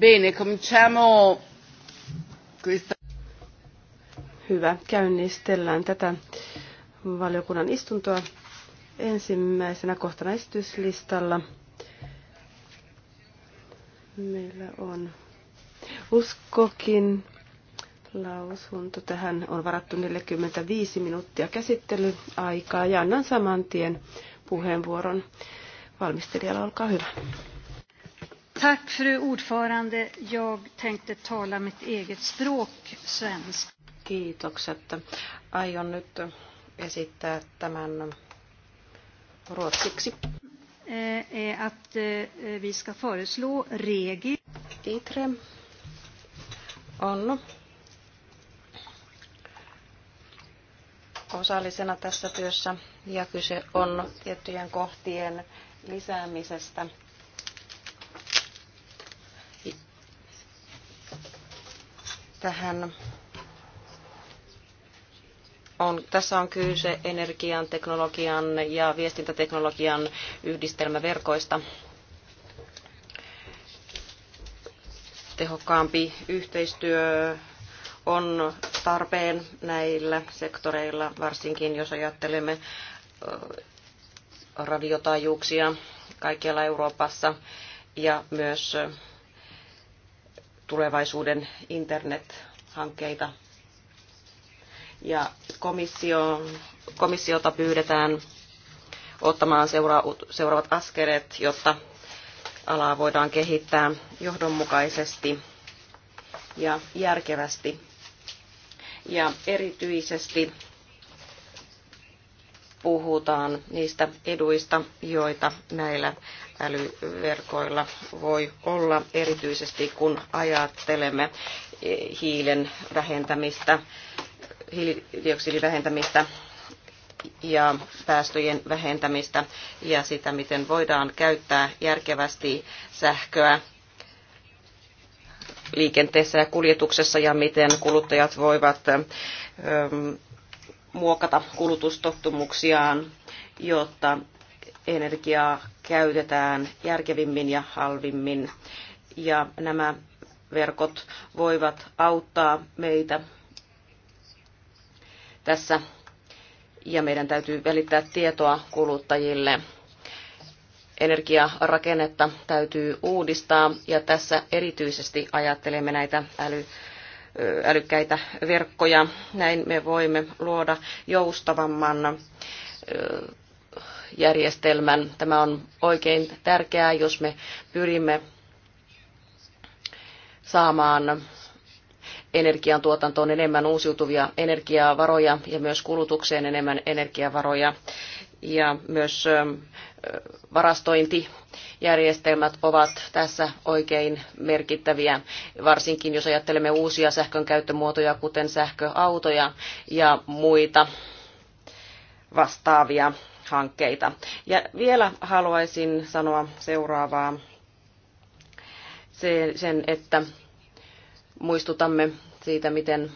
Bene, cominciamo questa... Hyvä, käynnistellään tätä valiokunnan istuntoa ensimmäisenä kohtana esityslistalla. Meillä on uskokin lausunto. Tähän on varattu 45 minuuttia käsittelyaikaa ja annan saman tien puheenvuoron valmistelijalla. Olkaa hyvä. Tack, fru ordförande. Jag tänkte tala mitt eget språk, svenska. Kiitokset. Aion nyt esittää tämän ruotsiksi. Eh, är att eh, vi ska föreslå regi. Itre on osallisena tässä työssä ja kyse on tiettyjen kohtien lisäämisestä tähän on, tässä on kyse energian, teknologian ja viestintäteknologian yhdistelmäverkoista. Tehokkaampi yhteistyö on tarpeen näillä sektoreilla, varsinkin jos ajattelemme radiotaajuuksia kaikkialla Euroopassa ja myös tulevaisuuden internet-hankkeita. Ja komissio, komissiota pyydetään ottamaan seuraavat askeleet, jotta alaa voidaan kehittää johdonmukaisesti ja järkevästi. Ja erityisesti puhutaan niistä eduista, joita näillä älyverkoilla voi olla, erityisesti kun ajattelemme hiilen vähentämistä, hiilidioksidin vähentämistä ja päästöjen vähentämistä ja sitä, miten voidaan käyttää järkevästi sähköä liikenteessä ja kuljetuksessa ja miten kuluttajat voivat muokata kulutustottumuksiaan, jotta energiaa käytetään järkevimmin ja halvimmin. Ja nämä verkot voivat auttaa meitä tässä ja meidän täytyy välittää tietoa kuluttajille. Energiarakennetta täytyy uudistaa ja tässä erityisesti ajattelemme näitä äly, älykkäitä verkkoja. Näin me voimme luoda joustavamman järjestelmän. Tämä on oikein tärkeää, jos me pyrimme saamaan energiantuotantoon enemmän uusiutuvia energiavaroja ja myös kulutukseen enemmän energiavaroja. Ja myös varastointijärjestelmät ovat tässä oikein merkittäviä, varsinkin jos ajattelemme uusia sähkön käyttömuotoja, kuten sähköautoja ja muita vastaavia hankkeita. Ja vielä haluaisin sanoa seuraavaa sen, että muistutamme siitä, miten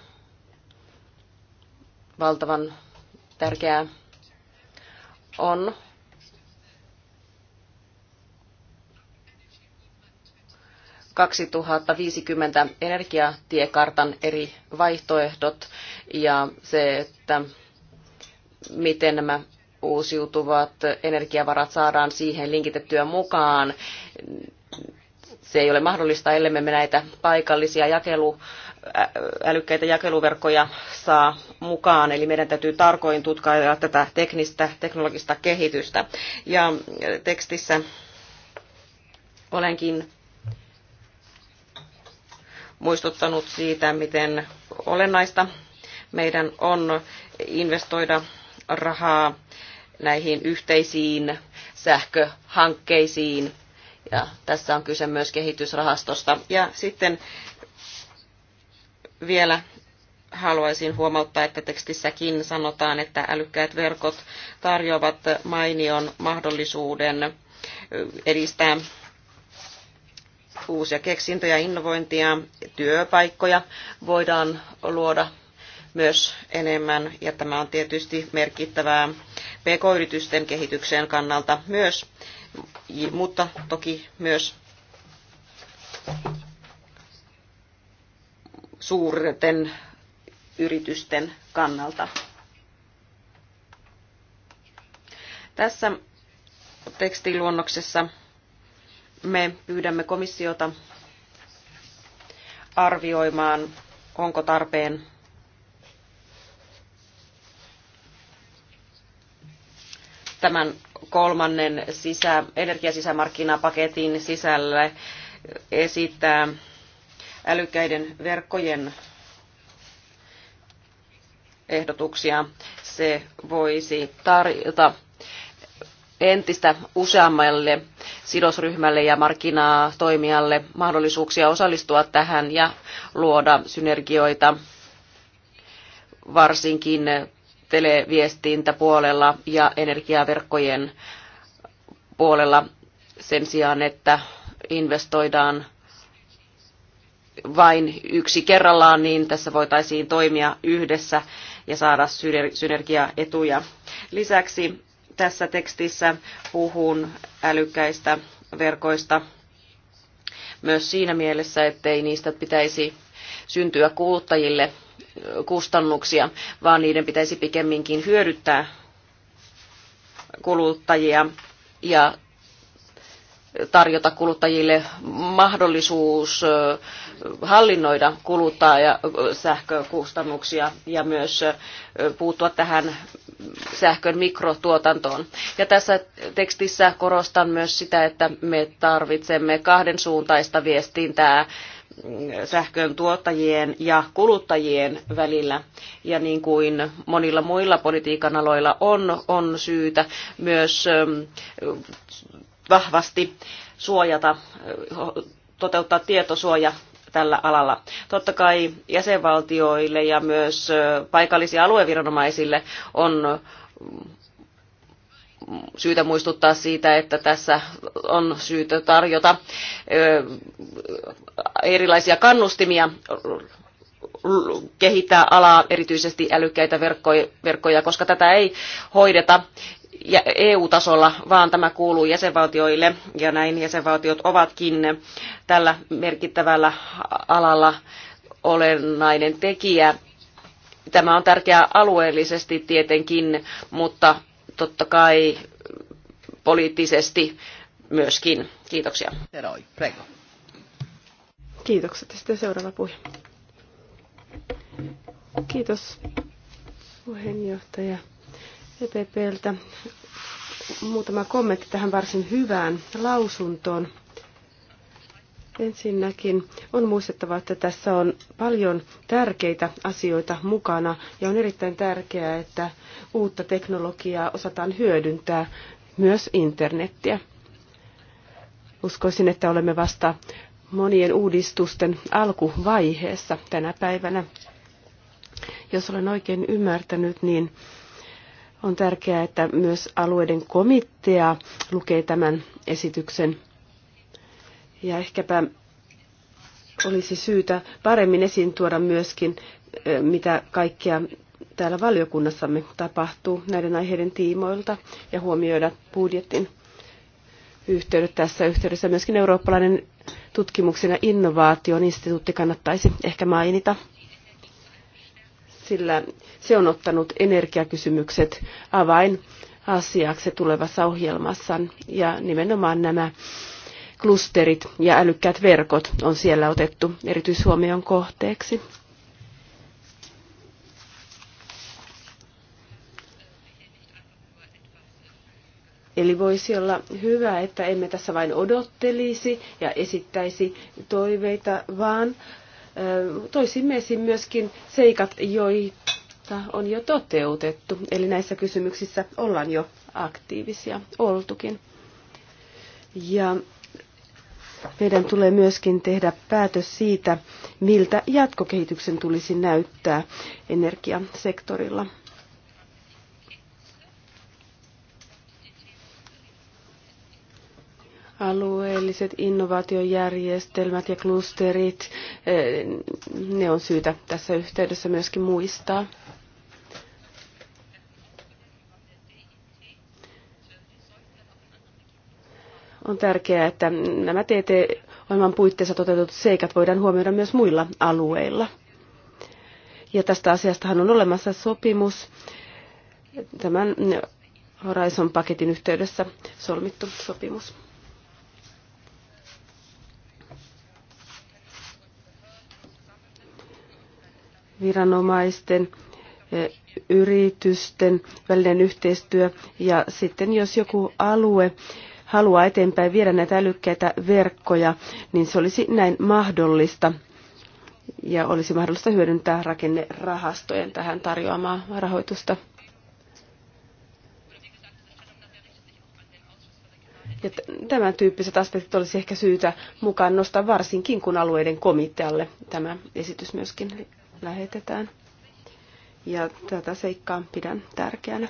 valtavan tärkeää on ...2050 energiatiekartan eri vaihtoehdot ja se, että miten nämä uusiutuvat energiavarat saadaan siihen linkitettyä mukaan. Se ei ole mahdollista, ellei me näitä paikallisia jakelu, älykkäitä jakeluverkkoja saa mukaan. Eli meidän täytyy tarkoin tutkailla tätä teknistä, teknologista kehitystä. Ja tekstissä olenkin muistuttanut siitä, miten olennaista meidän on investoida rahaa näihin yhteisiin sähköhankkeisiin. Ja tässä on kyse myös kehitysrahastosta. Ja sitten vielä haluaisin huomauttaa, että tekstissäkin sanotaan, että älykkäät verkot tarjoavat mainion mahdollisuuden edistää uusia keksintöjä, innovointia, työpaikkoja voidaan luoda myös enemmän, ja tämä on tietysti merkittävää pk-yritysten kehityksen kannalta myös, mutta toki myös suurten yritysten kannalta. Tässä tekstiluonnoksessa me pyydämme komissiota arvioimaan, onko tarpeen tämän kolmannen sisä, energiasisämarkkinapaketin sisälle esittää älykkäiden verkkojen ehdotuksia. Se voisi tarjota entistä useammalle sidosryhmälle ja markkinatoimijalle mahdollisuuksia osallistua tähän ja luoda synergioita varsinkin televiestintäpuolella ja energiaverkkojen puolella sen sijaan, että investoidaan vain yksi kerrallaan, niin tässä voitaisiin toimia yhdessä ja saada synergiaetuja. Lisäksi tässä tekstissä puhun älykkäistä verkoista myös siinä mielessä, ettei niistä pitäisi syntyä kuluttajille kustannuksia, vaan niiden pitäisi pikemminkin hyödyttää kuluttajia ja tarjota kuluttajille mahdollisuus hallinnoida kuluttaa ja sähkökustannuksia ja myös puuttua tähän sähkön mikrotuotantoon. Ja tässä tekstissä korostan myös sitä, että me tarvitsemme kahden suuntaista viestintää sähkön tuottajien ja kuluttajien välillä. Ja niin kuin monilla muilla politiikan aloilla on, on syytä myös ähm, vahvasti suojata, äh, toteuttaa tietosuoja tällä alalla. Totta kai jäsenvaltioille ja myös äh, paikallisille alueviranomaisille on syytä muistuttaa siitä, että tässä on syytä tarjota erilaisia kannustimia kehittää alaa, erityisesti älykkäitä verkkoja, koska tätä ei hoideta EU-tasolla, vaan tämä kuuluu jäsenvaltioille, ja näin jäsenvaltiot ovatkin tällä merkittävällä alalla olennainen tekijä. Tämä on tärkeää alueellisesti tietenkin, mutta totta kai poliittisesti myöskin. Kiitoksia. Teroi, prego. Kiitokset. Sitten seuraava puhe. Kiitos puheenjohtaja EPPltä. Muutama kommentti tähän varsin hyvään lausuntoon. Ensinnäkin on muistettava, että tässä on paljon tärkeitä asioita mukana ja on erittäin tärkeää, että uutta teknologiaa osataan hyödyntää myös internettiä. Uskoisin, että olemme vasta monien uudistusten alkuvaiheessa tänä päivänä. Jos olen oikein ymmärtänyt, niin on tärkeää, että myös alueiden komitea lukee tämän esityksen ja ehkäpä olisi syytä paremmin esiin tuoda myöskin, mitä kaikkea täällä valiokunnassamme tapahtuu näiden aiheiden tiimoilta ja huomioida budjetin yhteydet tässä yhteydessä. Myöskin eurooppalainen tutkimuksen ja innovaation instituutti kannattaisi ehkä mainita, sillä se on ottanut energiakysymykset avainasiaksi tulevassa ohjelmassa ja nimenomaan nämä klusterit ja älykkäät verkot on siellä otettu erityishuomion kohteeksi. Eli voisi olla hyvä, että emme tässä vain odottelisi ja esittäisi toiveita, vaan toisimme esiin myöskin seikat, joita on jo toteutettu. Eli näissä kysymyksissä ollaan jo aktiivisia oltukin. Ja meidän tulee myöskin tehdä päätös siitä, miltä jatkokehityksen tulisi näyttää energiasektorilla. alueelliset innovaatiojärjestelmät ja klusterit, eh, ne on syytä tässä yhteydessä myöskin muistaa. On tärkeää, että nämä TT-ohjelman puitteissa toteutetut seikat voidaan huomioida myös muilla alueilla. Ja tästä asiastahan on olemassa sopimus tämän Horizon-paketin yhteydessä solmittu sopimus. Viranomaisten, e, yritysten välinen yhteistyö ja sitten jos joku alue haluaa eteenpäin viedä näitä älykkäitä verkkoja, niin se olisi näin mahdollista ja olisi mahdollista hyödyntää rakennerahastojen tähän tarjoamaa rahoitusta. Ja tämän tyyppiset aspektit olisi ehkä syytä mukaan nostaa varsinkin, kun alueiden komitealle tämä esitys myöskin lähetetään. Ja tätä seikkaa pidän tärkeänä.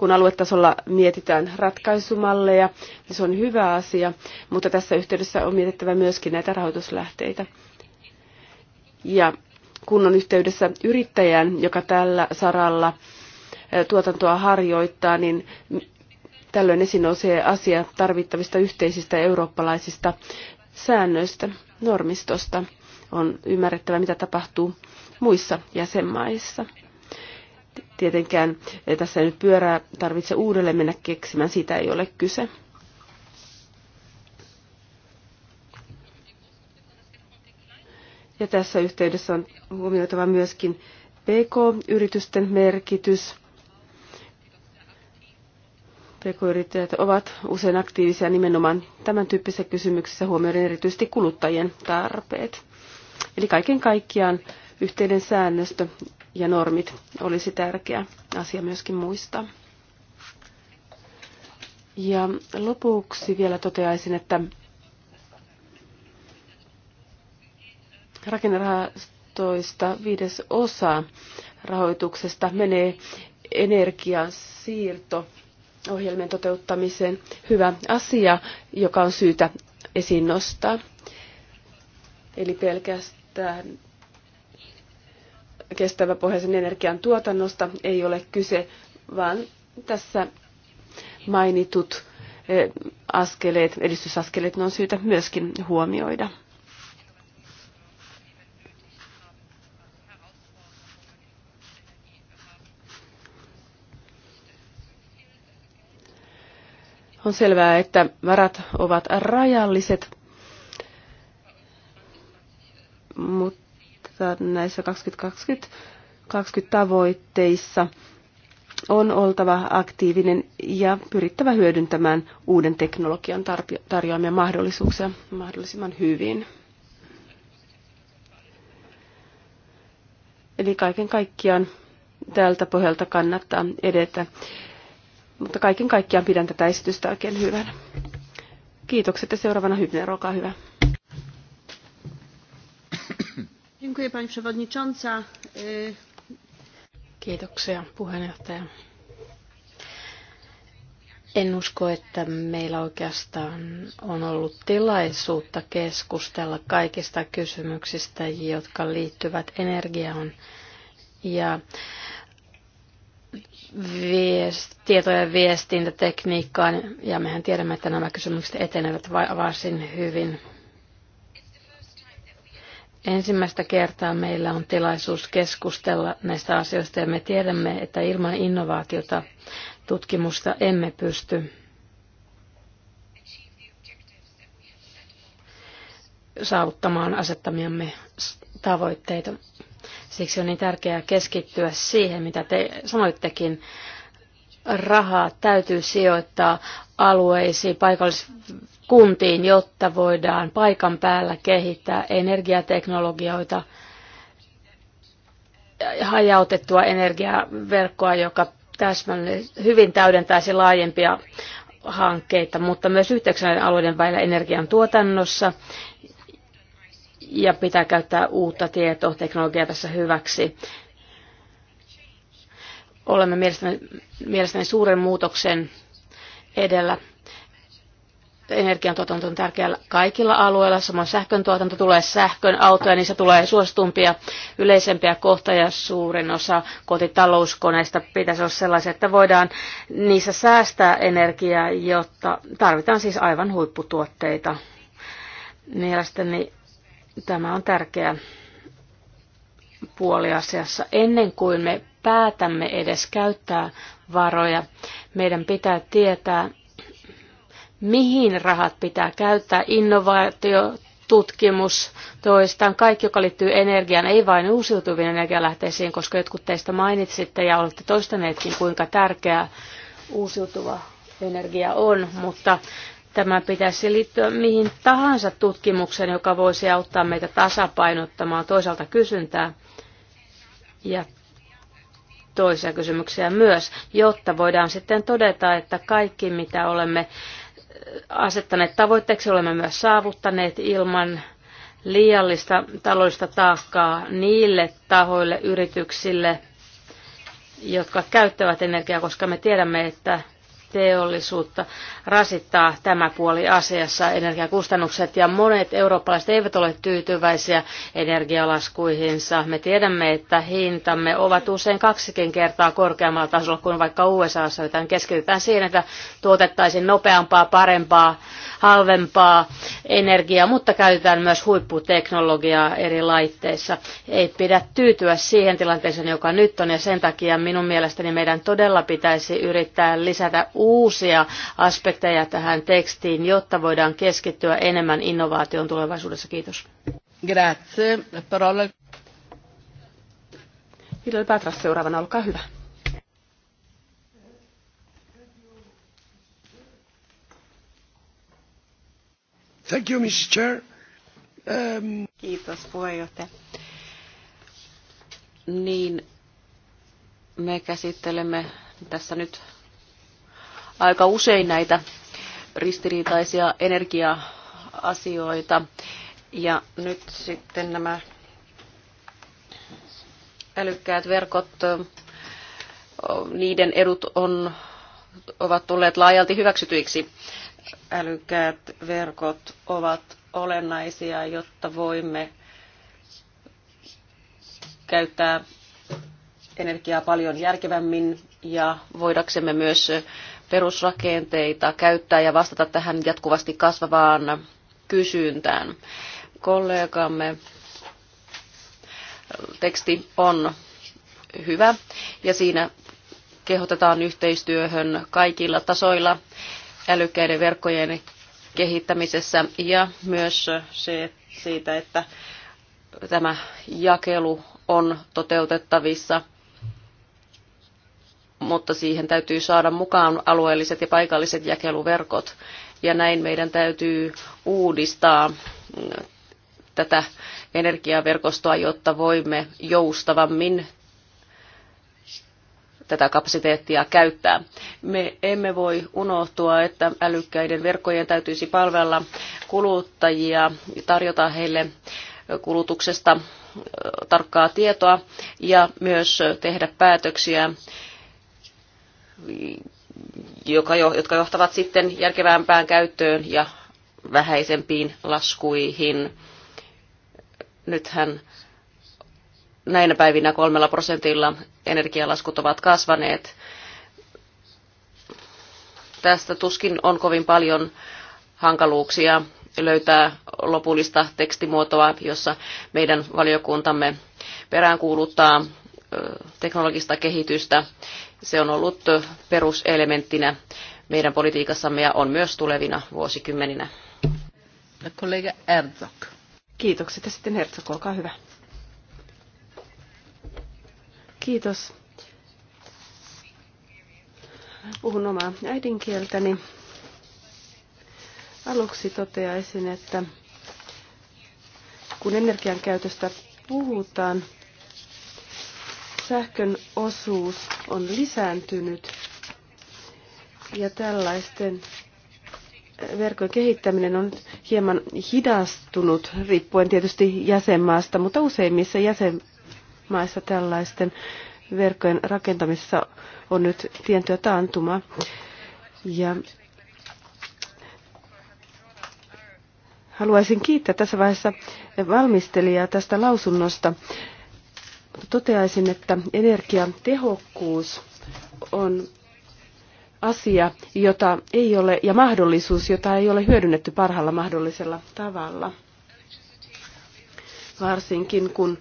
kun aluetasolla mietitään ratkaisumalleja, niin se on hyvä asia, mutta tässä yhteydessä on mietittävä myöskin näitä rahoituslähteitä. Ja kun on yhteydessä yrittäjään, joka tällä saralla tuotantoa harjoittaa, niin tällöin esiin nousee asia tarvittavista yhteisistä eurooppalaisista säännöistä, normistosta. On ymmärrettävä, mitä tapahtuu muissa jäsenmaissa. Tietenkään eh, tässä nyt pyörää tarvitse uudelleen mennä keksimään, siitä ei ole kyse. Ja tässä yhteydessä on huomioitava myöskin PK-yritysten merkitys. PK-yrittäjät ovat usein aktiivisia nimenomaan tämän tyyppisissä kysymyksissä huomioiden erityisesti kuluttajien tarpeet. Eli kaiken kaikkiaan yhteinen säännöstö ja normit olisi tärkeä asia myöskin muistaa. Ja lopuksi vielä toteaisin, että rakennerahastoista viides osa rahoituksesta menee energiasiirto ohjelmien toteuttamiseen. Hyvä asia, joka on syytä esiin nostaa. Eli pelkästään kestävä pohjaisen energian tuotannosta ei ole kyse, vaan tässä mainitut eh, askeleet, edistysaskeleet, ne on syytä myöskin huomioida. On selvää, että varat ovat rajalliset, mutta näissä 2020, tavoitteissa on oltava aktiivinen ja pyrittävä hyödyntämään uuden teknologian tarjoamia mahdollisuuksia mahdollisimman hyvin. Eli kaiken kaikkiaan tältä pohjalta kannattaa edetä. Mutta kaiken kaikkiaan pidän tätä esitystä oikein hyvänä. Kiitokset ja seuraavana Hybner, olkaa hyvä. pani przewodnicząca. Kiitoksia puheenjohtaja. En usko, että meillä oikeastaan on ollut tilaisuutta keskustella kaikista kysymyksistä, jotka liittyvät energiaan ja viest, tieto- ja viestintätekniikkaan. Ja mehän tiedämme, että nämä kysymykset etenevät varsin hyvin Ensimmäistä kertaa meillä on tilaisuus keskustella näistä asioista ja me tiedämme, että ilman innovaatiota tutkimusta emme pysty saavuttamaan asettamiamme tavoitteita. Siksi on niin tärkeää keskittyä siihen, mitä te sanoittekin. Rahaa täytyy sijoittaa alueisiin, paikallis kuntiin, jotta voidaan paikan päällä kehittää energiateknologioita, hajautettua energiaverkkoa, joka hyvin täydentäisi laajempia hankkeita, mutta myös yhteyksien alueiden välillä energian tuotannossa ja pitää käyttää uutta tietoteknologiaa tässä hyväksi. Olemme mielestäni, mielestäni suuren muutoksen edellä energiantuotanto on tärkeää kaikilla alueilla, samoin sähkön tuotanto tulee sähkön autoja, niissä tulee suositumpia, yleisempiä kohta ja suurin osa kotitalouskoneista pitäisi olla sellaisia, että voidaan niissä säästää energiaa, jotta tarvitaan siis aivan huipputuotteita. Mielestäni tämä on tärkeä puoli asiassa. Ennen kuin me päätämme edes käyttää varoja, meidän pitää tietää, mihin rahat pitää käyttää, innovaatio, tutkimus, toistaan kaikki, joka liittyy energiaan, ei vain uusiutuviin energialähteisiin, koska jotkut teistä mainitsitte ja olette toistaneetkin, kuinka tärkeä uusiutuva energia on, mutta tämä pitäisi liittyä mihin tahansa tutkimukseen, joka voisi auttaa meitä tasapainottamaan toisaalta kysyntää ja toisia kysymyksiä myös, jotta voidaan sitten todeta, että kaikki mitä olemme asettaneet tavoitteeksi, olemme myös saavuttaneet ilman liiallista taloudellista taakkaa niille tahoille, yrityksille, jotka käyttävät energiaa, koska me tiedämme, että teollisuutta rasittaa tämä puoli asiassa energiakustannukset ja monet eurooppalaiset eivät ole tyytyväisiä energialaskuihinsa. Me tiedämme, että hintamme ovat usein kaksikin kertaa korkeammalla tasolla kuin vaikka USAssa, joten keskitytään siihen, että tuotettaisiin nopeampaa, parempaa, halvempaa energiaa, mutta käytetään myös huipputeknologiaa eri laitteissa. Ei pidä tyytyä siihen tilanteeseen, joka nyt on ja sen takia minun mielestäni meidän todella pitäisi yrittää lisätä uusia aspekteja tähän tekstiin, jotta voidaan keskittyä enemmän innovaation tulevaisuudessa. Kiitos. Grazie. Parola. Hilal Patras seuraavana, olkaa hyvä. Thank you, Mrs. Chair. Um... Kiitos puheenjohtaja. Niin, me käsittelemme tässä nyt aika usein näitä ristiriitaisia energia-asioita. Ja nyt sitten nämä älykkäät verkot, niiden edut on, ovat tulleet laajalti hyväksytyiksi. Älykkäät verkot ovat olennaisia, jotta voimme käyttää energiaa paljon järkevämmin ja voidaksemme myös perusrakenteita käyttää ja vastata tähän jatkuvasti kasvavaan kysyntään. Kollegamme teksti on hyvä ja siinä kehotetaan yhteistyöhön kaikilla tasoilla älykkäiden verkkojen kehittämisessä ja myös se siitä, että tämä jakelu on toteutettavissa mutta siihen täytyy saada mukaan alueelliset ja paikalliset jakeluverkot. Ja näin meidän täytyy uudistaa mm, tätä energiaverkostoa, jotta voimme joustavammin tätä kapasiteettia käyttää. Me emme voi unohtua, että älykkäiden verkkojen täytyisi palvella kuluttajia, tarjota heille kulutuksesta tarkkaa tietoa ja myös tehdä päätöksiä joka jo, jotka johtavat sitten järkevämpään käyttöön ja vähäisempiin laskuihin. Nythän näinä päivinä kolmella prosentilla energialaskut ovat kasvaneet. Tästä tuskin on kovin paljon hankaluuksia löytää lopullista tekstimuotoa, jossa meidän valiokuntamme peräänkuuluttaa teknologista kehitystä se on ollut peruselementtinä meidän politiikassamme ja on myös tulevina vuosikymmeninä. Kollega Herzog. Kiitokset ja sitten Herzog, olkaa hyvä. Kiitos. Puhun omaa äidinkieltäni. Aluksi toteaisin, että kun energian käytöstä puhutaan, sähkön osuus on lisääntynyt ja tällaisten verkon kehittäminen on hieman hidastunut, riippuen tietysti jäsenmaasta, mutta useimmissa jäsenmaissa tällaisten verkkojen rakentamisessa on nyt tientyä taantuma. Ja haluaisin kiittää tässä vaiheessa valmistelijaa tästä lausunnosta toteaisin, että energiatehokkuus on asia, jota ei ole, ja mahdollisuus, jota ei ole hyödynnetty parhaalla mahdollisella tavalla. Varsinkin kun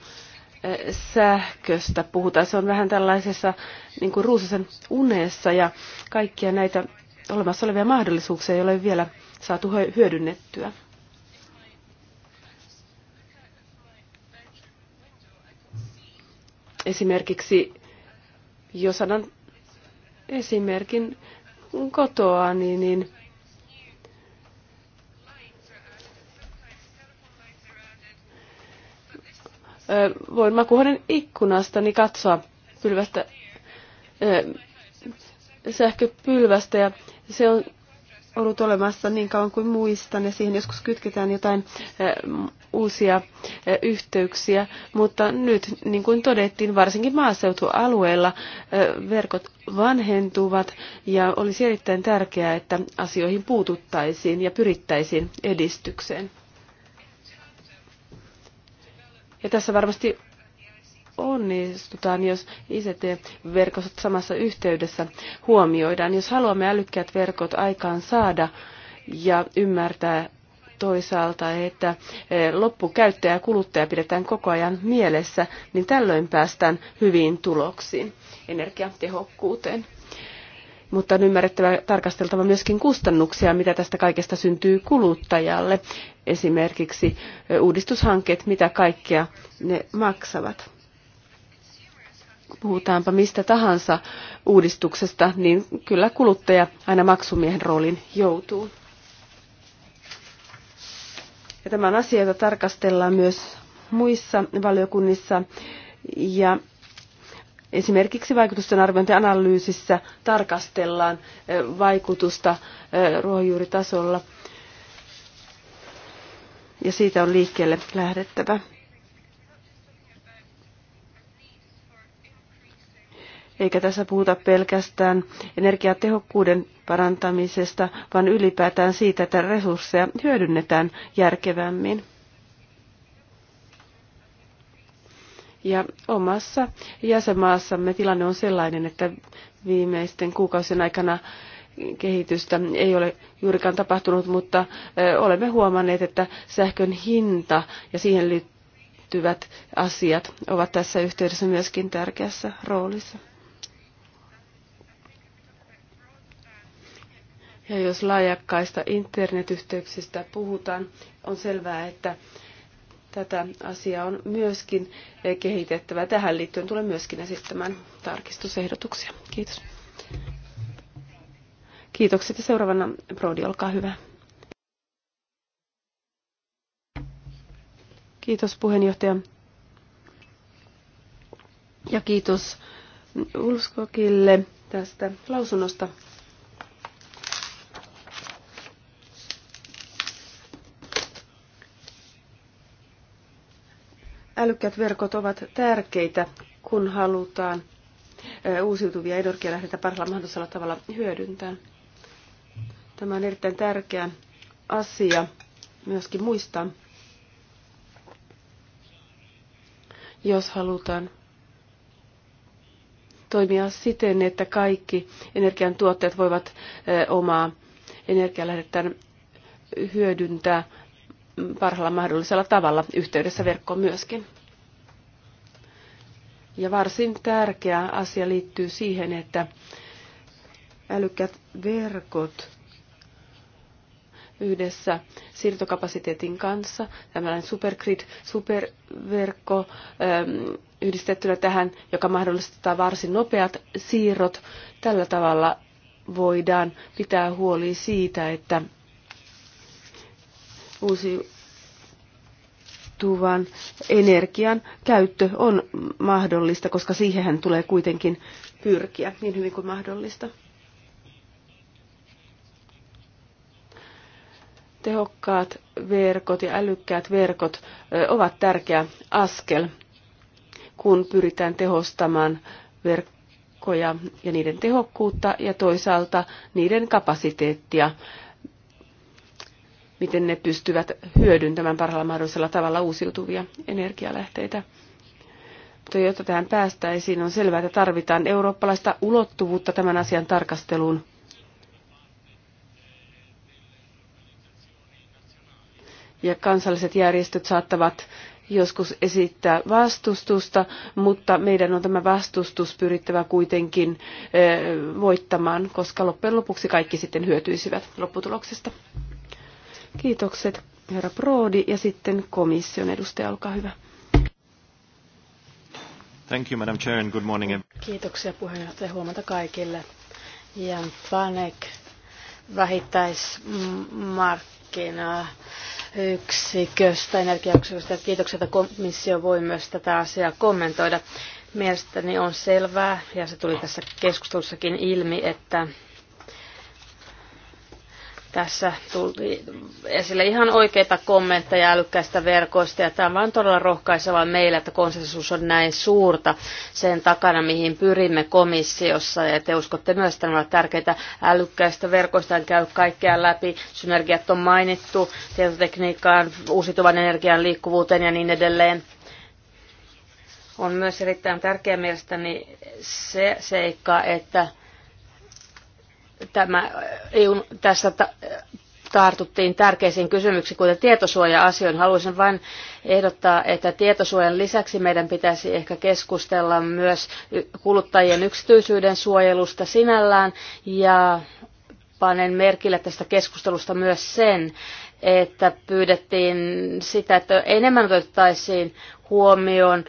eh, sähköstä puhutaan. Se on vähän tällaisessa niin kuin ruususen unessa ja kaikkia näitä olemassa olevia mahdollisuuksia ei ole vielä saatu hyödynnettyä. Esimerkiksi, jos annan esimerkin kotoa, niin, niin voin makuuhuoneen ikkunastani niin katsoa pylvästä, sähköpylvästä ja se on ollut olemassa niin kauan kuin muistan, ja siihen joskus kytketään jotain eh, uusia eh, yhteyksiä, mutta nyt, niin kuin todettiin, varsinkin maaseutualueella eh, verkot vanhentuvat, ja olisi erittäin tärkeää, että asioihin puututtaisiin ja pyrittäisiin edistykseen. Ja tässä varmasti onnistutaan, jos ICT-verkostot samassa yhteydessä huomioidaan. Jos haluamme älykkäät verkot aikaan saada ja ymmärtää toisaalta, että e, loppukäyttäjä ja kuluttaja pidetään koko ajan mielessä, niin tällöin päästään hyviin tuloksiin, energiatehokkuuteen. Mutta on ymmärrettävä tarkasteltava myöskin kustannuksia, mitä tästä kaikesta syntyy kuluttajalle. Esimerkiksi e, uudistushankkeet, mitä kaikkea ne maksavat puhutaanpa mistä tahansa uudistuksesta, niin kyllä kuluttaja aina maksumiehen roolin joutuu. Ja tämä on asia, jota tarkastellaan myös muissa valiokunnissa. Ja esimerkiksi vaikutusten arviointianalyysissä tarkastellaan vaikutusta ruohonjuuritasolla. Ja siitä on liikkeelle lähdettävä. eikä tässä puhuta pelkästään energiatehokkuuden parantamisesta, vaan ylipäätään siitä, että resursseja hyödynnetään järkevämmin. Ja omassa jäsenmaassamme tilanne on sellainen, että viimeisten kuukausien aikana kehitystä ei ole juurikaan tapahtunut, mutta olemme huomanneet, että sähkön hinta ja siihen liittyvät asiat ovat tässä yhteydessä myöskin tärkeässä roolissa. Ja jos laajakkaista internetyhteyksistä puhutaan, on selvää, että tätä asiaa on myöskin kehitettävä. Tähän liittyen tulee myöskin esittämään tarkistusehdotuksia. Kiitos. Kiitokset ja seuraavana Brody, olkaa hyvä. Kiitos puheenjohtaja. Ja kiitos Ulskokille tästä lausunnosta. älykkäät verkot ovat tärkeitä, kun halutaan uusiutuvia energialähteitä parhaalla mahdollisella tavalla hyödyntää. Tämä on erittäin tärkeä asia myöskin muistaa, jos halutaan toimia siten, että kaikki energiantuottajat voivat omaa energialähdettään hyödyntää parhaalla mahdollisella tavalla yhteydessä verkkoon myöskin. Ja varsin tärkeä asia liittyy siihen, että älykkäät verkot yhdessä siirtokapasiteetin kanssa, tämmöinen supergrid, superverkko ähm, yhdistettynä tähän, joka mahdollistaa varsin nopeat siirrot. Tällä tavalla voidaan pitää huoli siitä, että uusiutuvan energian käyttö on mahdollista, koska siihen tulee kuitenkin pyrkiä niin hyvin kuin mahdollista. Tehokkaat verkot ja älykkäät verkot ovat tärkeä askel, kun pyritään tehostamaan verkkoja ja niiden tehokkuutta ja toisaalta niiden kapasiteettia miten ne pystyvät hyödyntämään parhaalla mahdollisella tavalla uusiutuvia energialähteitä. Mutta jotta tähän päästäisiin, on selvää, että tarvitaan eurooppalaista ulottuvuutta tämän asian tarkasteluun. Ja kansalliset järjestöt saattavat joskus esittää vastustusta, mutta meidän on tämä vastustus pyrittävä kuitenkin eh, voittamaan, koska loppujen lopuksi kaikki sitten hyötyisivät lopputuloksesta. Kiitokset herra Proodi ja sitten komission edustaja, olkaa hyvä. Thank you, Madam Chair, and good morning. Kiitoksia puheenjohtaja, huomata kaikille. Jan Panek, vähittäismarkkinaa yksiköstä, energiayksiköstä. Kiitoksia, että komissio voi myös tätä asiaa kommentoida. Mielestäni on selvää, ja se tuli tässä keskustelussakin ilmi, että tässä tuli esille ihan oikeita kommentteja älykkäistä verkoista ja tämä on todella rohkaisevaa meillä, että konsensus on näin suurta sen takana, mihin pyrimme komissiossa ja te uskotte myös, että nämä tärkeitä älykkäistä verkoista en käy kaikkea läpi. Synergiat on mainittu tietotekniikkaan, uusiutuvan energian liikkuvuuteen ja niin edelleen on myös erittäin tärkeä mielestäni se seikka, että tämä, äh, tässä tartuttiin tärkeisiin kysymyksiin, kuten tietosuoja-asioihin. Haluaisin vain ehdottaa, että tietosuojan lisäksi meidän pitäisi ehkä keskustella myös kuluttajien yksityisyyden suojelusta sinällään ja panen merkille tästä keskustelusta myös sen, että pyydettiin sitä, että enemmän otettaisiin huomioon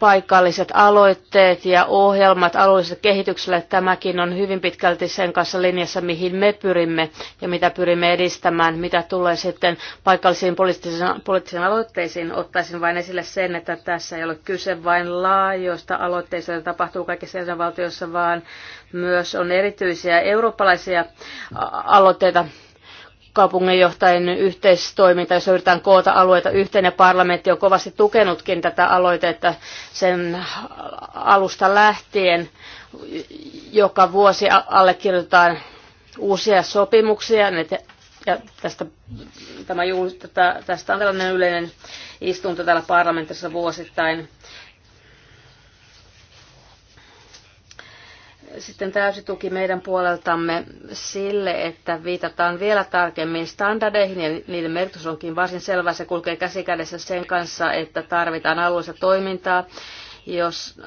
paikalliset aloitteet ja ohjelmat alueelliselle kehitykselle. Tämäkin on hyvin pitkälti sen kanssa linjassa, mihin me pyrimme ja mitä pyrimme edistämään. Mitä tulee sitten paikallisiin poliittisiin, poliittisiin aloitteisiin, ottaisin vain esille sen, että tässä ei ole kyse vain laajoista aloitteista, joita tapahtuu kaikissa jäsenvaltioissa, vaan myös on erityisiä eurooppalaisia aloitteita kaupunginjohtajien yhteistoiminta, jossa yritetään koota alueita yhteen ja parlamentti on kovasti tukenutkin tätä aloitetta sen alusta lähtien. Joka vuosi allekirjoitetaan uusia sopimuksia ja tästä, tämä, tästä on tällainen yleinen istunto täällä parlamentissa vuosittain. Sitten täysi tuki meidän puoleltamme sille, että viitataan vielä tarkemmin standardeihin ja niiden merkitys onkin varsin selvä. Se kulkee käsikädessä sen kanssa, että tarvitaan alueellista toimintaa jos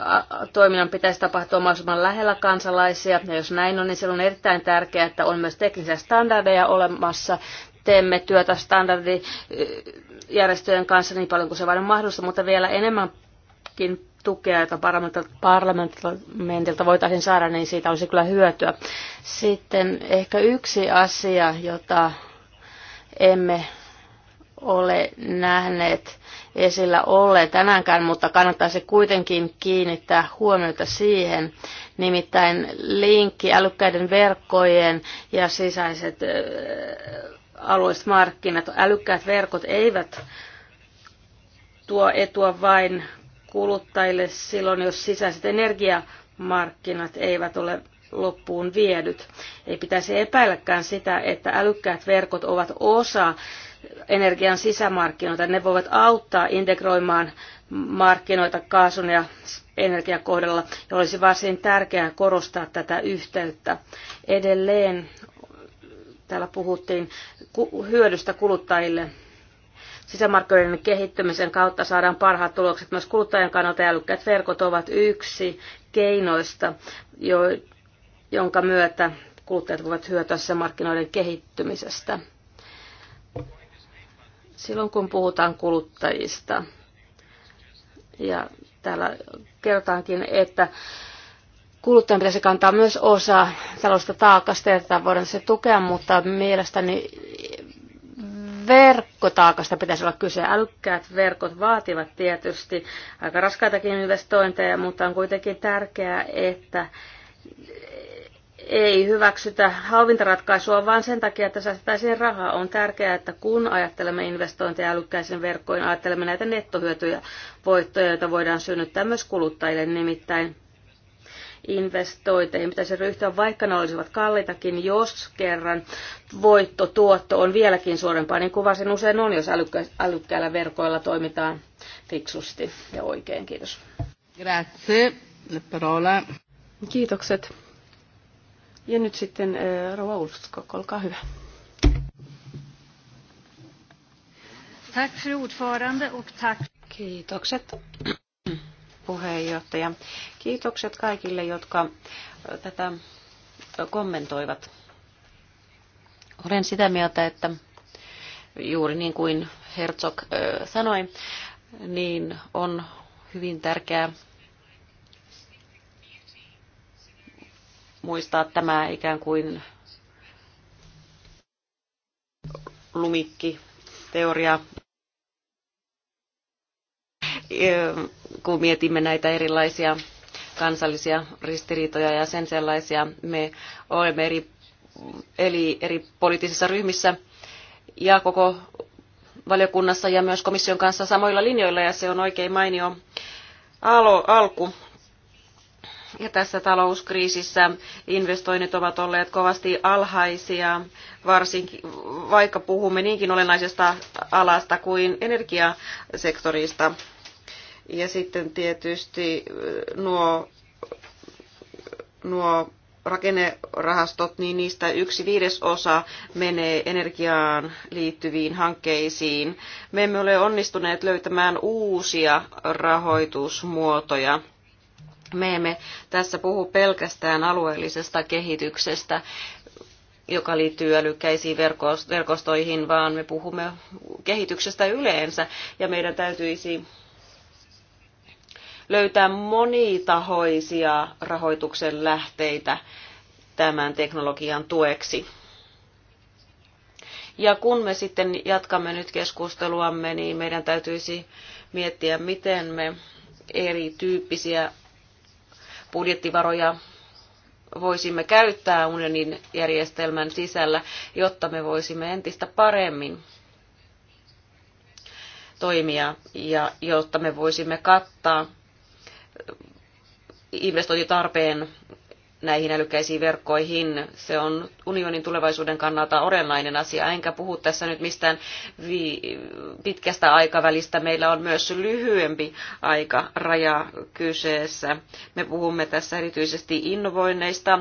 toiminnan pitäisi tapahtua mahdollisimman lähellä kansalaisia, ja jos näin on, niin silloin on erittäin tärkeää, että on myös teknisiä standardeja olemassa. Teemme työtä standardijärjestöjen kanssa niin paljon kuin se vain on mahdollista, mutta vielä enemmänkin tukea, jota parlamentilta voitaisiin saada, niin siitä olisi kyllä hyötyä. Sitten ehkä yksi asia, jota emme ole nähneet esillä olleen tänäänkään, mutta kannattaisi kuitenkin kiinnittää huomiota siihen, nimittäin linkki älykkäiden verkkojen ja sisäiset alueelliset markkinat. Älykkäät verkot eivät tuo etua vain kuluttajille silloin, jos sisäiset energiamarkkinat eivät ole loppuun viedyt. Ei pitäisi epäilläkään sitä, että älykkäät verkot ovat osa energian sisämarkkinoita. Ne voivat auttaa integroimaan markkinoita kaasun ja energiakohdalla ja olisi varsin tärkeää korostaa tätä yhteyttä. Edelleen täällä puhuttiin hyödystä kuluttajille Sisämarkkinoiden kehittymisen kautta saadaan parhaat tulokset myös kuluttajan kannalta ja älykkäät verkot ovat yksi keinoista, jo, jonka myötä kuluttajat voivat hyötyä sisämarkkinoiden kehittymisestä. Silloin kun puhutaan kuluttajista, ja täällä kerrotaankin, että kuluttajan pitäisi kantaa myös osa tällaista taakasta, ja tätä voidaan se tukea, mutta mielestäni verkkotaakasta pitäisi olla kyse. Älykkäät verkot vaativat tietysti aika raskaitakin investointeja, mutta on kuitenkin tärkeää, että ei hyväksytä halvinta ratkaisua, vaan sen takia, että säästetään rahaa. On tärkeää, että kun ajattelemme investointeja älykkäisiin verkkoihin, ajattelemme näitä nettohyötyjä, voittoja, joita voidaan synnyttää myös kuluttajille. Nimittäin investointeihin pitäisi ryhtyä, vaikka ne olisivat kalliitakin, jos kerran voitto, tuotto on vieläkin suurempaa, niin kuin varsin usein on, jos älykkäillä verkoilla toimitaan fiksusti ja oikein. Kiitos. Grazie. Parola. Kiitokset. Ja nyt sitten eh, Rova Ulfskog, olkaa hyvä. Tack för ordförande och tack. Kiitokset puheenjohtaja. Kiitokset kaikille, jotka tätä kommentoivat. Olen sitä mieltä, että juuri niin kuin Herzog sanoi, niin on hyvin tärkeää muistaa tämä ikään kuin lumikki teoria kun mietimme näitä erilaisia kansallisia ristiriitoja ja sen sellaisia. Me olemme eri, eli eri poliittisissa ryhmissä ja koko valiokunnassa ja myös komission kanssa samoilla linjoilla ja se on oikein mainio alo, alku. Ja tässä talouskriisissä investoinnit ovat olleet kovasti alhaisia, varsinkin vaikka puhumme niinkin olennaisesta alasta kuin energiasektorista. Ja sitten tietysti nuo, nuo rakennerahastot, niin niistä yksi viidesosa menee energiaan liittyviin hankkeisiin. Me emme ole onnistuneet löytämään uusia rahoitusmuotoja. Me emme tässä puhu pelkästään alueellisesta kehityksestä, joka liittyy älykkäisiin verkostoihin, vaan me puhumme kehityksestä yleensä ja meidän täytyisi löytää monitahoisia rahoituksen lähteitä tämän teknologian tueksi. Ja kun me sitten jatkamme nyt keskusteluamme, niin meidän täytyisi miettiä, miten me erityyppisiä budjettivaroja voisimme käyttää unionin järjestelmän sisällä, jotta me voisimme entistä paremmin toimia ja jotta me voisimme kattaa investointitarpeen näihin älykkäisiin verkkoihin. Se on unionin tulevaisuuden kannalta olennainen asia, enkä puhu tässä nyt mistään vi- pitkästä aikavälistä. Meillä on myös lyhyempi aikaraja kyseessä. Me puhumme tässä erityisesti innovoinneista.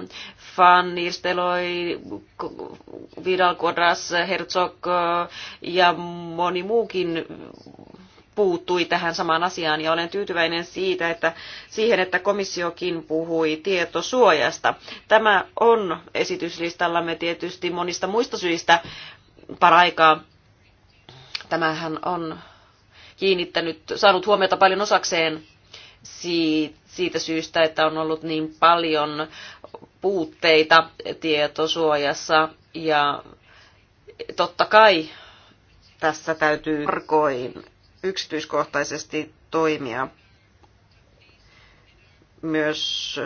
Van Nisteloi, Vidal Herzog äh, ja moni muukin puuttui tähän samaan asiaan ja olen tyytyväinen siitä, että siihen, että komissiokin puhui tietosuojasta. Tämä on esityslistallamme tietysti monista muista syistä paraikaa. Tämähän on kiinnittänyt, saanut huomiota paljon osakseen siitä syystä, että on ollut niin paljon puutteita tietosuojassa ja totta kai tässä täytyy tarkoin yksityiskohtaisesti toimia myös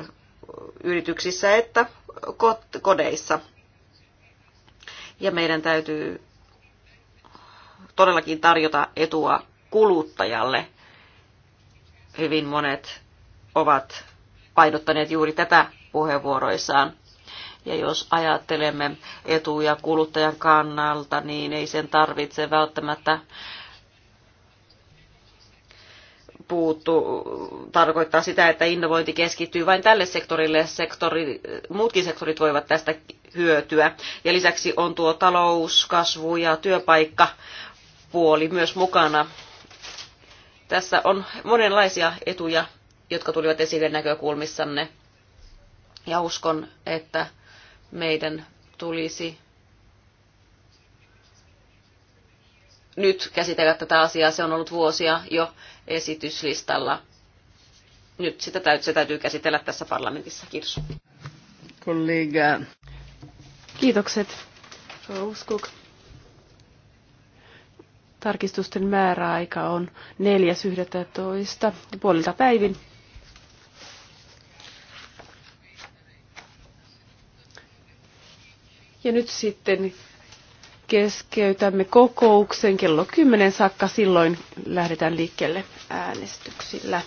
yrityksissä että kodeissa. Ja meidän täytyy todellakin tarjota etua kuluttajalle. Hyvin monet ovat painottaneet juuri tätä puheenvuoroissaan. Ja jos ajattelemme etuja kuluttajan kannalta, niin ei sen tarvitse välttämättä puuttu tarkoittaa sitä, että innovointi keskittyy vain tälle sektorille. Sektori, muutkin sektorit voivat tästä hyötyä. Ja lisäksi on tuo talouskasvu ja työpaikka puoli myös mukana. Tässä on monenlaisia etuja, jotka tulivat esille näkökulmissanne. Ja uskon, että meidän tulisi nyt käsitellä tätä asiaa. Se on ollut vuosia jo esityslistalla. Nyt sitä täytyy, se täytyy käsitellä tässä parlamentissa. Kiitos. Kollega. Kiitokset. Uskuk. Tarkistusten määräaika on 4.11. puolilta päivin. Ja nyt sitten keskeytämme kokouksen kello 10 saakka. Silloin lähdetään liikkeelle äänestyksillä.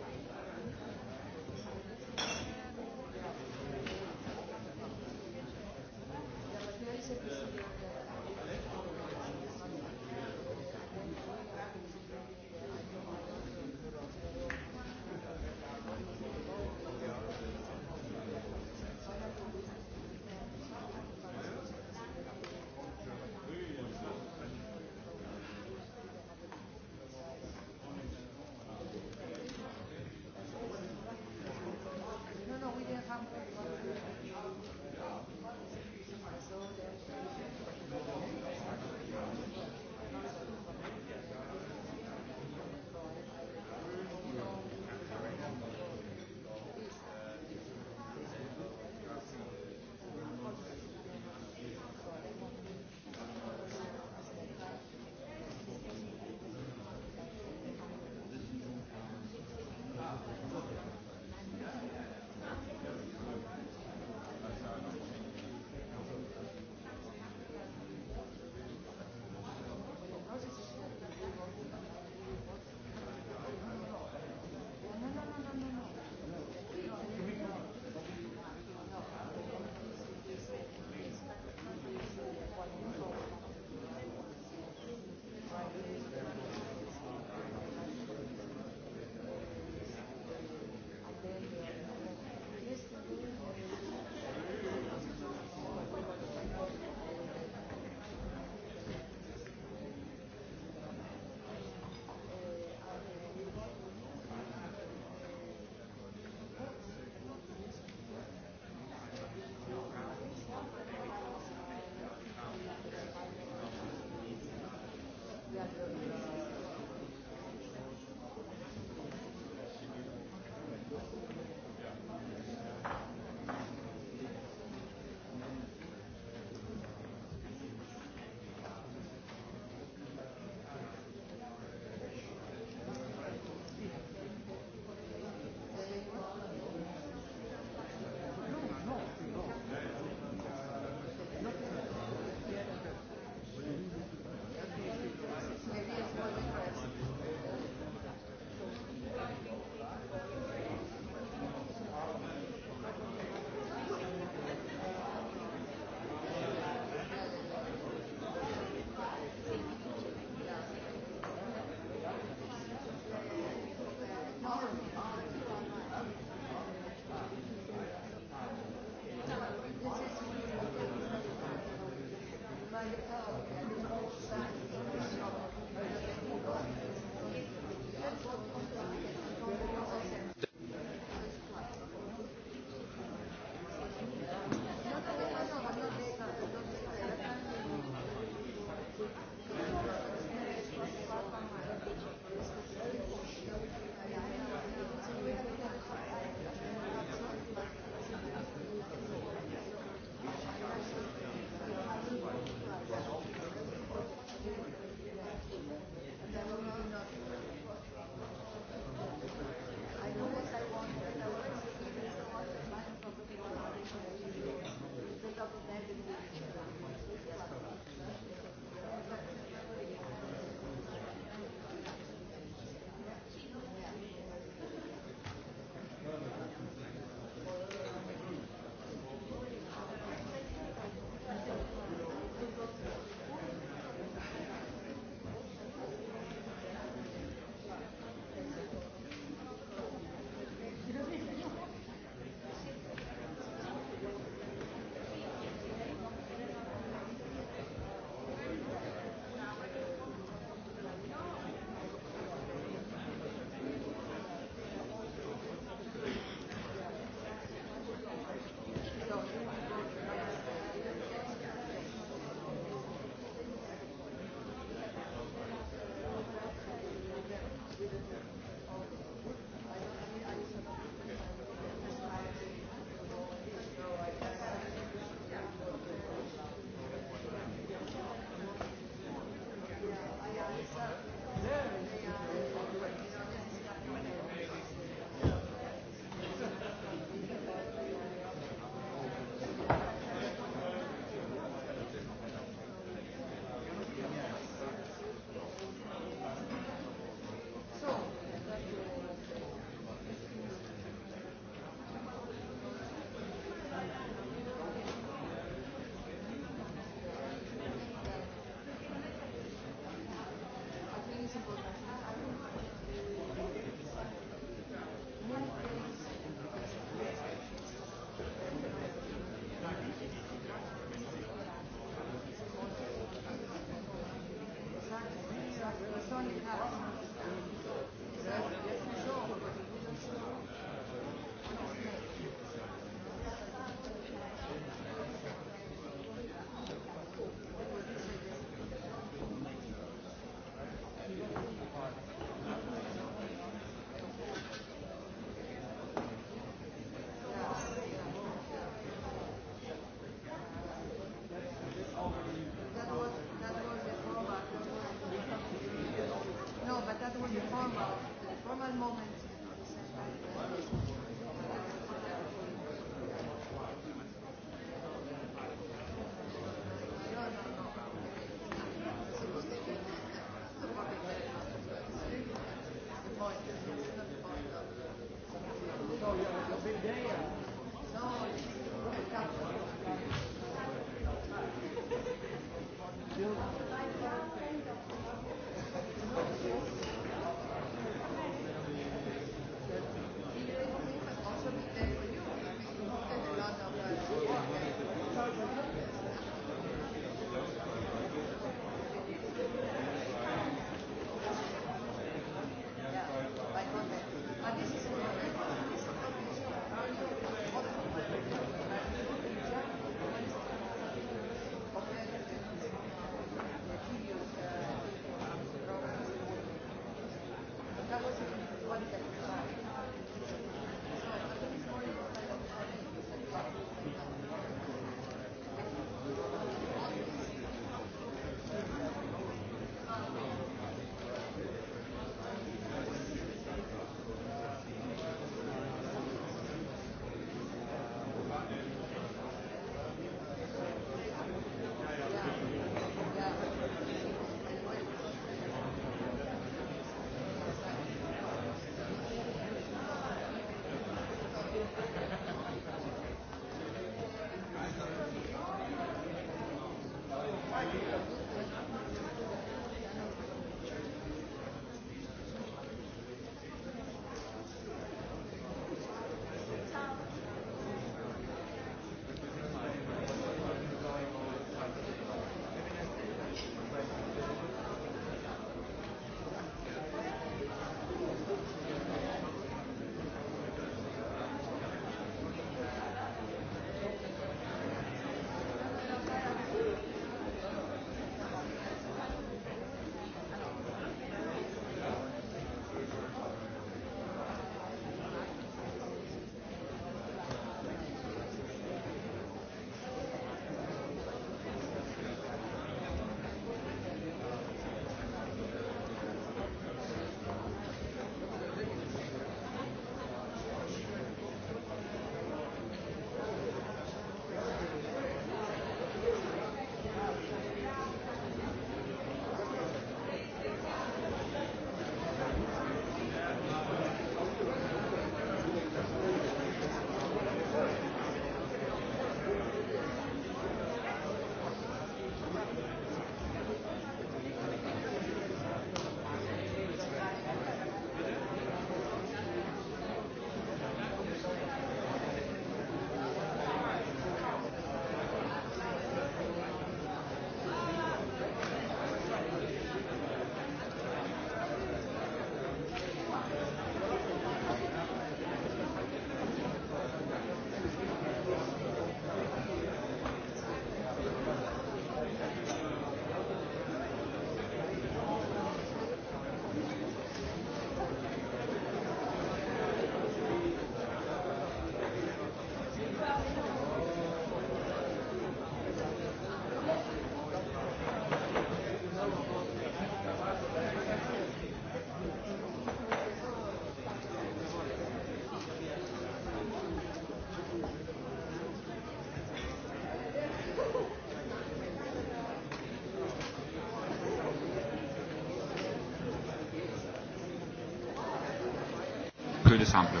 esempio.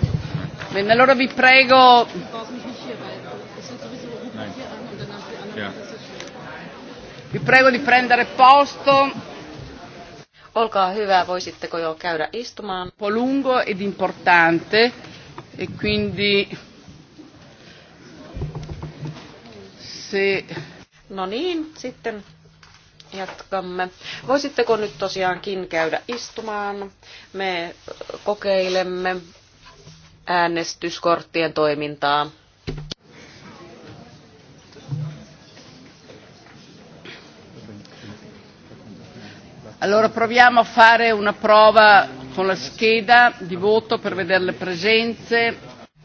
Bene, allora vi prego. Vi prego di prendere posto. Olkaa hyvä, voisitteko jo käydä istumaan. Un po' lungo ed importante e quindi se... No niin, sitten jatkamme. Voisitteko nyt tosiaankin käydä istumaan? Me kokeilemme äänestyskorttien toimintaa. Allora proviamo a fare una prova con la scheda di voto per vedere le presenze.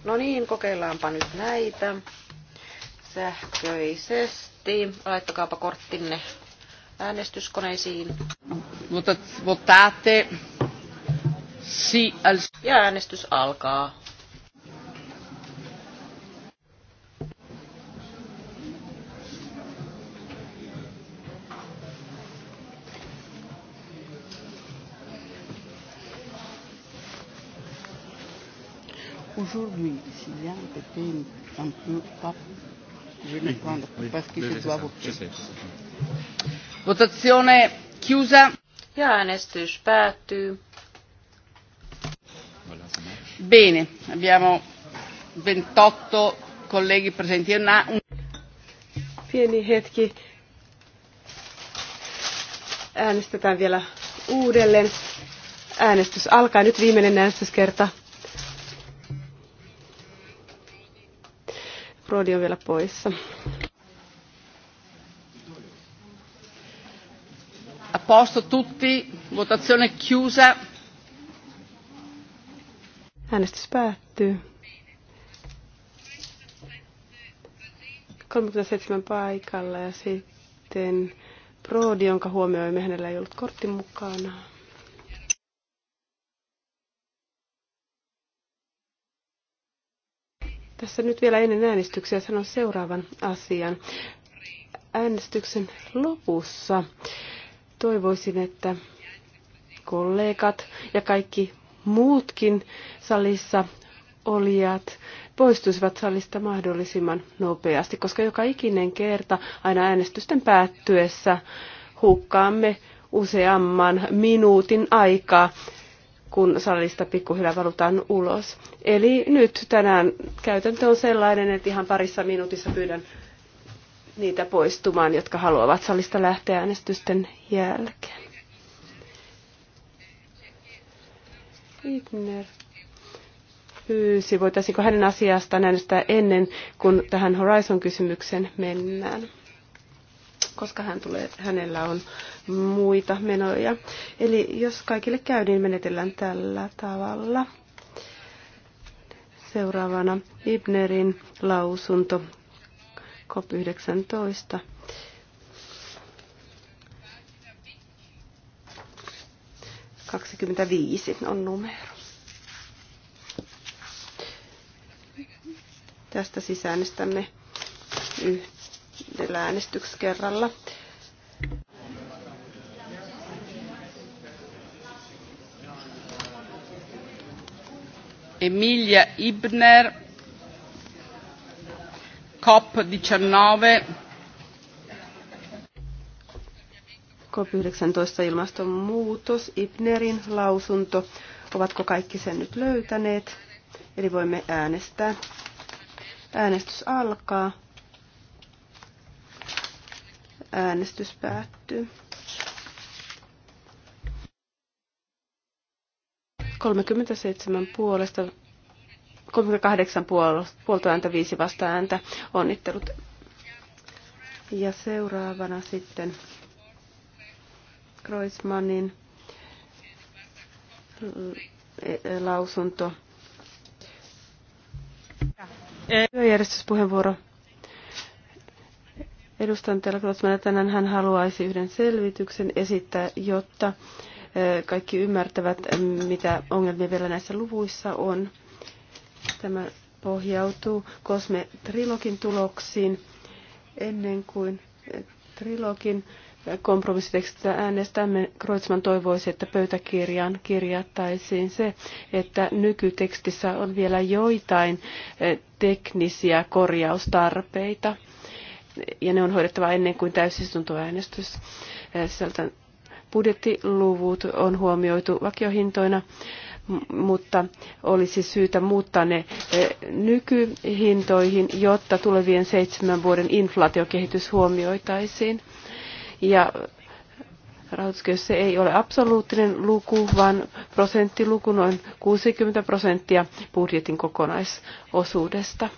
No niin, kokeillaanpa nyt näitä sähköisesti. Laittakaapa korttinne äänestyskoneisiin. Votate. Si al... Ja äänestys alkaa. aujourd'hui, s'il y a un pépé, un peu pas, je vais le prendre oui, parce que je dois voter. Votazione chiusa. Ja äänestys päättyy. Bene, abbiamo 28 colleghi presenti. Pieni hetki. Äänestetään vielä uudelleen. Äänestys alkaa nyt viimeinen äänestyskerta. Prodi on vielä poissa. A posto tutti, votazione chiusa. Äänestys päättyy. 37 paikalla ja sitten Prodi, jonka huomioimme, hänellä ei ollut kortti mukanaan. Tässä nyt vielä ennen äänestyksiä sanon seuraavan asian. Äänestyksen lopussa toivoisin, että kollegat ja kaikki muutkin salissa olijat poistuisivat salista mahdollisimman nopeasti, koska joka ikinen kerta aina äänestysten päättyessä hukkaamme useamman minuutin aikaa kun salista pikkuhiljaa valutaan ulos. Eli nyt tänään käytäntö on sellainen, että ihan parissa minuutissa pyydän niitä poistumaan, jotka haluavat salista lähteä äänestysten jälkeen. Igner pyysi, voitaisiinko hänen asiastaan äänestää ennen kuin tähän Horizon-kysymykseen mennään, koska hän tulee, hänellä on muita menoja. Eli jos kaikille käy, niin menetellään tällä tavalla. Seuraavana Ibnerin lausunto COP19. Kaksikymmentäviisi on numero. Tästä sisäänestämme yhdellä äänestyksellä kerralla. Emilia Ibner, COP19. COP19 ilmastonmuutos, Ibnerin lausunto. Ovatko kaikki sen nyt löytäneet? Eli voimme äänestää. Äänestys alkaa. Äänestys päättyy. 37 puolesta, 38 puolta ääntä, 5 vasta ääntä. Onnittelut. Ja seuraavana sitten Kreuzmannin eh, eh, lausunto. Työjärjestyspuheenvuoro. Edustan täällä Kreuzmannia tänään. Hän haluaisi yhden selvityksen esittää, jotta kaikki ymmärtävät, mitä ongelmia vielä näissä luvuissa on. Tämä pohjautuu Kosme Trilogin tuloksiin. Ennen kuin Trilogin kompromissitekstistä äänestämme, Kreutzmann toivoisi, että pöytäkirjaan kirjattaisiin se, että nykytekstissä on vielä joitain eh, teknisiä korjaustarpeita, ja ne on hoidettava ennen kuin täysistuntoäänestys eh, sisältää Budjettiluvut on huomioitu vakiohintoina, mutta olisi syytä muuttaa ne eh, nykyhintoihin, jotta tulevien seitsemän vuoden inflaatiokehitys huomioitaisiin. Ja rahoituskehys se ei ole absoluuttinen luku, vaan prosenttiluku noin 60 prosenttia budjetin kokonaisosuudesta.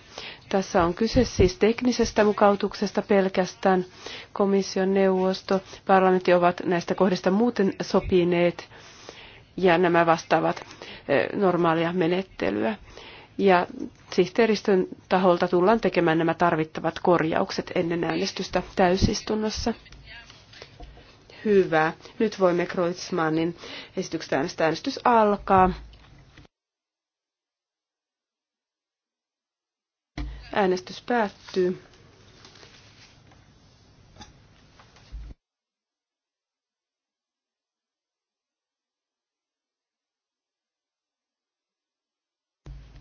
Tässä on kyse siis teknisestä mukautuksesta pelkästään. Komission neuvosto, parlamentti ovat näistä kohdista muuten sopineet ja nämä vastaavat eh, normaalia menettelyä. Ja sihteeristön taholta tullaan tekemään nämä tarvittavat korjaukset ennen äänestystä täysistunnossa. Hyvä. Nyt voimme Kreutzmannin esityksestä äänestää. Äänestys alkaa. Äänestys päättyy.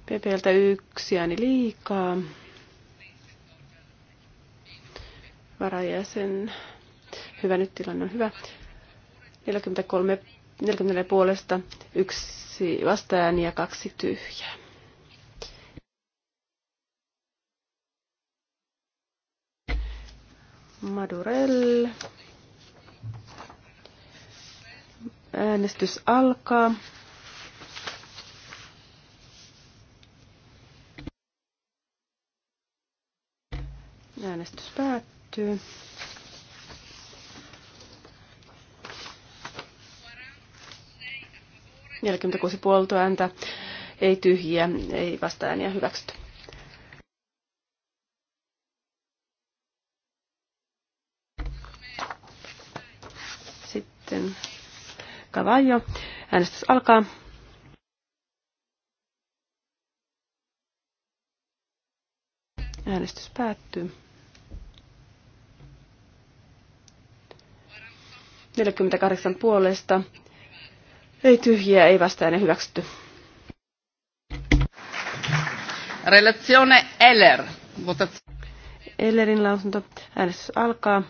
Pepeeltä yksi ääni liikaa. Varajäsen. Hyvä, nyt tilanne on hyvä. 43, 44 puolesta, yksi vastaääni ja kaksi tyhjää. Madurell. Äänestys alkaa. Äänestys päättyy. Neljäkymmentäkuusi puolta ääntä, ei tyhjiä, ei ääniä hyväksytty. Caravaggio. Äänestys alkaa. Äänestys päättyy. 48 puolesta. Ei tyhjiä, ei vastaan ja hyväksytty. Relazione Eller. Ellerin lausunto. Äänestys alkaa.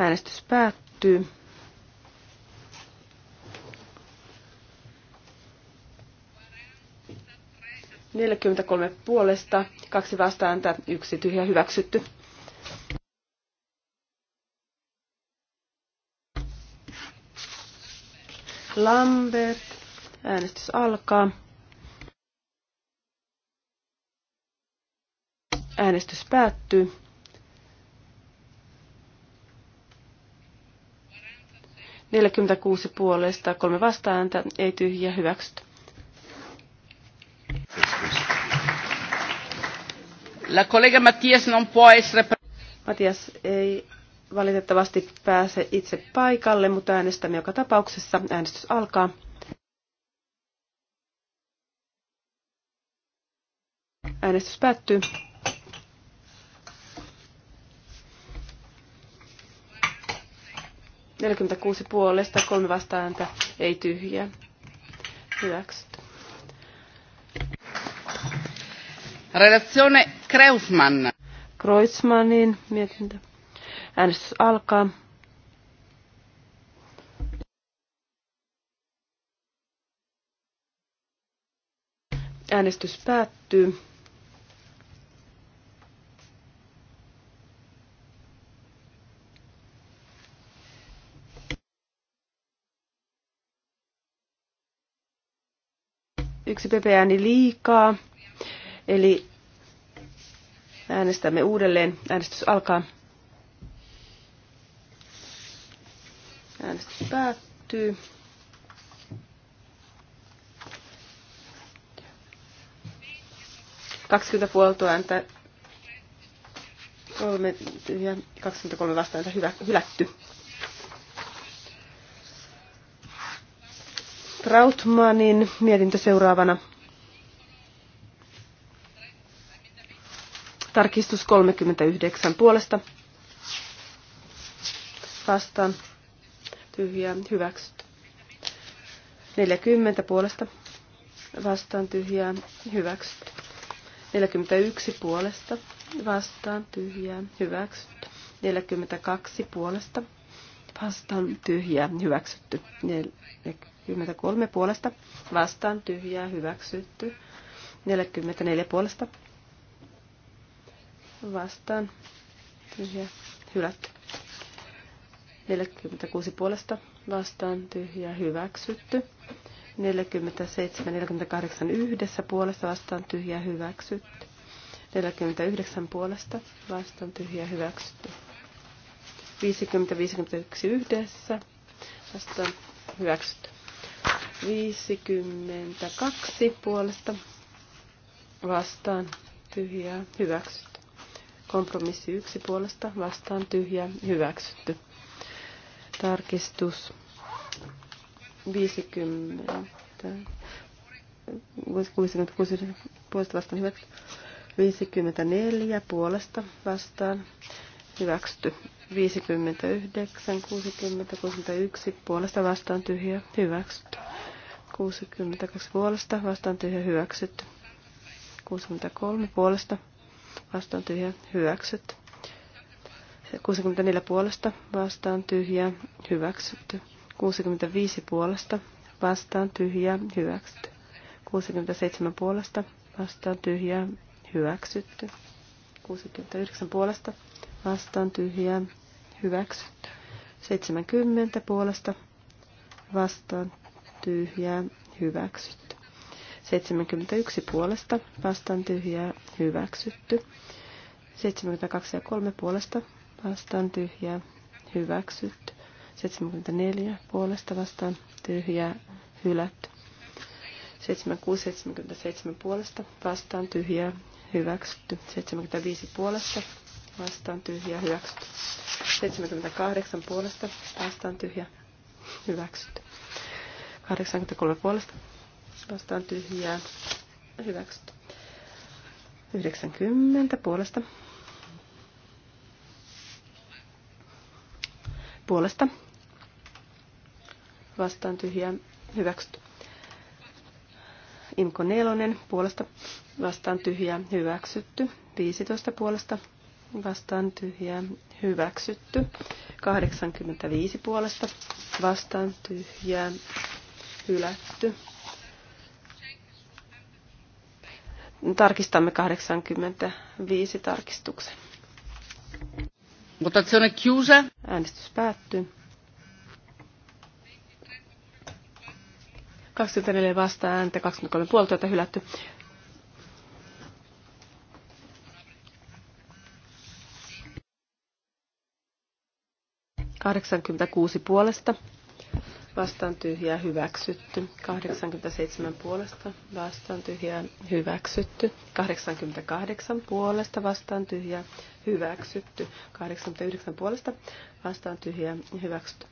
Äänestys päättyy. Neljäkymmentäkolme puolesta, kaksi vastaääntä, yksi tyhjä hyväksytty. Lambert. Äänestys alkaa. Äänestys päättyy. 46 puolesta, kolme vastaääntä, ei tyhjiä, hyväksyt. La collega Mattias non può essere... Mattias ei valitettavasti pääse itse paikalle, mutta äänestämme joka tapauksessa. Äänestys alkaa. Äänestys päättyy. 46 puolesta, kolme vastaääntä, ei tyhjää. Hyväksytty. Relazione Kreuzmannin mietintö. Äänestys alkaa. Äänestys päättyy. yksi PP-ääni liikaa. Eli äänestämme uudelleen. Äänestys alkaa. Äänestys päättyy. Kaksikymmentä puolta ääntä, kolme tyhjää, 23 vastaan, hyvä, hylätty. Trautmanin mietintö seuraavana. Tarkistus 39 puolesta. Vastaan. Tyhjää. hyväksyt. 40 puolesta. Vastaan tyhjää. hyväksyt. 41 puolesta. Vastaan tyhjää. hyväksyt. 42 puolesta. Vastaan tyhjää. Hyväksytty. 40 43 puolesta vastaan tyhjää hyväksytty. 44 puolesta vastaan tyhjää hylätty. 46 puolesta vastaan tyhjää hyväksytty. 47, 48 yhdessä puolesta vastaan tyhjää hyväksytty. 49 puolesta vastaan tyhjää hyväksytty. 50, 51 yhdessä vastaan hyväksytty. 52 puolesta vastaan tyhjää hyväksytty. Kompromissi 1 puolesta vastaan tyhjää hyväksytty. Tarkistus 50 66 puolesta vastaan hyväksytty. 54 puolesta vastaan hyväksytty. 59, 60, 61 puolesta vastaan tyhjä hyväksytty. 62 puolesta vastaan tyhjä hyväksytty. 63 puolesta vastaan tyhjä hyväksytty. 64 puolesta vastaan tyhjä hyväksytty. 65 puolesta vastaan tyhjä hyväksytty. 67 puolesta vastaan tyhjä hyväksytty. 69 puolesta vastaan tyhjä hyväksytty. 70 puolesta vastaan tyhjää, hyväksytty. 71 puolesta vastaan tyhjää, hyväksytty. 72 ja 3 puolesta vastaan tyhjää, hyväksytty. 74 puolesta vastaan tyhjää, hylätty. 76, 77 puolesta vastaan tyhjää, hyväksytty. 75 puolesta vastaan tyhjää, hyväksytty. 78 puolesta vastaan tyhjää, hyväksytty. 83 puolesta vastaan tyhjää hyväksytty. 90 puolesta. Puolesta vastaan tyhjää hyväksytty. Imko nelonen puolesta vastaan tyhjää hyväksytty. 15 puolesta vastaan tyhjää hyväksytty. 85 puolesta vastaan tyhjää hylätty. Tarkistamme 85 tarkistuksen. Votazione chiusa. Äänestys päättyy. 24 vasta ääntä, 23 puolta hylätty. Kahdeksankymmentäkuusi puolesta vastaan tyhjää hyväksytty. 87 puolesta vastaan tyhjää hyväksytty. 88 puolesta vastaan tyhjää hyväksytty. 89 puolesta vastaan tyhjää hyväksytty.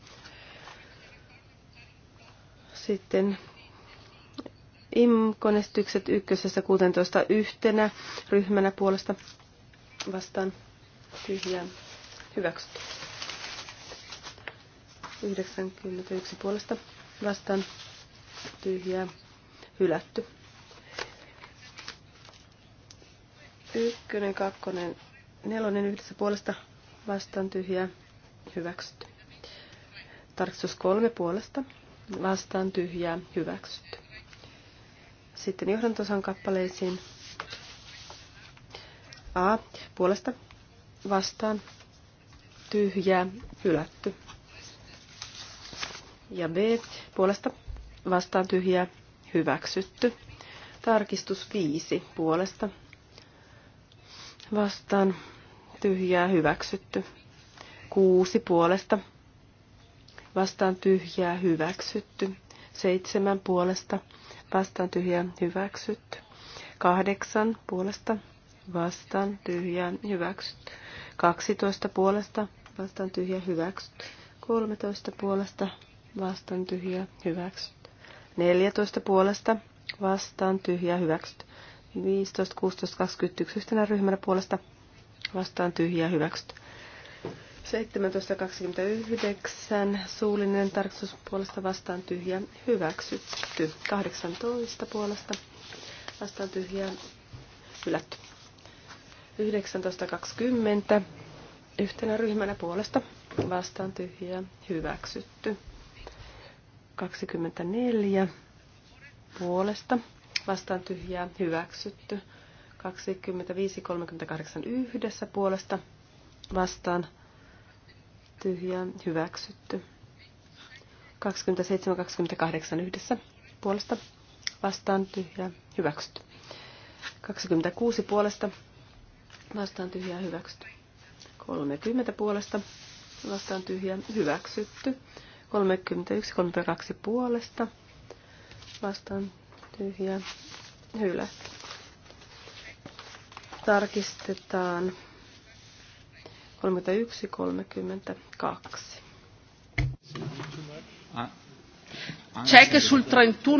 Sitten imkonestykset ykkösessä 16 yhtenä ryhmänä puolesta vastaan tyhjää hyväksytty. 91 puolesta vastaan tyhjää hylätty. Ykkönen, kakkonen, nelonen yhdessä puolesta vastaan tyhjää hyväksytty. Tarkistus kolme puolesta vastaan tyhjää hyväksytty. Sitten johdantosan kappaleisiin. A puolesta vastaan tyhjää hylätty ja B puolesta vastaan tyhjää hyväksytty. Tarkistus 5 puolesta vastaan tyhjää hyväksytty. 6 puolesta vastaan tyhjää hyväksytty. 7 puolesta vastaan tyhjää hyväksytty. 8 puolesta vastaan tyhjää hyväksytty. 12 puolesta vastaan tyhjää hyväksytty. 13 puolesta vastaan tyhjä, hyväksyt. 14 puolesta vastaan tyhjä, hyväksyt. 15, 16, 21 yhtenä ryhmänä puolesta vastaan tyhjä, hyväksytty. 17.29. Suullinen tarkistus puolesta vastaan tyhjä, hyväksytty. 18 puolesta vastaan tyhjä, hylätty. 19.20. Yhtenä ryhmänä puolesta vastaan tyhjä, hyväksytty. 24 puolesta vastaan tyhjää hyväksytty. 25 38 yhdessä puolesta vastaan tyhjää hyväksytty. 27 28 yhdessä puolesta vastaan tyhjää hyväksytty. 26 puolesta vastaan tyhjää hyväksytty. 30 puolesta vastaan tyhjää hyväksytty. 31, 32 puolesta vastaan tyhjä hylät. Tarkistetaan 31, 32. Check sul 31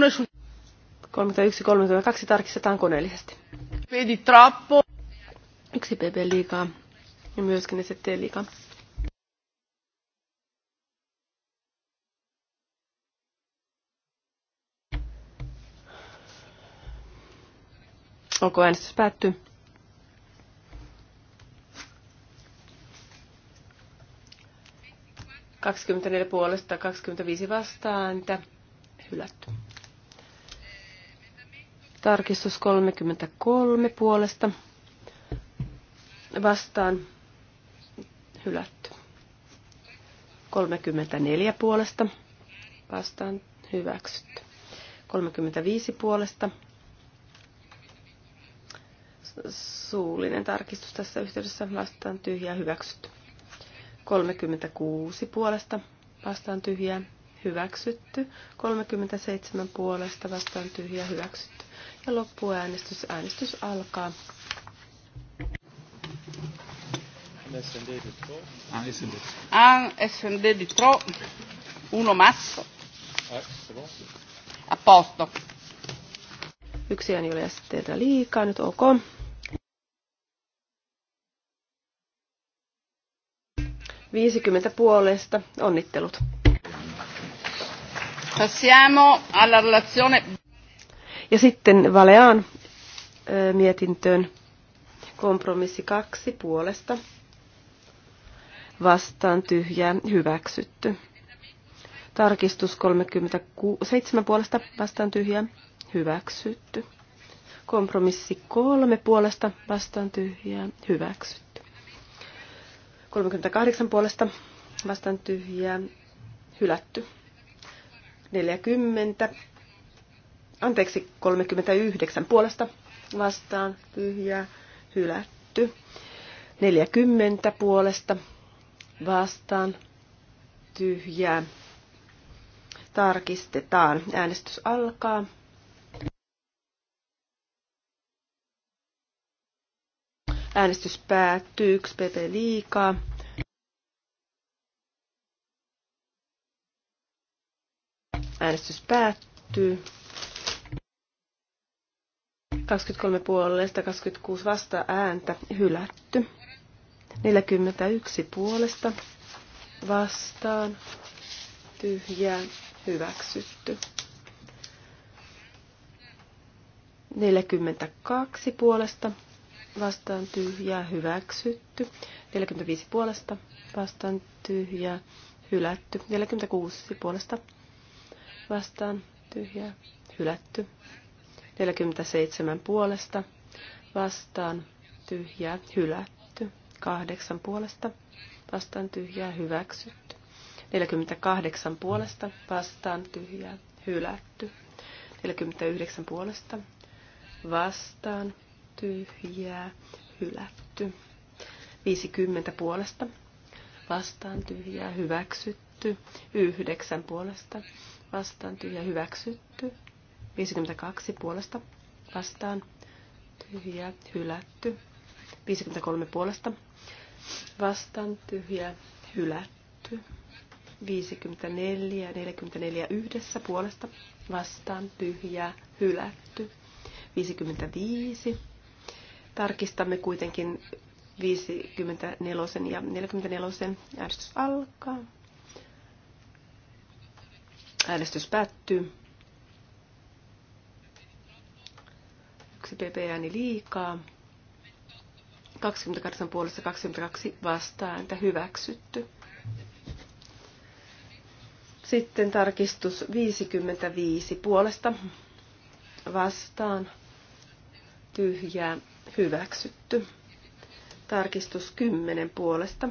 e sul 31, 32 tarkistetaan koneellisesti. Vedi troppo. Yksi BB liikaa ja myöskin esittää liikaa. Koneäänestys päättyy. Kaksikymmentäneljä puolesta, 25 vastaanta. Hylätty. Tarkistus 33 puolesta. Vastaan. Hylätty. 34 puolesta. Vastaan. Hyväksytty. 35 puolesta Suullinen tarkistus tässä yhteydessä vastaan tyhjää hyväksytty. 36 puolesta vastaan tyhjää hyväksytty. 37 puolesta vastaan tyhjää hyväksytty. Ja loppuäänestys. Äänestys alkaa. Un SND di tro, uno masso. A posto. Yksi ääni oli STD liikaa, nyt ok. 50 puolesta. Onnittelut. Passiamo alla relazione. Ja sitten Valeaan mietintöön. Kompromissi kaksi puolesta. Vastaan tyhjään hyväksytty. Tarkistus 37 puolesta vastaan tyhjään hyväksytty. Kompromissi kolme puolesta vastaan tyhjään hyväksytty. 38 puolesta vastaan tyhjää, hylätty. 40, anteeksi, 39 puolesta vastaan tyhjää, hylätty. 40 puolesta vastaan tyhjää. Tarkistetaan. Äänestys alkaa. Äänestys päättyy. 1 PP liikaa. Äänestys päättyy. 23 puolesta, 26 vasta ääntä hylätty. 41 puolesta vastaan tyhjään hyväksytty. 42 puolesta vastaan tyhjää hyväksytty. 45 puolesta vastaan tyhjää hylätty. 46 puolesta vastaan tyhjää hylätty. 47 puolesta vastaan tyhjää hylätty. 8 puolesta vastaan tyhjää hyväksytty. 48 puolesta vastaan tyhjää hylätty. 49 puolesta vastaan tyhjää, hylätty. 50 puolesta vastaan tyhjää, hyväksytty. 9 puolesta vastaan tyhjää, hyväksytty. 52 puolesta vastaan tyhjää, hylätty. 53 puolesta vastaan tyhjää, hylätty. 54 ja 44 yhdessä puolesta vastaan tyhjää, hylätty. 55 Tarkistamme kuitenkin 54 ja 44 äänestys alkaa. Äänestys päättyy. Yksi PP-ääni liikaa. 28 puolesta 22 vastaääntä hyväksytty. Sitten tarkistus 55 puolesta vastaan tyhjää hyväksytty. Tarkistus 10 puolesta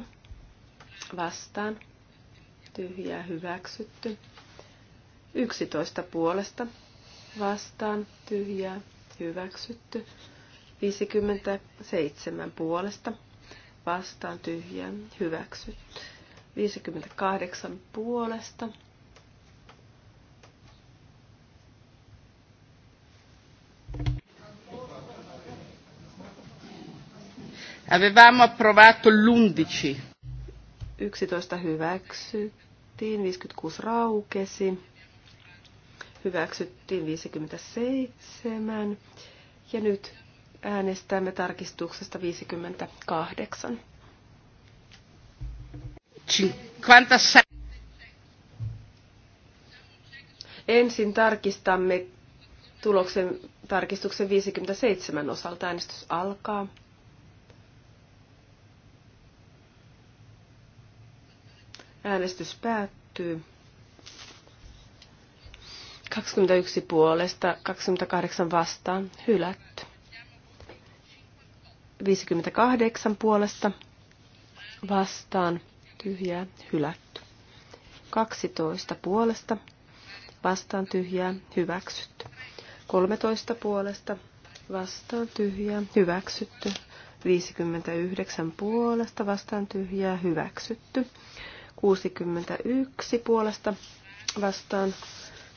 vastaan tyhjää hyväksytty. 11 puolesta vastaan tyhjää hyväksytty. 57 puolesta vastaan tyhjää hyväksytty. 58 puolesta Avevamo approvato l'11. 11 hyväksyttiin, 56 raukesi, hyväksyttiin 57 ja nyt äänestämme tarkistuksesta 58. 57. Ensin tarkistamme tuloksen tarkistuksen 57 osalta. Äänestys alkaa. Äänestys päättyy. 21 puolesta, 28 vastaan, hylätty. 58 puolesta, vastaan, tyhjää, hylätty. 12 puolesta, vastaan tyhjää, hyväksytty. 13 puolesta, vastaan tyhjää, hyväksytty. 59 puolesta, vastaan tyhjää, hyväksytty. 61 puolesta vastaan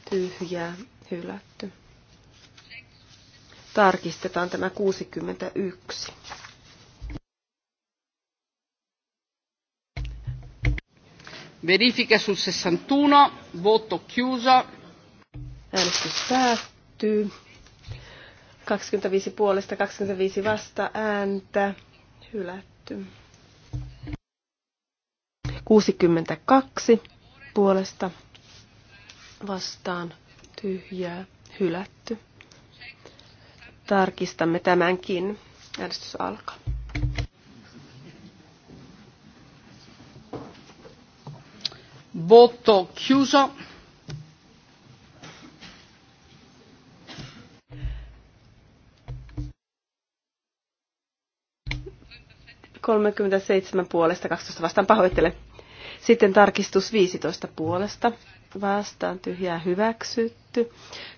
tyhjää hylätty. Tarkistetaan tämä 61. Verifica sul 61, voto chiuso. Äänestys päättyy. 25 puolesta, 25 vasta ääntä, hylätty. 62 puolesta vastaan tyhjää hylätty. Tarkistamme tämänkin. Äänestys alkaa. Voto chiuso. Kolmekymmentäseitsemän puolesta, 12 vastaan pahoittelen. Sitten tarkistus 15 puolesta vastaan tyhjää hyväksytty.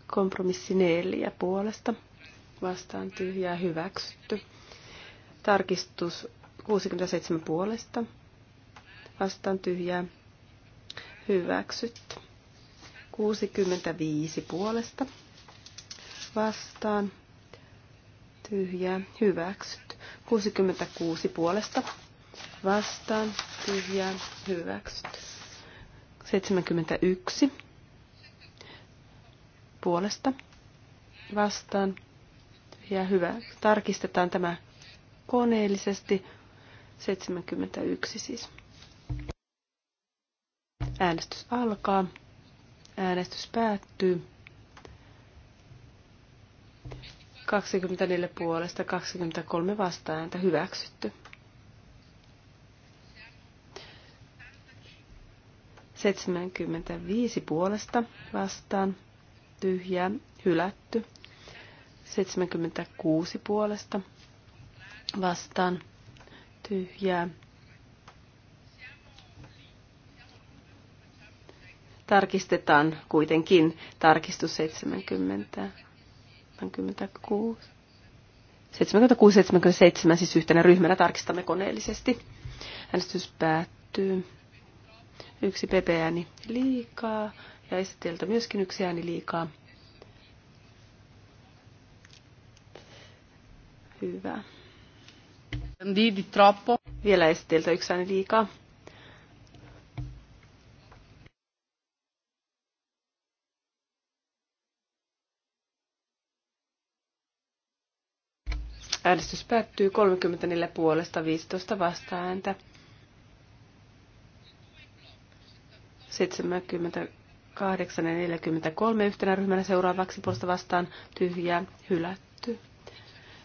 Kompromissi 4 puolesta vastaan tyhjää hyväksytty. Tarkistus 67 puolesta vastaan tyhjää hyväksytty. 65 puolesta vastaan tyhjää hyväksytty. 66 puolesta vastaan, tyhjää, hyväksytty. 71 puolesta vastaan, tyhjää, hyvä. Tarkistetaan tämä koneellisesti. 71 siis. Äänestys alkaa. Äänestys päättyy. 24 puolesta 23 vastaajaa hyväksytty. 75 puolesta vastaan tyhjää hylätty. 76 puolesta vastaan tyhjää. Tarkistetaan kuitenkin tarkistus 70, 76. 76-77 siis yhtenä ryhmänä tarkistamme koneellisesti. Äänestys päättyy. Yksi pp liikaa ja esittäjältä myöskin yksi ääni liikaa. Hyvä. Vielä esittäjältä yksi ääni liikaa. Äänestys päättyy 34 puolesta 15 vastaääntä. 78 ja 43 yhtenä ryhmänä seuraavaksi puolesta vastaan tyhjää hylätty.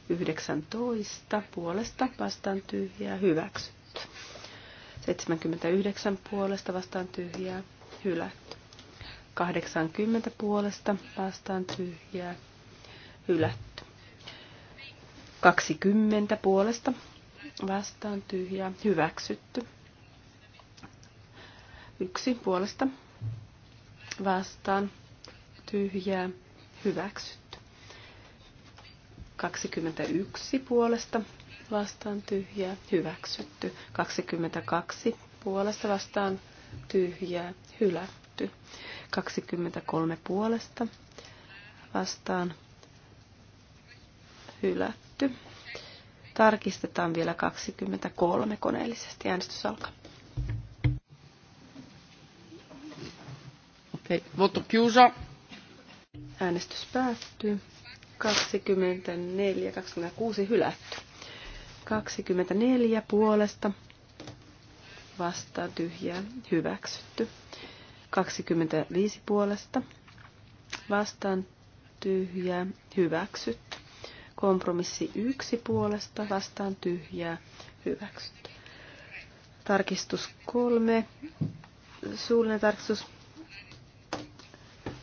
19 puolesta vastaan tyhjää hyväksytty. 79 puolesta vastaan tyhjää hylätty. 80 puolesta vastaan tyhjää hylätty. 20 puolesta vastaan tyhjää hyväksytty. Yksi puolesta vastaan tyhjää hyväksytty. 21 puolesta vastaan tyhjää hyväksytty. 22 puolesta vastaan tyhjää hylätty. 23 puolesta vastaan hylätty. Tarkistetaan vielä 23 koneellisesti. Äänestys alkaa. Hei, voto Äänestys päättyy. 24, 26 hylätty. 24 puolesta vastaan tyhjää hyväksytty. 25 puolesta vastaan tyhjää hyväksytty. Kompromissi 1 puolesta vastaan tyhjää hyväksytty. Tarkistus 3. Suullinen tarkistus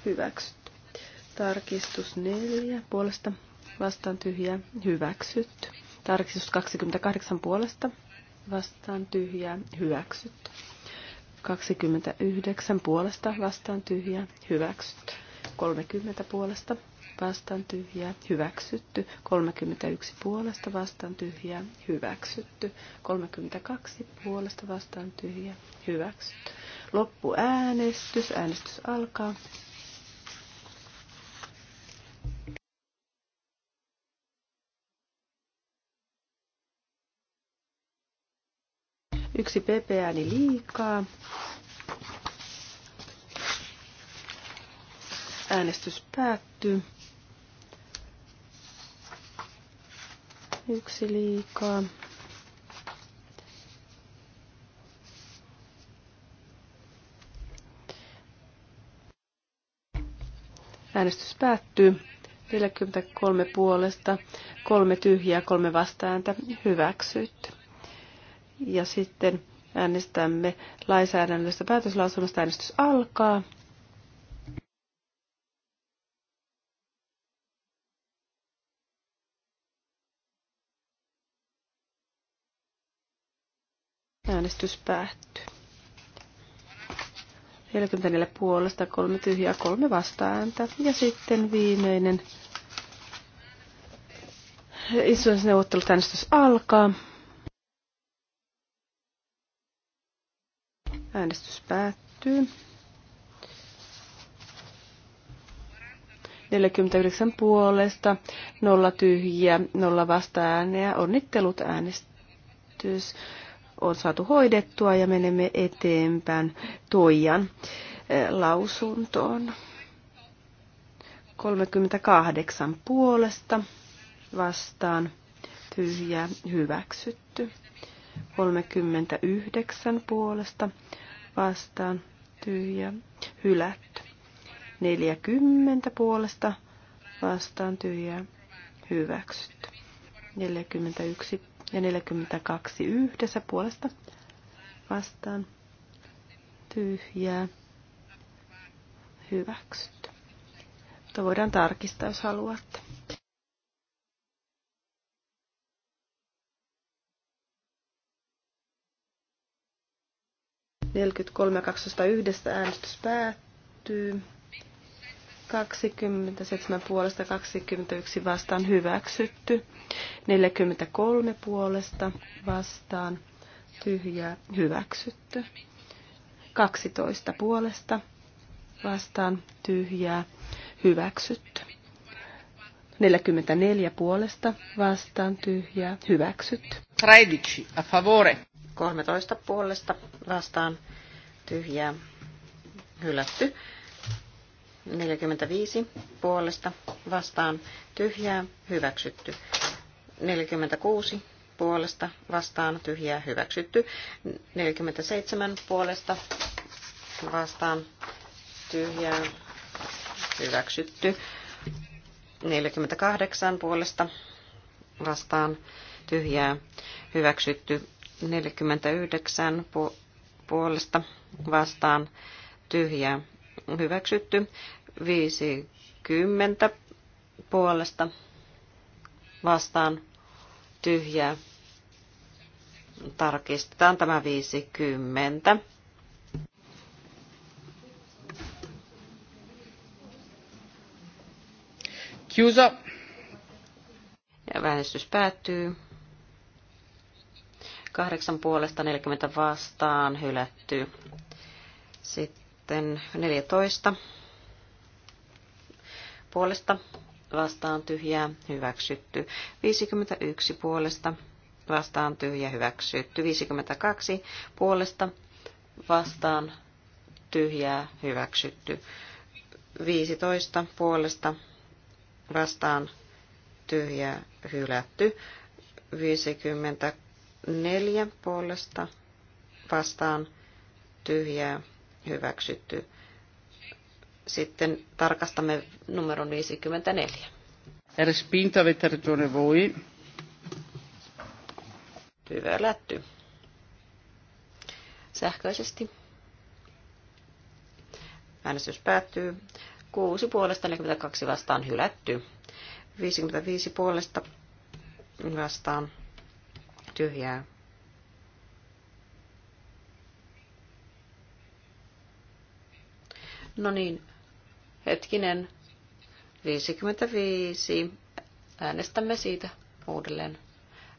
hyväksytty. Tarkistus 4 puolesta vastaan tyhjä. hyväksytty. Tarkistus 28 puolesta vastaan tyhjä. hyväksytty. 29 puolesta vastaan tyhjä. hyväksytty. 30 puolesta vastaan tyhjä. hyväksytty. 31 puolesta vastaan tyhjä. hyväksytty. 32 puolesta vastaan tyhjä, hyväksytty. Loppuäänestys, äänestys alkaa. Yksi pp liikaa. Äänestys päättyy. Yksi liikaa. Äänestys päättyy. 43 puolesta, kolme tyhjää, kolme vastaääntä hyväksytty. Ja sitten äänestämme lainsäädännöstä päätöslausunnosta. Äänestys alkaa. Äänestys päättyy. 44 puolesta, kolme tyhjää, kolme vastaääntä. Ja sitten viimeinen istuisneuvottelut äänestys alkaa. Äänestys päättyy. 49 puolesta, 0 tyhjiä, 0 vasta-ääneä. Onnittelut äänestys on saatu hoidettua ja menemme eteenpäin Toijan eh, lausuntoon. 38 puolesta vastaan tyhjä hyväksytty. 39 puolesta vastaan tyhjä hylätty. 40 puolesta vastaan tyhjä hyväksytty. 41 ja 42 yhdessä puolesta vastaan tyhjä hyväksytty. Mutta voidaan tarkistaa, jos haluatte. 43 äänestys päättyy. 27 puolesta 21 vastaan hyväksytty. 43 puolesta vastaan tyhjää hyväksytty. 12 puolesta vastaan tyhjää hyväksytty. 44 puolesta vastaan tyhjää hyväksytty. 13 a favore. 13 puolesta vastaan tyhjää hylätty. 45 puolesta vastaan tyhjää hyväksytty. 46 puolesta vastaan tyhjää hyväksytty. 47 puolesta vastaan tyhjää hyväksytty. 48 puolesta vastaan tyhjää hyväksytty. 49 puolesta vastaan tyhjää hyväksytty. 50 puolesta vastaan tyhjää. Tarkistetaan tämä 50. Kiusa. Ja äänestys päättyy. 8 puolesta 40 vastaan hylätty. Sitten 14 puolesta vastaan tyhjää hyväksytty. 51 puolesta vastaan tyhjä hyväksytty. 52 puolesta vastaan tyhjää hyväksytty. 15 puolesta vastaan tyhjää hylätty. 50 neljä puolesta vastaan tyhjää hyväksytty. Sitten tarkastamme numero 54. Respinta pinta ragione voi. lätty. Sähköisesti. Äänestys päättyy. 6 puolesta 42 vastaan hylätty. 55 puolesta vastaan tyhjää. No niin, hetkinen. 55. Äänestämme siitä uudelleen.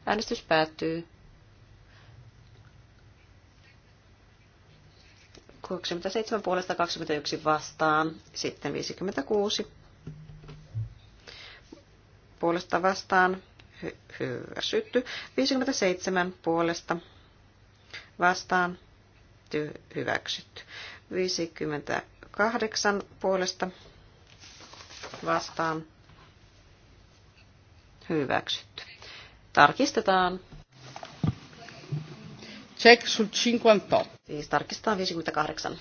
Äänestys päättyy. 67 puolesta 21 vastaan. Sitten 56 puolesta vastaan hyväksytty. 57 puolesta vastaan ty- hyväksytty. 58 puolesta vastaan hyväksytty. Tarkistetaan. Check sul 58. Siis tarkistetaan 58.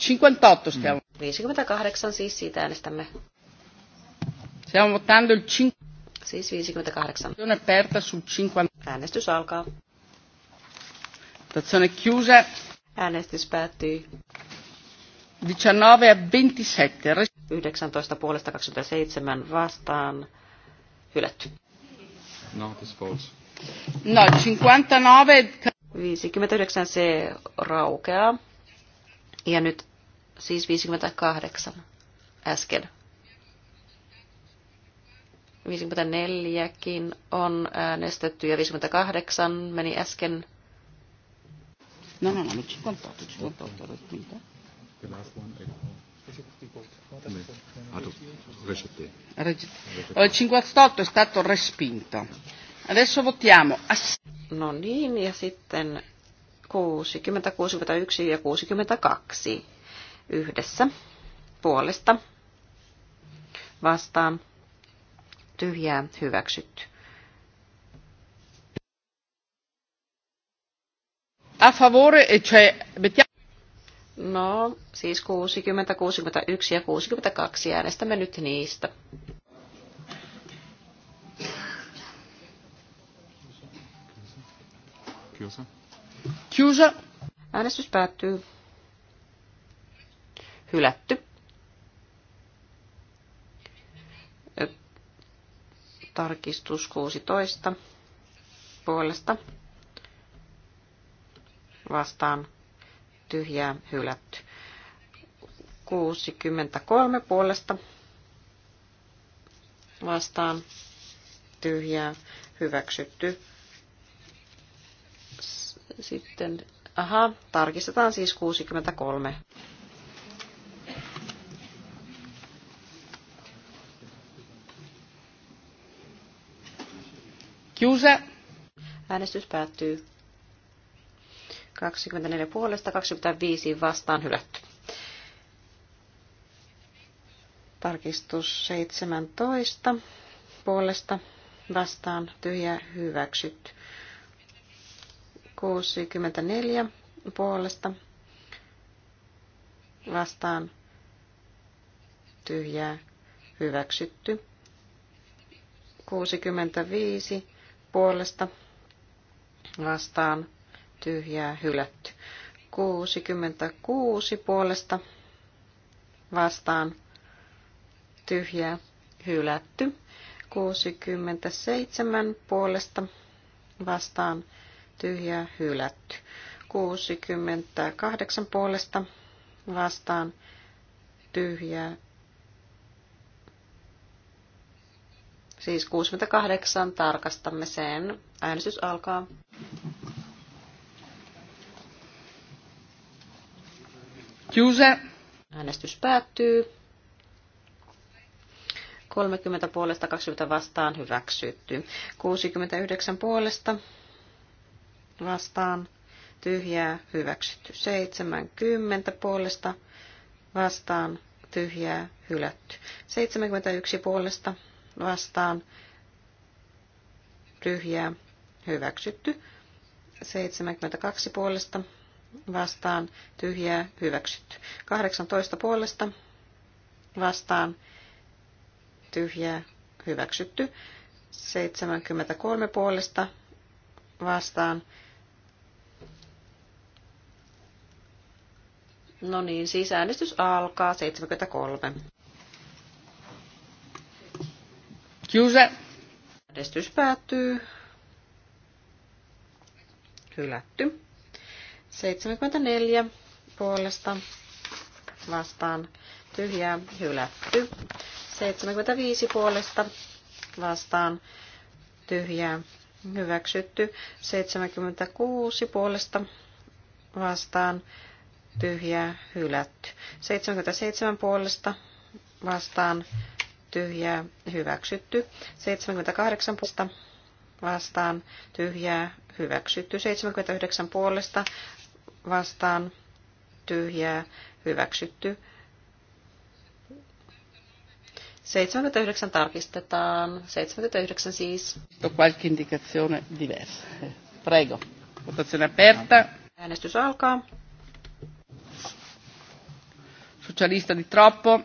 58 stiamo. 58 siis siitä äänestämme. Stiamo votando il 5. Siis 58. Äänestys alkaa. Votazione chiusa. Äänestys päättyy. 19 ja 27. 19 puolesta 27 vastaan. Hylätty. No, this falls. No, 59. 59 C raukeaa. Ja nyt siis 58 äsken. 54kin on äänestetty ja 58 meni äsken. No, no, no, nyt 58, 58, The last one, 58 è stato respinto. Adesso votiamo. No niin, ja sitten 60, 61 ja 62 yhdessä puolesta vastaan tyhjää hyväksytty. A favore, e cioè, No, siis 60, 61 ja 62 äänestämme nyt niistä. Kiusa. Kiusa. Äänestys päättyy. Hylätty. Tarkistus 16 puolesta vastaan tyhjää hylätty. 63 puolesta vastaan tyhjää hyväksytty. Sitten, aha, tarkistetaan siis 63. Chiusa. Äänestys päättyy 24 puolesta, 25 vastaan hylätty. Tarkistus 17 puolesta vastaan tyhjä hyväksyt. 64 puolesta vastaan tyhjää hyväksytty. 65 puolesta vastaan tyhjää hylätty. 66 puolesta vastaan tyhjää hylätty. 67 puolesta vastaan tyhjää hylätty. 68 puolesta vastaan tyhjää Siis 68 tarkastamme sen. Äänestys alkaa. Juse. Äänestys päättyy. 30 puolesta 20 vastaan hyväksytty. 69 puolesta vastaan tyhjää hyväksytty. 70 puolesta vastaan tyhjää hylätty. 71 puolesta vastaan tyhjää hyväksytty. 72 puolesta vastaan tyhjää hyväksytty. 18 puolesta vastaan tyhjää hyväksytty. 73 puolesta vastaan. No niin, siis äänestys alkaa 73. Kiusa. Äänestys päättyy. Hylätty. 74 puolesta vastaan tyhjää hylätty. 75 puolesta vastaan tyhjää hyväksytty. 76 puolesta vastaan tyhjää hylätty. 77 puolesta vastaan tyhjää, hyväksytty. 78 puolesta vastaan, tyhjää, hyväksytty. 79 puolesta vastaan, tyhjää, hyväksytty. 79 tarkistetaan. 79 siis. Qualche indicazione diversa. Prego. Votazione aperta. Äänestys alkaa. Socialista di troppo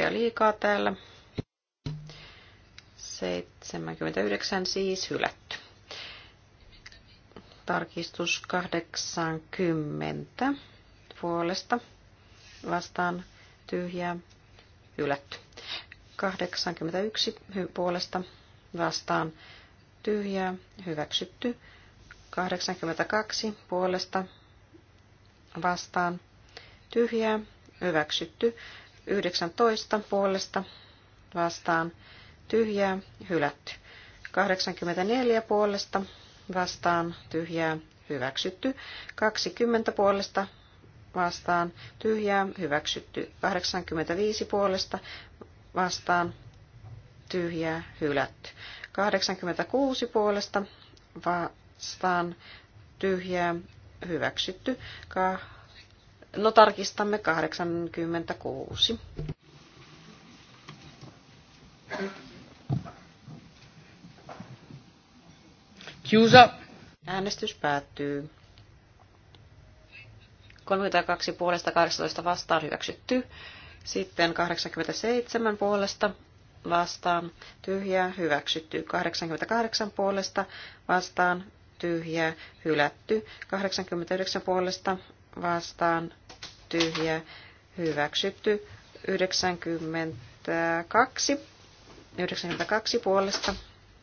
ja liikaa täällä. 79 siis hylätty. Tarkistus 80 puolesta vastaan tyhjää hylätty. 81 puolesta vastaan tyhjää hyväksytty. 82 puolesta vastaan tyhjää hyväksytty. 19 puolesta vastaan tyhjää, hylätty. 84 puolesta vastaan tyhjää, hyväksytty. 20 puolesta vastaan tyhjää, hyväksytty. 85 puolesta vastaan tyhjää, hylätty. 86 puolesta vastaan tyhjää, hyväksytty. No tarkistamme 86. Kiusa. Äänestys päättyy. 32 puolesta 18 vastaan hyväksytty. Sitten 87 puolesta vastaan tyhjää hyväksytty. 88 puolesta vastaan tyhjää hylätty. 89 puolesta vastaan tyhjä hyväksytty 92, 92 puolesta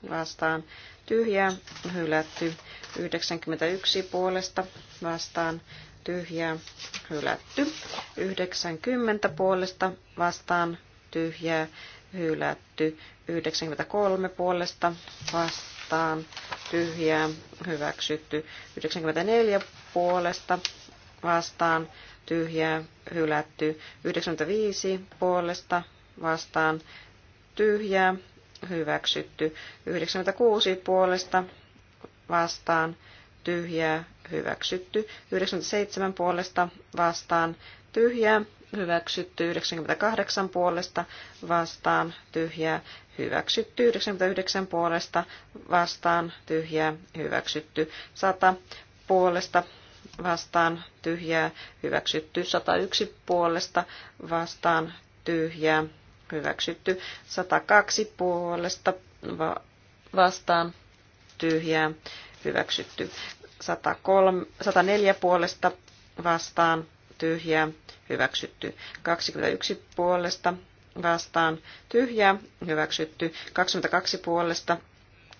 vastaan tyhjä hylätty 91 puolesta vastaan tyhjä hylätty 90 puolesta vastaan tyhjä hylätty 93 puolesta vastaan tyhjä hyväksytty 94 puolesta vastaan tyhjää hylätty. 95 puolesta vastaan tyhjää hyväksytty. 96 puolesta vastaan tyhjää hyväksytty. 97 puolesta vastaan tyhjää hyväksytty. 98 puolesta vastaan tyhjää hyväksytty. 99 puolesta vastaan tyhjää hyväksytty. 100 puolesta vastaan tyhjää, hyväksytty 101 puolesta vastaan tyhjää, hyväksytty 102 puolesta va- vastaan tyhjää, hyväksytty 103, 104 puolesta vastaan tyhjää, hyväksytty 21 puolesta vastaan tyhjää, hyväksytty 22 puolesta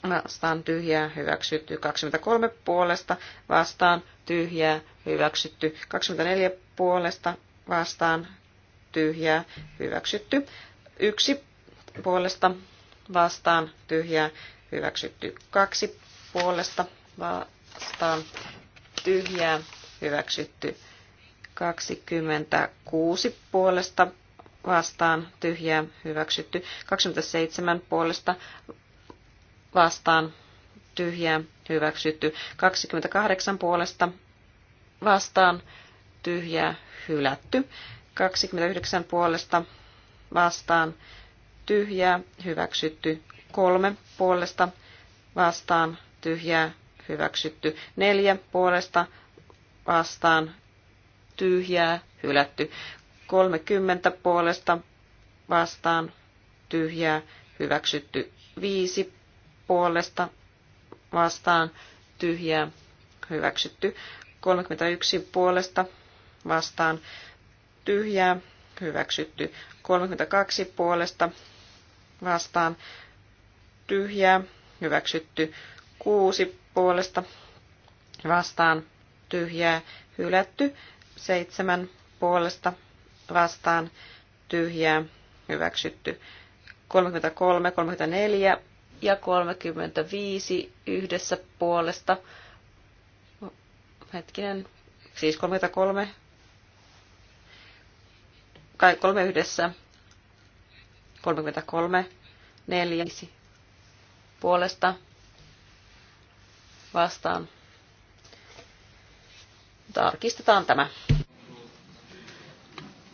vastaan tyhjää hyväksytty 23 puolesta, vastaan tyhjää hyväksytty 24 puolesta, vastaan tyhjää hyväksytty yksi puolesta, vastaan tyhjää hyväksytty kaksi puolesta, vastaan tyhjää hyväksytty 26 puolesta, vastaan tyhjää hyväksytty 27 puolesta, vastaan tyhjä hyväksytty. 28 puolesta vastaan tyhjä hylätty. 29 puolesta vastaan tyhjä hyväksytty. 3 puolesta vastaan tyhjä hyväksytty. 4 puolesta vastaan tyhjää hylätty. 30 puolesta vastaan tyhjää hyväksytty. 5 puolesta vastaan tyhjää hyväksytty. 31 puolesta vastaan tyhjää hyväksytty. 32 puolesta vastaan tyhjää hyväksytty. 6 puolesta vastaan tyhjää hylätty. 7 puolesta vastaan tyhjää hyväksytty. 33, 34 ja 35 yhdessä puolesta. Hetkinen, siis 33. Kai kolme yhdessä. 33, 4, puolesta vastaan. Tarkistetaan tämä.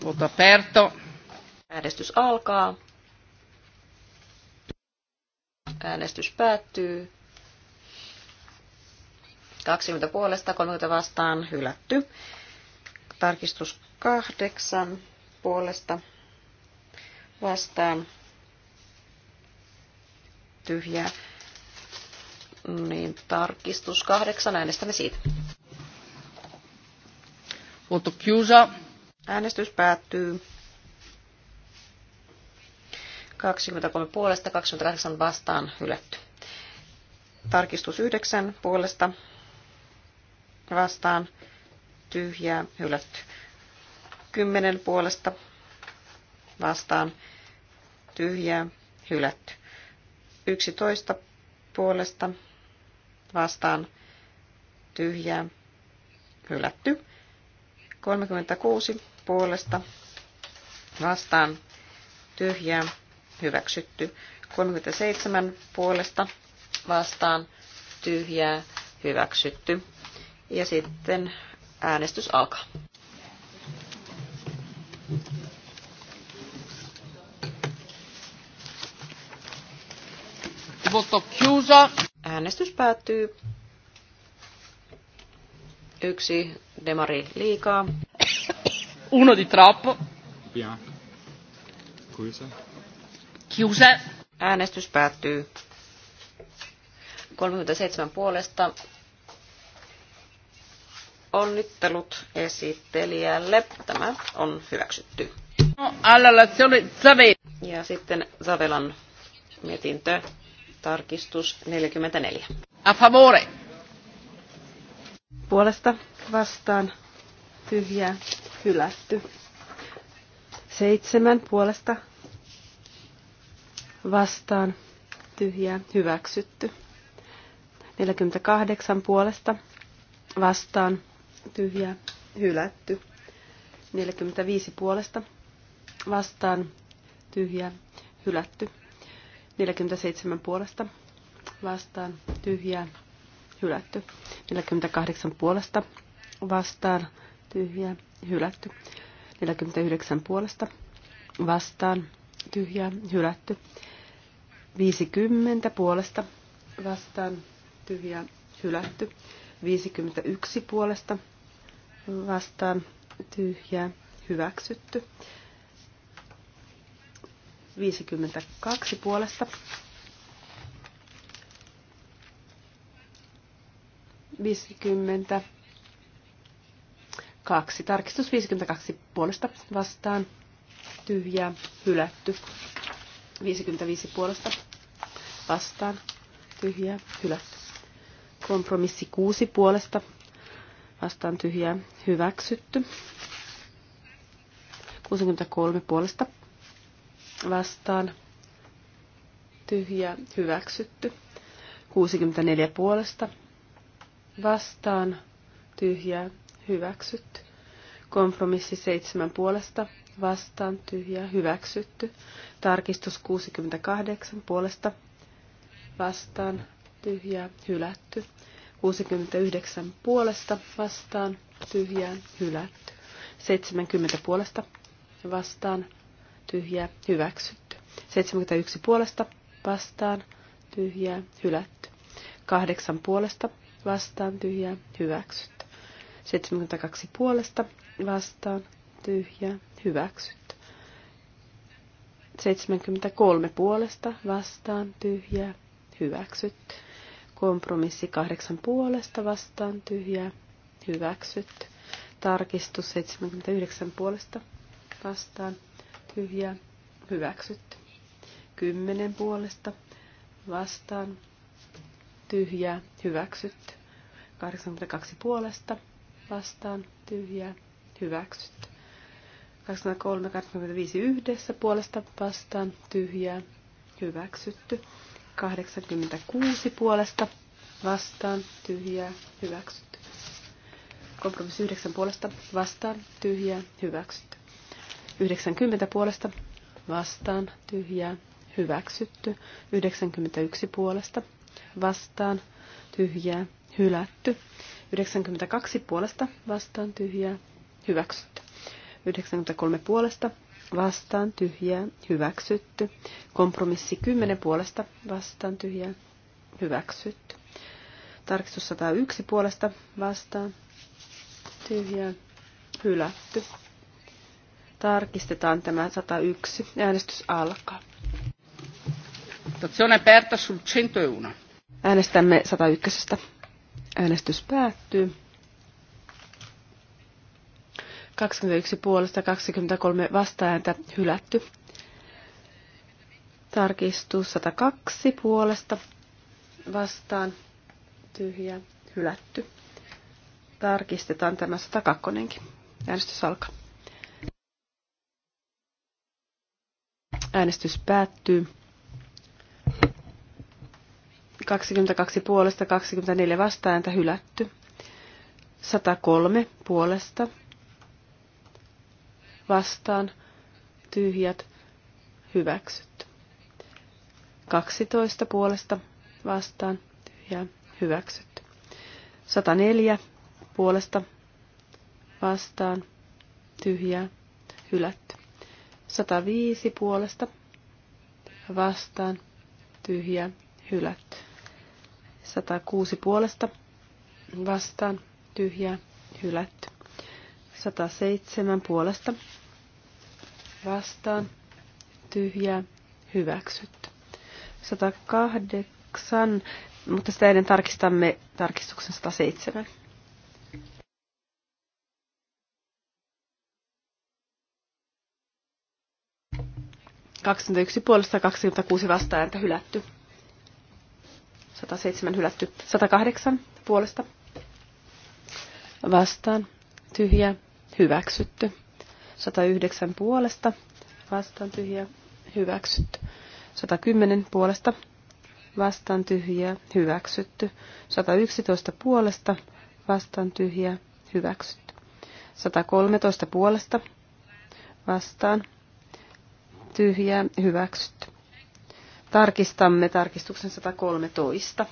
Voto perto. Äänestys alkaa. Äänestys päättyy. 20 puolesta, 30 vastaan, hylätty. Tarkistus 8 puolesta vastaan, tyhjää. Niin, tarkistus 8, äänestämme siitä. Voto Äänestys päättyy. 23 puolesta, 28 vastaan hylätty. Tarkistus 9 puolesta vastaan tyhjää hylätty. 10 puolesta vastaan tyhjää hylätty. 11 puolesta vastaan tyhjää hylätty. 36 puolesta vastaan tyhjää hyväksytty. 37 puolesta vastaan tyhjää hyväksytty. Ja sitten äänestys alkaa. Äänestys päättyy. Yksi demari liikaa. Uno di troppo. Bianca. Kuisa. Kiuse. Äänestys päättyy. 37 puolesta. Onnittelut esittelijälle. Tämä on hyväksytty. No, ja sitten Zavelan mietintö, tarkistus 44. A favore. Puolesta vastaan tyhjä hylätty. Seitsemän puolesta vastaan tyhjää hyväksytty. 48 puolesta vastaan tyhjää hylätty. 45 puolesta vastaan tyhjää hylätty. 47 puolesta vastaan tyhjää hylätty. 48 puolesta vastaan tyhjää hylätty. 49 puolesta vastaan tyhjää hylätty. 50 puolesta vastaan tyhjä hylätty. 51 puolesta vastaan tyhjä hyväksytty. 52 puolesta 50. Kaksi. Tarkistus 52 puolesta vastaan. Tyhjää, hylätty. 55 puolesta vastaan tyhjää hylätty. Kompromissi kuusi puolesta vastaan tyhjää hyväksytty. 63 puolesta vastaan tyhjää hyväksytty. 64 puolesta vastaan tyhjää hyväksytty. Kompromissi 7 puolesta vastaan tyhjää hyväksytty. Tarkistus 68 puolesta vastaan tyhjää hylätty. 69 puolesta vastaan tyhjää hylätty. 70 puolesta vastaan tyhjää hyväksytty. 71 puolesta vastaan tyhjää hylätty. 8 puolesta vastaan tyhjää hyväksytty. 72 puolesta vastaan tyhjää hyväksytty. 73 puolesta vastaan tyhjää Hyväksyt, Kompromissi kahdeksan puolesta vastaan tyhjä, hyväksyt. Tarkistus 79 puolesta vastaan tyhjä, hyväksyt, Kymmenen puolesta vastaan tyhjä, hyväksyt. 82 puolesta vastaan tyhjä, hyväksyt, 23, 25 yhdessä puolesta vastaan tyhjä, hyväksytty. 86 puolesta vastaan tyhjää hyväksytty. Kompromissi 9 puolesta vastaan tyhjää hyväksytty. 90 puolesta vastaan tyhjää hyväksytty. 91 puolesta vastaan tyhjää hylätty. 92 puolesta vastaan tyhjää hyväksytty. 93 puolesta vastaan tyhjää, hyväksytty. Kompromissi 10 puolesta vastaan tyhjää, hyväksytty. Tarkistus 101 puolesta vastaan tyhjää, hylätty. Tarkistetaan tämä 101. Äänestys alkaa. Votazione aperta sul 101. Äänestämme 101. Äänestys päättyy. 21 puolesta 23 vastaääntä hylätty. Tarkistus 102 puolesta vastaan tyhjä hylätty. Tarkistetaan tämä 102. Äänestys alkaa. Äänestys päättyy. 22 puolesta 24 vastaääntä hylätty. 103 puolesta vastaan tyhjät hyväksytty. 12 puolesta vastaan tyhjää hyväksytty. 104 puolesta vastaan tyhjää hylätty. 105 puolesta vastaan tyhjää hylätty. 106 puolesta vastaan tyhjää hylätty. 107 puolesta vastaan tyhjä hyväksytty. 108, mutta sitä ennen tarkistamme tarkistuksen 107. Kaksikymmentäyksi puolesta 26 vastaääntä hylätty. 107 hylätty. 108 puolesta vastaan tyhjä hyväksytty. 109 puolesta vastaan tyhjä, hyväksytty. 110 puolesta vastaan tyhjä, hyväksytty. 111 puolesta vastaan tyhjä, hyväksytty. 113 puolesta vastaan tyhjä, hyväksytty. Tarkistamme tarkistuksen 113.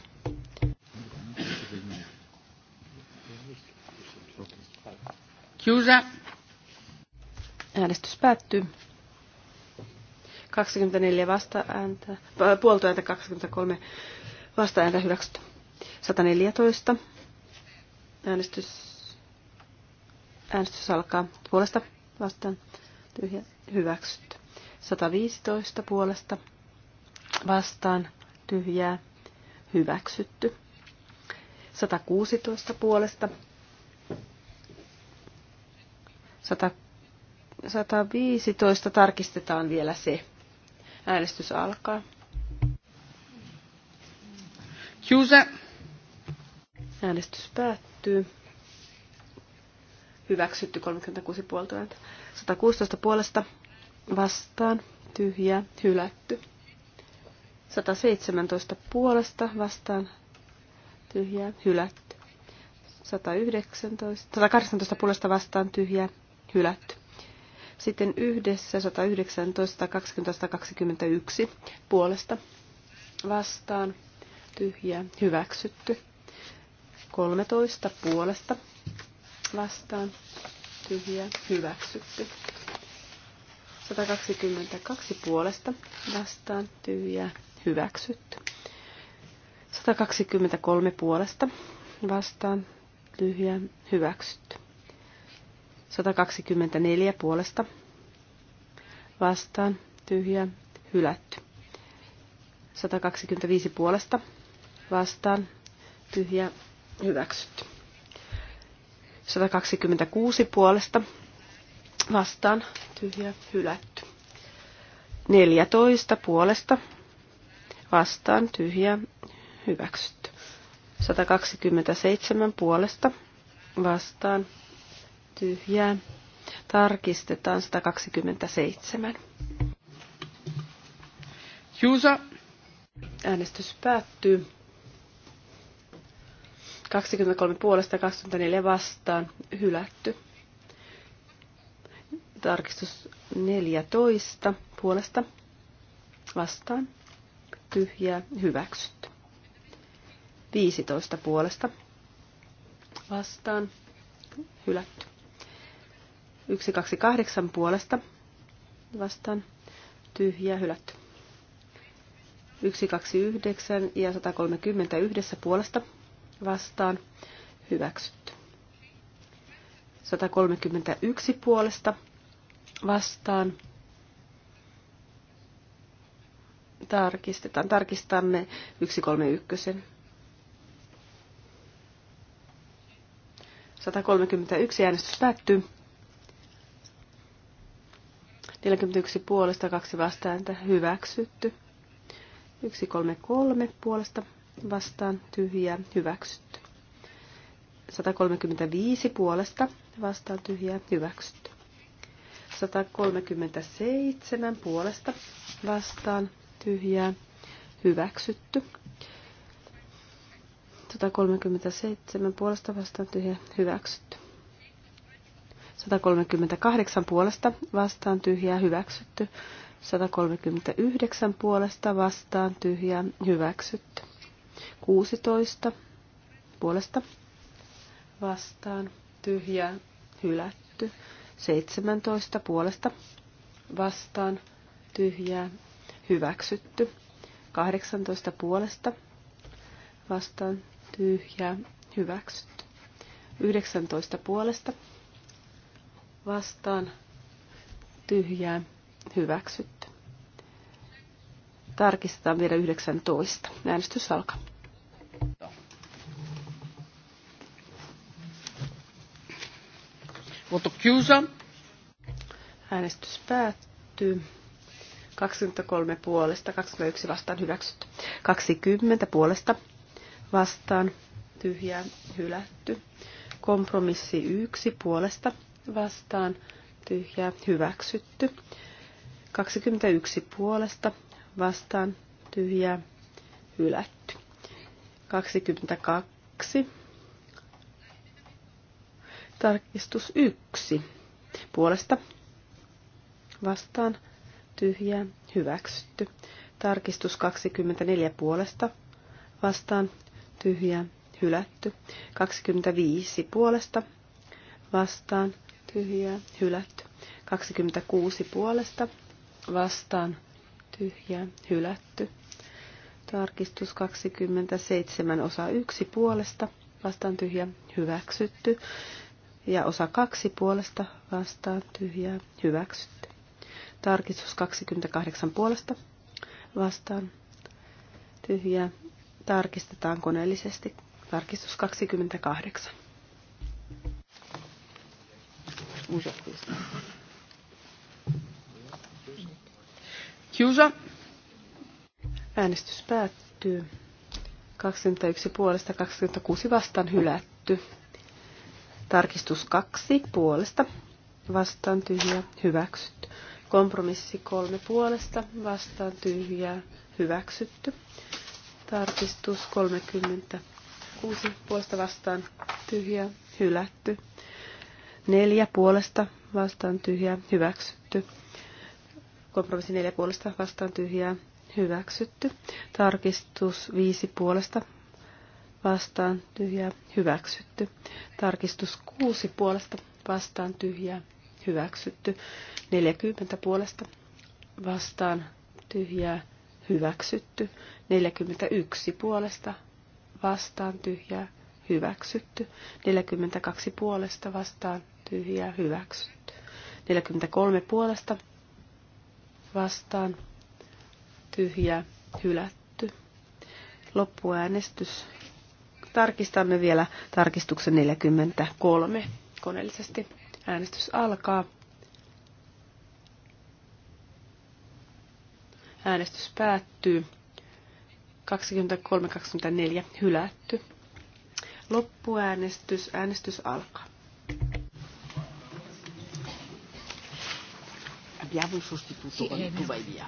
Chiusa. Äänestys päättyy. 24 vastaääntä, äh, ääntä 23 vastaääntä hyväksytty. 114. Äänestys, äänestys alkaa puolesta vastaan tyhjä, hyväksytty. 115 puolesta vastaan tyhjää hyväksytty. 116 puolesta 116 115 tarkistetaan vielä se. Äänestys alkaa. Kiusa. Äänestys päättyy. Hyväksytty 36 puolta 116 puolesta vastaan. Tyhjä. Hylätty. 117 puolesta vastaan. Tyhjä. Hylätty. 119, 118 puolesta vastaan tyhjä, hylätty. Sitten yhdessä 119, 20, 21 puolesta vastaan tyhjää hyväksytty. 13 puolesta vastaan tyhjää hyväksytty. 122 puolesta vastaan tyhjää hyväksytty. 123 puolesta vastaan tyhjää hyväksytty. 124 puolesta vastaan Tyhjä. hylätty. 125 puolesta vastaan tyhjä hyväksytty. 126 puolesta vastaan tyhjä hylätty. 14 puolesta vastaan tyhjä hyväksytty. 127 puolesta vastaan tyhjää. Tarkistetaan 127. Juusa. Äänestys päättyy. 23 puolesta ja 24 vastaan hylätty. Tarkistus 14 puolesta vastaan tyhjää hyväksytty. 15 puolesta vastaan hylätty. 128 puolesta vastaan Tyhjä, hylätty. 129 ja 130 yhdessä puolesta vastaan hyväksytty. 131 puolesta vastaan tarkistetaan. Tarkistamme 131. 131 äänestys päättyy. 41 puolesta, kaksi vastaan että hyväksytty. 133 puolesta vastaan tyhjää hyväksytty. 135 puolesta vastaan tyhjää hyväksytty. 137 puolesta vastaan tyhjää hyväksytty. 137 puolesta vastaan tyhjää hyväksytty. 138 puolesta vastaan tyhjää hyväksytty. 139 puolesta vastaan tyhjää hyväksytty. 16 puolesta vastaan tyhjää hylätty. 17 puolesta vastaan tyhjää hyväksytty. 18 puolesta vastaan tyhjää hyväksytty. 19 puolesta vastaan tyhjää hyväksytty. Tarkistetaan vielä 19. Äänestys alkaa. Voto chiusa. Äänestys päättyy. 23 puolesta, 21 vastaan hyväksytty. 20 puolesta vastaan tyhjää hylätty. Kompromissi 1 puolesta vastaan tyhjää hyväksytty. 21 puolesta vastaan tyhjää hylätty. 22 tarkistus 1 puolesta vastaan tyhjää hyväksytty. Tarkistus 24 puolesta vastaan tyhjää hylätty. 25 puolesta vastaan tyhjää, hylätty. 26 puolesta vastaan tyhjää, hylätty. Tarkistus 27 osa 1 puolesta vastaan tyhjä, hyväksytty. Ja osa 2 puolesta vastaan tyhjää, hyväksytty. Tarkistus 28 puolesta vastaan tyhjää. Tarkistetaan koneellisesti. Tarkistus 28. Usa questa. Kiusa. Äänestys päättyy. 21 puolesta 26 vastaan hylätty. Tarkistus 2 puolesta vastaan tyhjä hyväksytty. Kompromissi 3 puolesta vastaan tyhjä, hyväksytty. Tarkistus 36 puolesta vastaan tyhjä hylätty. Neljä puolesta vastaan tyhjää hyväksytty. Kompromissi neljä puolesta vastaan tyhjää hyväksytty. Tarkistus viisi puolesta vastaan tyhjää hyväksytty. Tarkistus kuusi puolesta vastaan tyhjää hyväksytty. 40 puolesta vastaan tyhjää hyväksytty. 41 puolesta vastaan tyhjää hyväksytty. 42 puolesta vastaan tyhjää hyväksytty. 43 puolesta vastaan tyhjää hylätty. Loppuäänestys. Tarkistamme vielä tarkistuksen 43 koneellisesti. Äänestys alkaa. Äänestys päättyy. 23-24 hylätty. Loppuäänestys. Äänestys alkaa. Abbiamo un sostituto sì, quando eh, tu vai via.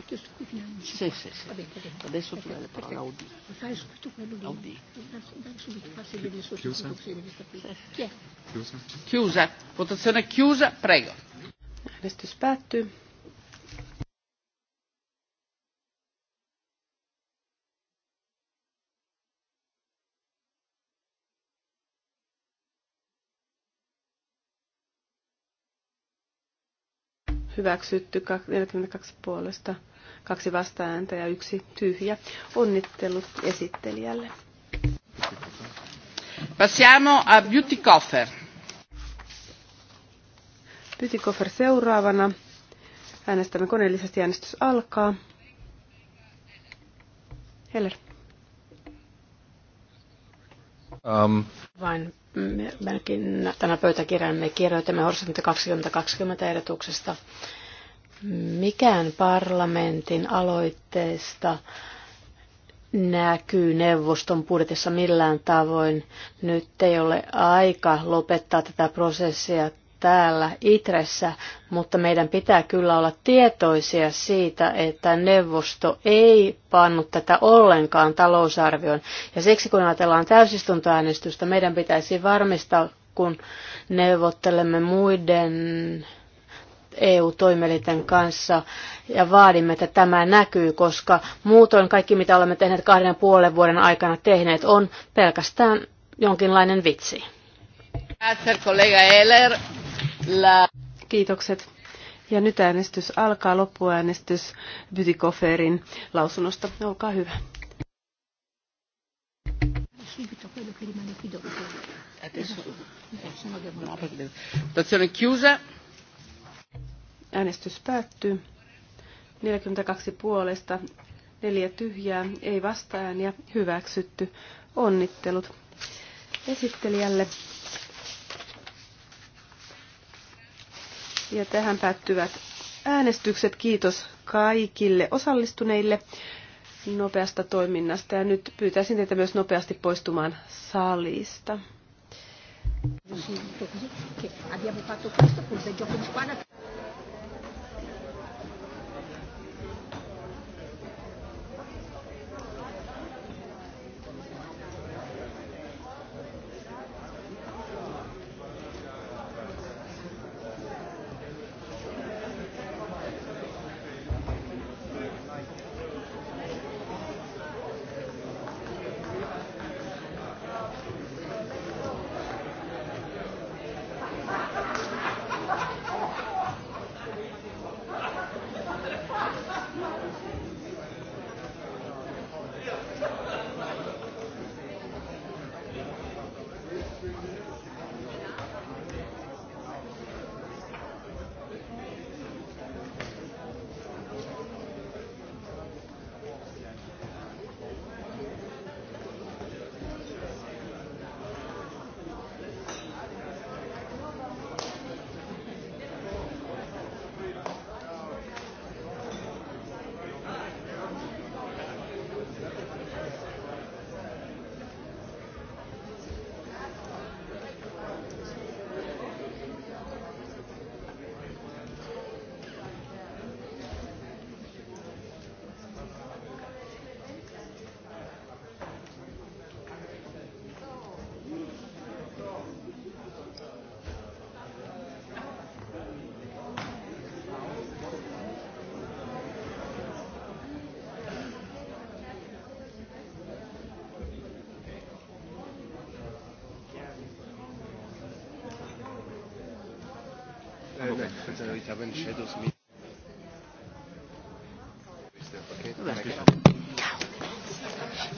Sì, sì, sì. Adesso tu dai la parola a Fai subito quello lì. Udì. Chiusa. Chiusa. Chiusa. Votazione chiusa. Prego. Äänestys päättyy. hyväksytty 42 puolesta, kaksi vastaääntä ja yksi tyhjä. Onnittelut esittelijälle. Passiamo a Beauty Coffer. Beauty Coffer seuraavana. Äänestämme koneellisesti. Äänestys alkaa. Heller. Um. Vain Meilläkin tämä pöytäkirjan me kirjoitamme Horisontti 2020 ehdotuksesta. Mikään parlamentin aloitteesta näkyy neuvoston budjetissa millään tavoin. Nyt ei ole aika lopettaa tätä prosessia täällä Itressä, mutta meidän pitää kyllä olla tietoisia siitä, että neuvosto ei pannut tätä ollenkaan talousarvioon. Ja siksi kun ajatellaan täysistuntoäänestystä, meidän pitäisi varmistaa, kun neuvottelemme muiden eu toimeliten kanssa ja vaadimme, että tämä näkyy, koska muutoin kaikki, mitä olemme tehneet kahden ja puolen vuoden aikana tehneet, on pelkästään jonkinlainen vitsi. Grazie collega Eller Kiitokset. Ja nyt äänestys alkaa, loppuäänestys Bytikoferin lausunnosta. Olkaa hyvä. Äänestys päättyy. 42 puolesta, neljä tyhjää, ei vastaan ja hyväksytty. Onnittelut esittelijälle. Ja tähän päättyvät äänestykset. Kiitos kaikille osallistuneille nopeasta toiminnasta. Ja nyt pyytäisin teitä myös nopeasti poistumaan salista. Abbiamo fatto questo gioco di squadra.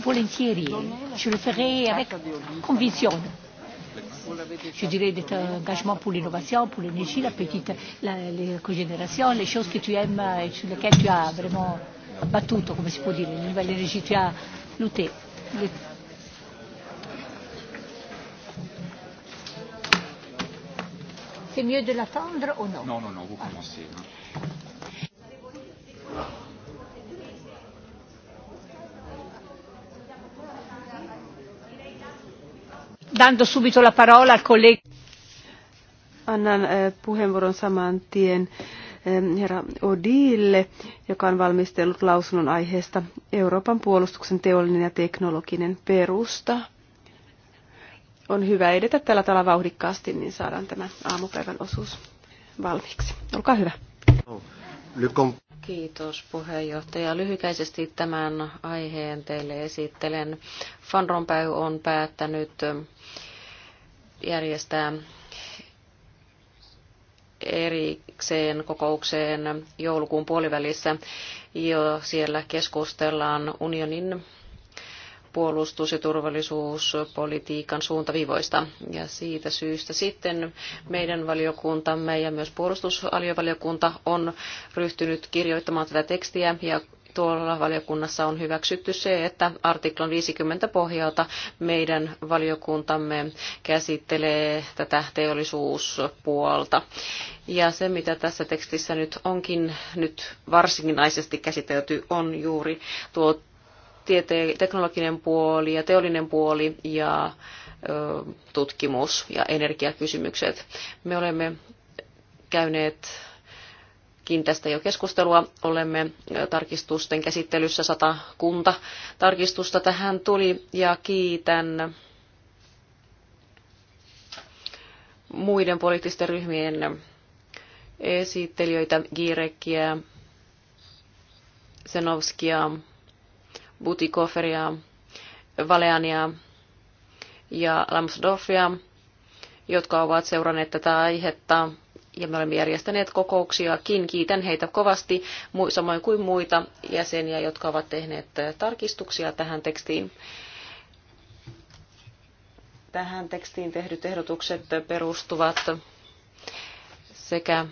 Volentieri, je le ferai avec conviction. Je dirais d'être engagement pour l'innovation, pour l'énergie, la petite, la, les cogénérations, les choses que tu aimes et sur lesquelles tu as vraiment battu, comme si peut dire, l'énergie, tu as lutté. Les, c'est mieux de l'attendre ou non Non, non, non, vous commencez. Hein. Dando subito la parola al collega. Annan eh, puheenvuoron saman tien eh, herra Odille, joka on valmistellut lausunnon aiheesta Euroopan puolustuksen teollinen ja teknologinen perusta on hyvä edetä tällä tavalla vauhdikkaasti, niin saadaan tämä aamupäivän osuus valmiiksi. Olkaa hyvä. Kiitos puheenjohtaja. Lyhykäisesti tämän aiheen teille esittelen. Van Rompuy on päättänyt järjestää erikseen kokoukseen joulukuun puolivälissä jo siellä keskustellaan unionin puolustus- ja turvallisuuspolitiikan suuntaviivoista. Ja siitä syystä sitten meidän valiokuntamme ja myös puolustusaliovaliokunta on ryhtynyt kirjoittamaan tätä tekstiä ja tuolla valiokunnassa on hyväksytty se, että artiklan 50 pohjalta meidän valiokuntamme käsittelee tätä teollisuuspuolta. Ja se, mitä tässä tekstissä nyt onkin nyt varsinaisesti käsitelty, on juuri tuo tiete- teknologinen puoli ja teollinen puoli ja tutkimus- ja energiakysymykset. Me olemme käyneet tästä jo keskustelua. Olemme tarkistusten käsittelyssä sata kunta tarkistusta tähän tuli ja kiitän muiden poliittisten ryhmien esittelijöitä, Giirekkiä, Senovskia, Butikoferia, Valeania ja Lamsdorfia, jotka ovat seuranneet tätä aihetta. Ja me olemme järjestäneet kokouksiakin. Kiitän heitä kovasti, samoin kuin muita jäseniä, jotka ovat tehneet tarkistuksia tähän tekstiin. Tähän tekstiin tehdyt ehdotukset perustuvat sekä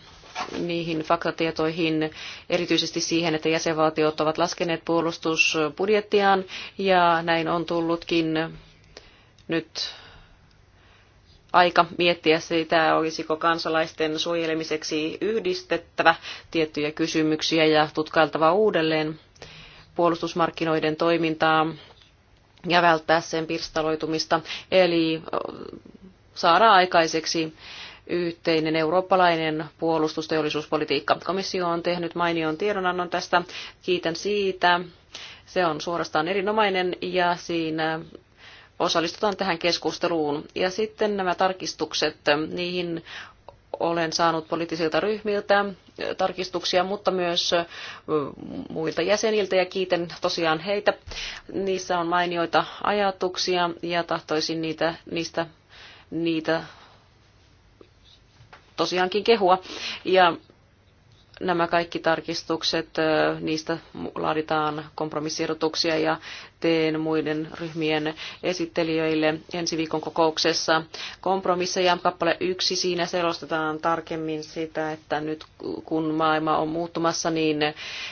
niihin faktatietoihin, erityisesti siihen, että jäsenvaltiot ovat laskeneet puolustusbudjettiaan ja näin on tullutkin nyt aika miettiä sitä, olisiko kansalaisten suojelemiseksi yhdistettävä tiettyjä kysymyksiä ja tutkailtava uudelleen puolustusmarkkinoiden toimintaa ja välttää sen pirstaloitumista. Eli saada aikaiseksi yhteinen eurooppalainen puolustusteollisuuspolitiikka. Komissio on tehnyt mainion tiedonannon tästä. Kiitän siitä. Se on suorastaan erinomainen ja siinä osallistutaan tähän keskusteluun. Ja sitten nämä tarkistukset, niihin olen saanut poliittisilta ryhmiltä tarkistuksia, mutta myös muilta jäseniltä ja kiitän tosiaan heitä. Niissä on mainioita ajatuksia ja tahtoisin niitä, niistä niitä tosiaankin kehua. Ja nämä kaikki tarkistukset, niistä laaditaan kompromissiehdotuksia ja teen muiden ryhmien esittelijöille ensi viikon kokouksessa kompromisseja. Kappale yksi siinä selostetaan tarkemmin sitä, että nyt kun maailma on muuttumassa, niin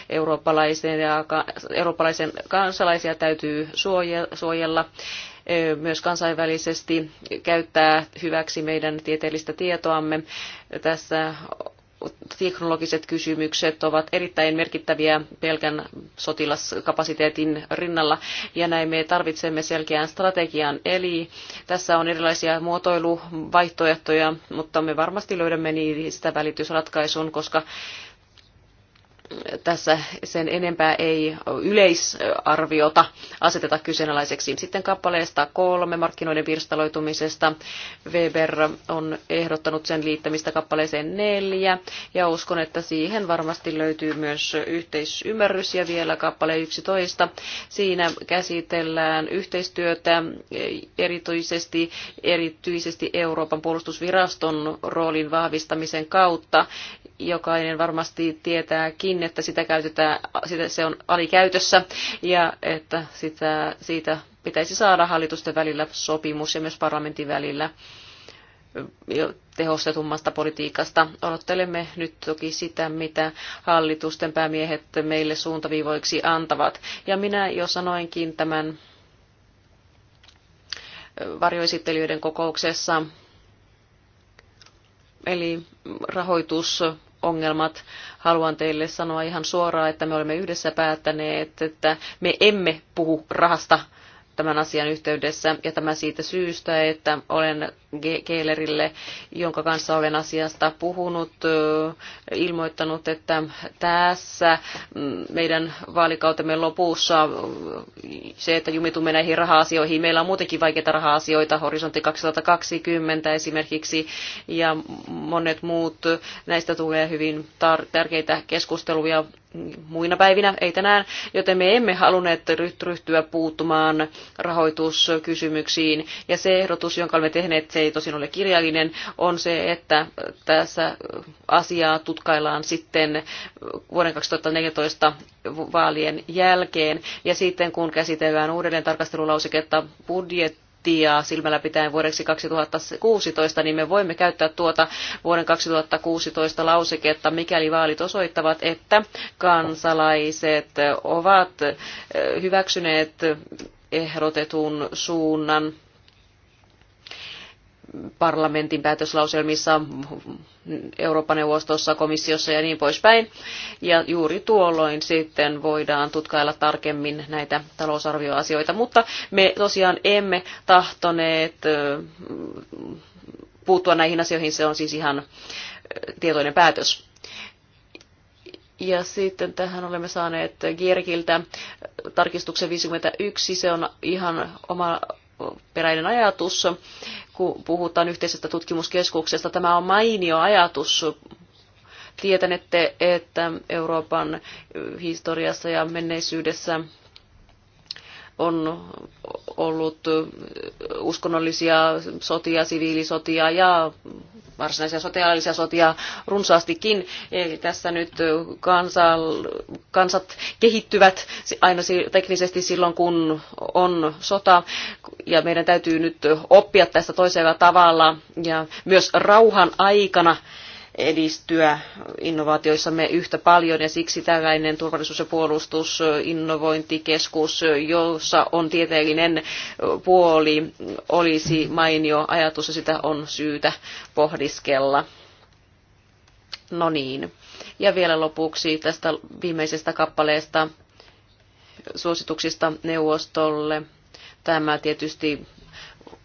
eurooppalaisen ja, eurooppalaisen kansalaisia täytyy suojella myös kansainvälisesti käyttää hyväksi meidän tieteellistä tietoamme. Tässä teknologiset kysymykset ovat erittäin merkittäviä pelkän sotilaskapasiteetin rinnalla, ja näin me tarvitsemme selkeän strategian. Eli tässä on erilaisia muotoiluvaihtoehtoja, mutta me varmasti löydämme niistä välitysratkaisun, koska tässä sen enempää ei yleisarviota aseteta kyseenalaiseksi. Sitten kappaleesta kolme markkinoiden pirstaloitumisesta. Weber on ehdottanut sen liittämistä kappaleeseen neljä ja uskon, että siihen varmasti löytyy myös yhteisymmärrys ja vielä kappale 11. Siinä käsitellään yhteistyötä erityisesti, erityisesti Euroopan puolustusviraston roolin vahvistamisen kautta. Jokainen varmasti tietääkin, niin, että sitä käytetään, sitä, se on alikäytössä ja että sitä, siitä pitäisi saada hallitusten välillä sopimus ja myös parlamentin välillä tehostetummasta politiikasta. Odottelemme nyt toki sitä, mitä hallitusten päämiehet meille suuntaviivoiksi antavat. Ja minä jo sanoinkin tämän varjoesittelijöiden kokouksessa, eli rahoitus ongelmat. Haluan teille sanoa ihan suoraan, että me olemme yhdessä päättäneet, että me emme puhu rahasta tämän asian yhteydessä, ja tämä siitä syystä, että olen Keilerille, jonka kanssa olen asiasta puhunut, ilmoittanut, että tässä mm, meidän vaalikautemme lopussa se, että jumitumme näihin raha-asioihin, meillä on muutenkin vaikeita raha-asioita, horisontti 2020 esimerkiksi, ja monet muut, näistä tulee hyvin tärkeitä keskusteluja muina päivinä, ei tänään, joten me emme halunneet ryhtyä puuttumaan rahoituskysymyksiin. Ja se ehdotus, jonka olemme tehneet, se ei tosin ole kirjallinen, on se, että tässä asiaa tutkaillaan sitten vuoden 2014 vaalien jälkeen. Ja sitten kun käsitellään uudelleen tarkastelulauseketta budjetti, budjettia silmällä pitäen vuodeksi 2016, niin me voimme käyttää tuota vuoden 2016 lauseketta, mikäli vaalit osoittavat, että kansalaiset ovat eh, hyväksyneet ehdotetun suunnan parlamentin päätöslauselmissa, Euroopan neuvostossa, komissiossa ja niin poispäin. Ja juuri tuolloin sitten voidaan tutkailla tarkemmin näitä talousarvioasioita, mutta me tosiaan emme tahtoneet puuttua näihin asioihin, se on siis ihan tietoinen päätös. Ja sitten tähän olemme saaneet Gierkiltä tarkistuksen 51, se on ihan oma alkuperäinen ajatus, kun puhutaan yhteisestä tutkimuskeskuksesta. Tämä on mainio ajatus. Tietänette, että Euroopan historiassa ja menneisyydessä on ollut uskonnollisia sotia, siviilisotia ja varsinaisia sotilaallisia sotia runsaastikin. Eli tässä nyt kansa, kansat kehittyvät aina teknisesti silloin, kun on sota. Ja meidän täytyy nyt oppia tästä toisella tavalla. Ja myös rauhan aikana edistyä innovaatioissamme yhtä paljon ja siksi tällainen turvallisuus- ja puolustusinnovointikeskus, jossa on tieteellinen puoli, olisi mainio ajatus ja sitä on syytä pohdiskella. No niin. Ja vielä lopuksi tästä viimeisestä kappaleesta suosituksista neuvostolle. Tämä tietysti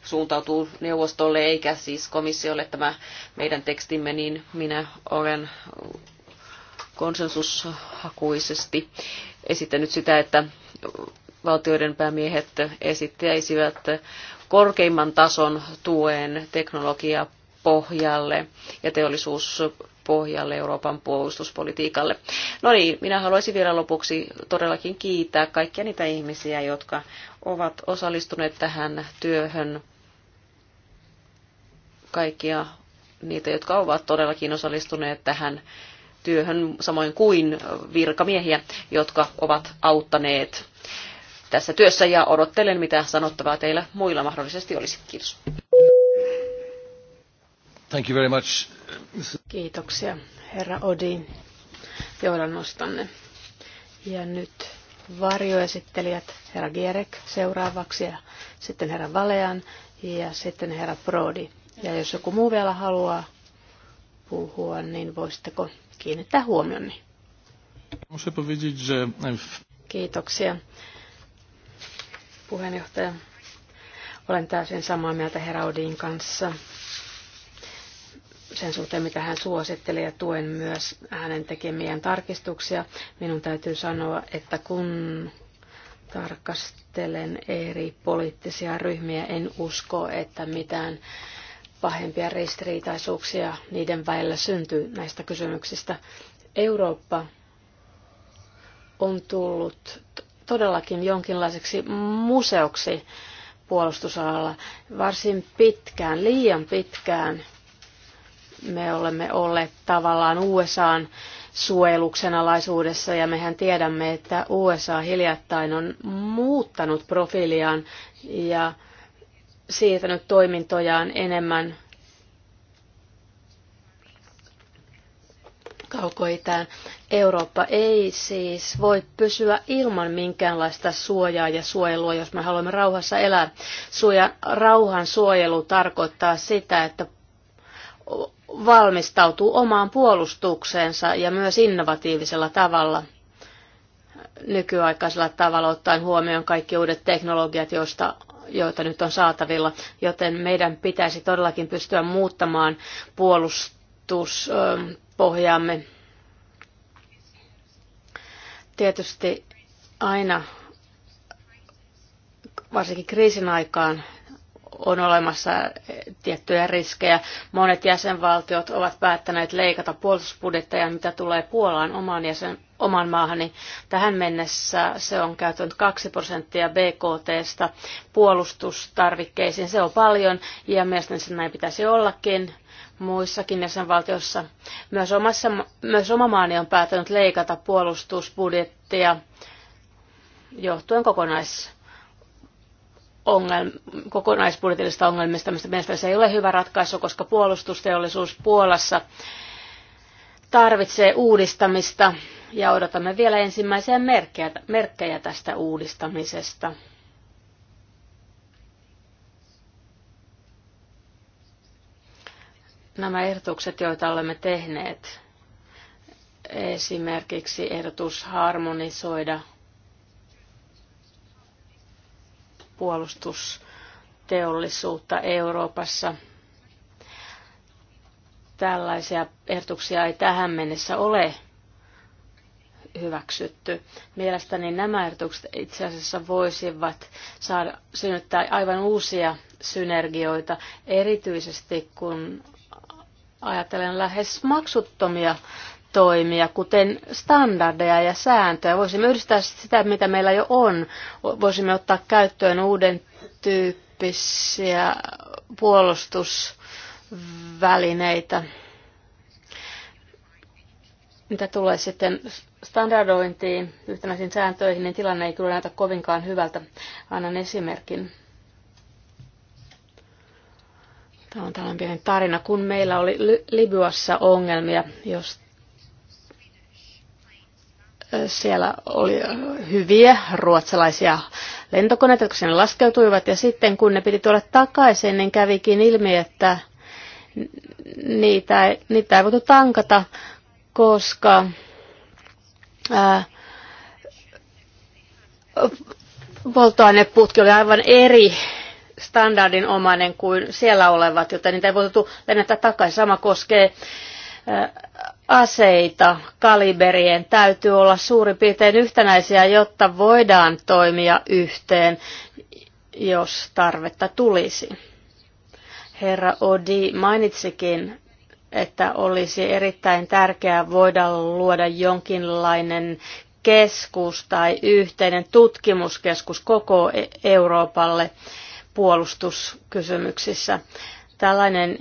suuntautuu neuvostolle eikä siis komissiolle tämä meidän tekstimme, niin minä olen konsensushakuisesti esittänyt sitä, että valtioiden päämiehet esittäisivät korkeimman tason tuen teknologiapohjalle ja teollisuus pohjalle Euroopan puolustuspolitiikalle. No niin, minä haluaisin vielä lopuksi todellakin kiittää kaikkia niitä ihmisiä, jotka ovat osallistuneet tähän työhön. Kaikkia niitä, jotka ovat todellakin osallistuneet tähän työhön, samoin kuin virkamiehiä, jotka ovat auttaneet tässä työssä ja odottelen, mitä sanottavaa teillä muilla mahdollisesti olisi. Kiitos. Thank you very much. Kiitoksia, herra Odi, johdannostanne. Ja nyt varjoesittelijät, herra Gierek seuraavaksi ja sitten herra Valean ja sitten herra Prodi. Ja jos joku muu vielä haluaa puhua, niin voisitteko kiinnittää huomionne? Kiitoksia, puheenjohtaja. Olen täysin samaa mieltä herra Odin kanssa sen suhteen, mitä hän suosittelee ja tuen myös hänen tekemiään tarkistuksia. Minun täytyy sanoa, että kun tarkastelen eri poliittisia ryhmiä, en usko, että mitään pahempia ristiriitaisuuksia niiden välillä syntyy näistä kysymyksistä. Eurooppa on tullut todellakin jonkinlaiseksi museoksi puolustusalalla varsin pitkään, liian pitkään – me olemme olleet tavallaan USAn suojeluksen alaisuudessa ja mehän tiedämme, että USA hiljattain on muuttanut profiiliaan ja siirtänyt toimintojaan enemmän kaukoitään. Eurooppa ei siis voi pysyä ilman minkäänlaista suojaa ja suojelua, jos me haluamme rauhassa elää. Suoja, rauhan suojelu tarkoittaa sitä, että valmistautuu omaan puolustukseensa ja myös innovatiivisella tavalla, nykyaikaisella tavalla ottaen huomioon kaikki uudet teknologiat, joista joita nyt on saatavilla, joten meidän pitäisi todellakin pystyä muuttamaan puolustuspohjaamme. Tietysti aina, varsinkin kriisin aikaan, on olemassa eh, tiettyjä riskejä. Monet jäsenvaltiot ovat päättäneet leikata puolustusbudjetteja, mitä tulee Puolaan omaan, jäsen, oman maahan, niin tähän mennessä se on käytänyt 2 prosenttia BKTstä puolustustarvikkeisiin. Se on paljon ja mielestäni se näin pitäisi ollakin muissakin jäsenvaltioissa. Myös, omassa, myös oma maani on päättänyt leikata puolustusbudjettia johtuen kokonais ongelm, kokonaisbudjetillisista ongelmista, mistä mielestäni se ei ole hyvä ratkaisu, koska puolustusteollisuus Puolassa tarvitsee uudistamista ja odotamme vielä ensimmäisiä merkkejä, merkkejä tästä uudistamisesta. Nämä ehdotukset, joita olemme tehneet, esimerkiksi ehdotus harmonisoida puolustusteollisuutta Euroopassa. Tällaisia ehdotuksia ei tähän mennessä ole hyväksytty. Mielestäni nämä ehdotukset itse asiassa voisivat saada synnyttää aivan uusia synergioita, erityisesti kun ajatellen lähes maksuttomia toimia, kuten standardeja ja sääntöjä. Voisimme yhdistää sitä, mitä meillä jo on. Voisimme ottaa käyttöön uuden tyyppisiä puolustusvälineitä. Mitä tulee sitten standardointiin, yhtenäisiin sääntöihin, niin tilanne ei kyllä näytä kovinkaan hyvältä. Annan esimerkin. Tämä on tällainen pieni tarina. Kun meillä oli Libyassa ongelmia, jos siellä oli hyviä ruotsalaisia lentokoneita, kun sinne laskeutuivat. Ja sitten kun ne piti tuoda takaisin, niin kävikin ilmi, että niitä ei, niitä ei voitu tankata, koska ää, polttoaineputki oli aivan eri standardin omainen kuin siellä olevat, joten niitä ei voitu lennättää takaisin. Sama koskee ää, aseita kaliberien täytyy olla suurin piirtein yhtenäisiä, jotta voidaan toimia yhteen, jos tarvetta tulisi. Herra Odi mainitsikin, että olisi erittäin tärkeää voida luoda jonkinlainen keskus tai yhteinen tutkimuskeskus koko e- Euroopalle puolustuskysymyksissä. Tällainen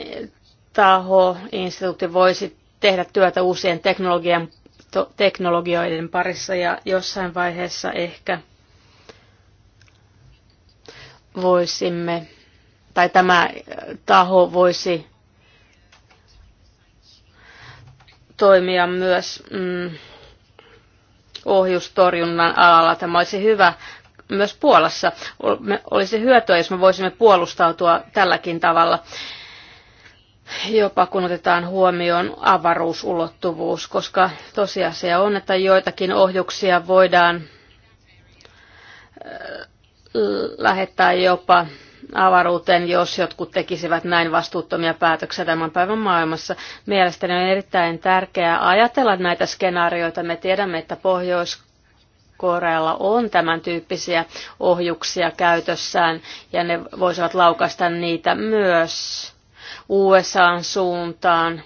taho, instituutti voisi tehdä työtä uusien teknologian, to, teknologioiden parissa ja jossain vaiheessa ehkä voisimme, tai tämä äh, taho voisi toimia myös mm, ohjustorjunnan alalla. Tämä olisi hyvä myös Puolassa. Olisi hyötyä, jos me voisimme puolustautua tälläkin tavalla jopa kun otetaan huomioon avaruusulottuvuus, koska tosiasia on, että joitakin ohjuksia voidaan äh, lähettää jopa avaruuteen, jos jotkut tekisivät näin vastuuttomia päätöksiä tämän päivän maailmassa. Mielestäni on erittäin tärkeää ajatella näitä skenaarioita. Me tiedämme, että Pohjois Korealla on tämän tyyppisiä ohjuksia käytössään ja ne voisivat laukaista niitä myös USAn suuntaan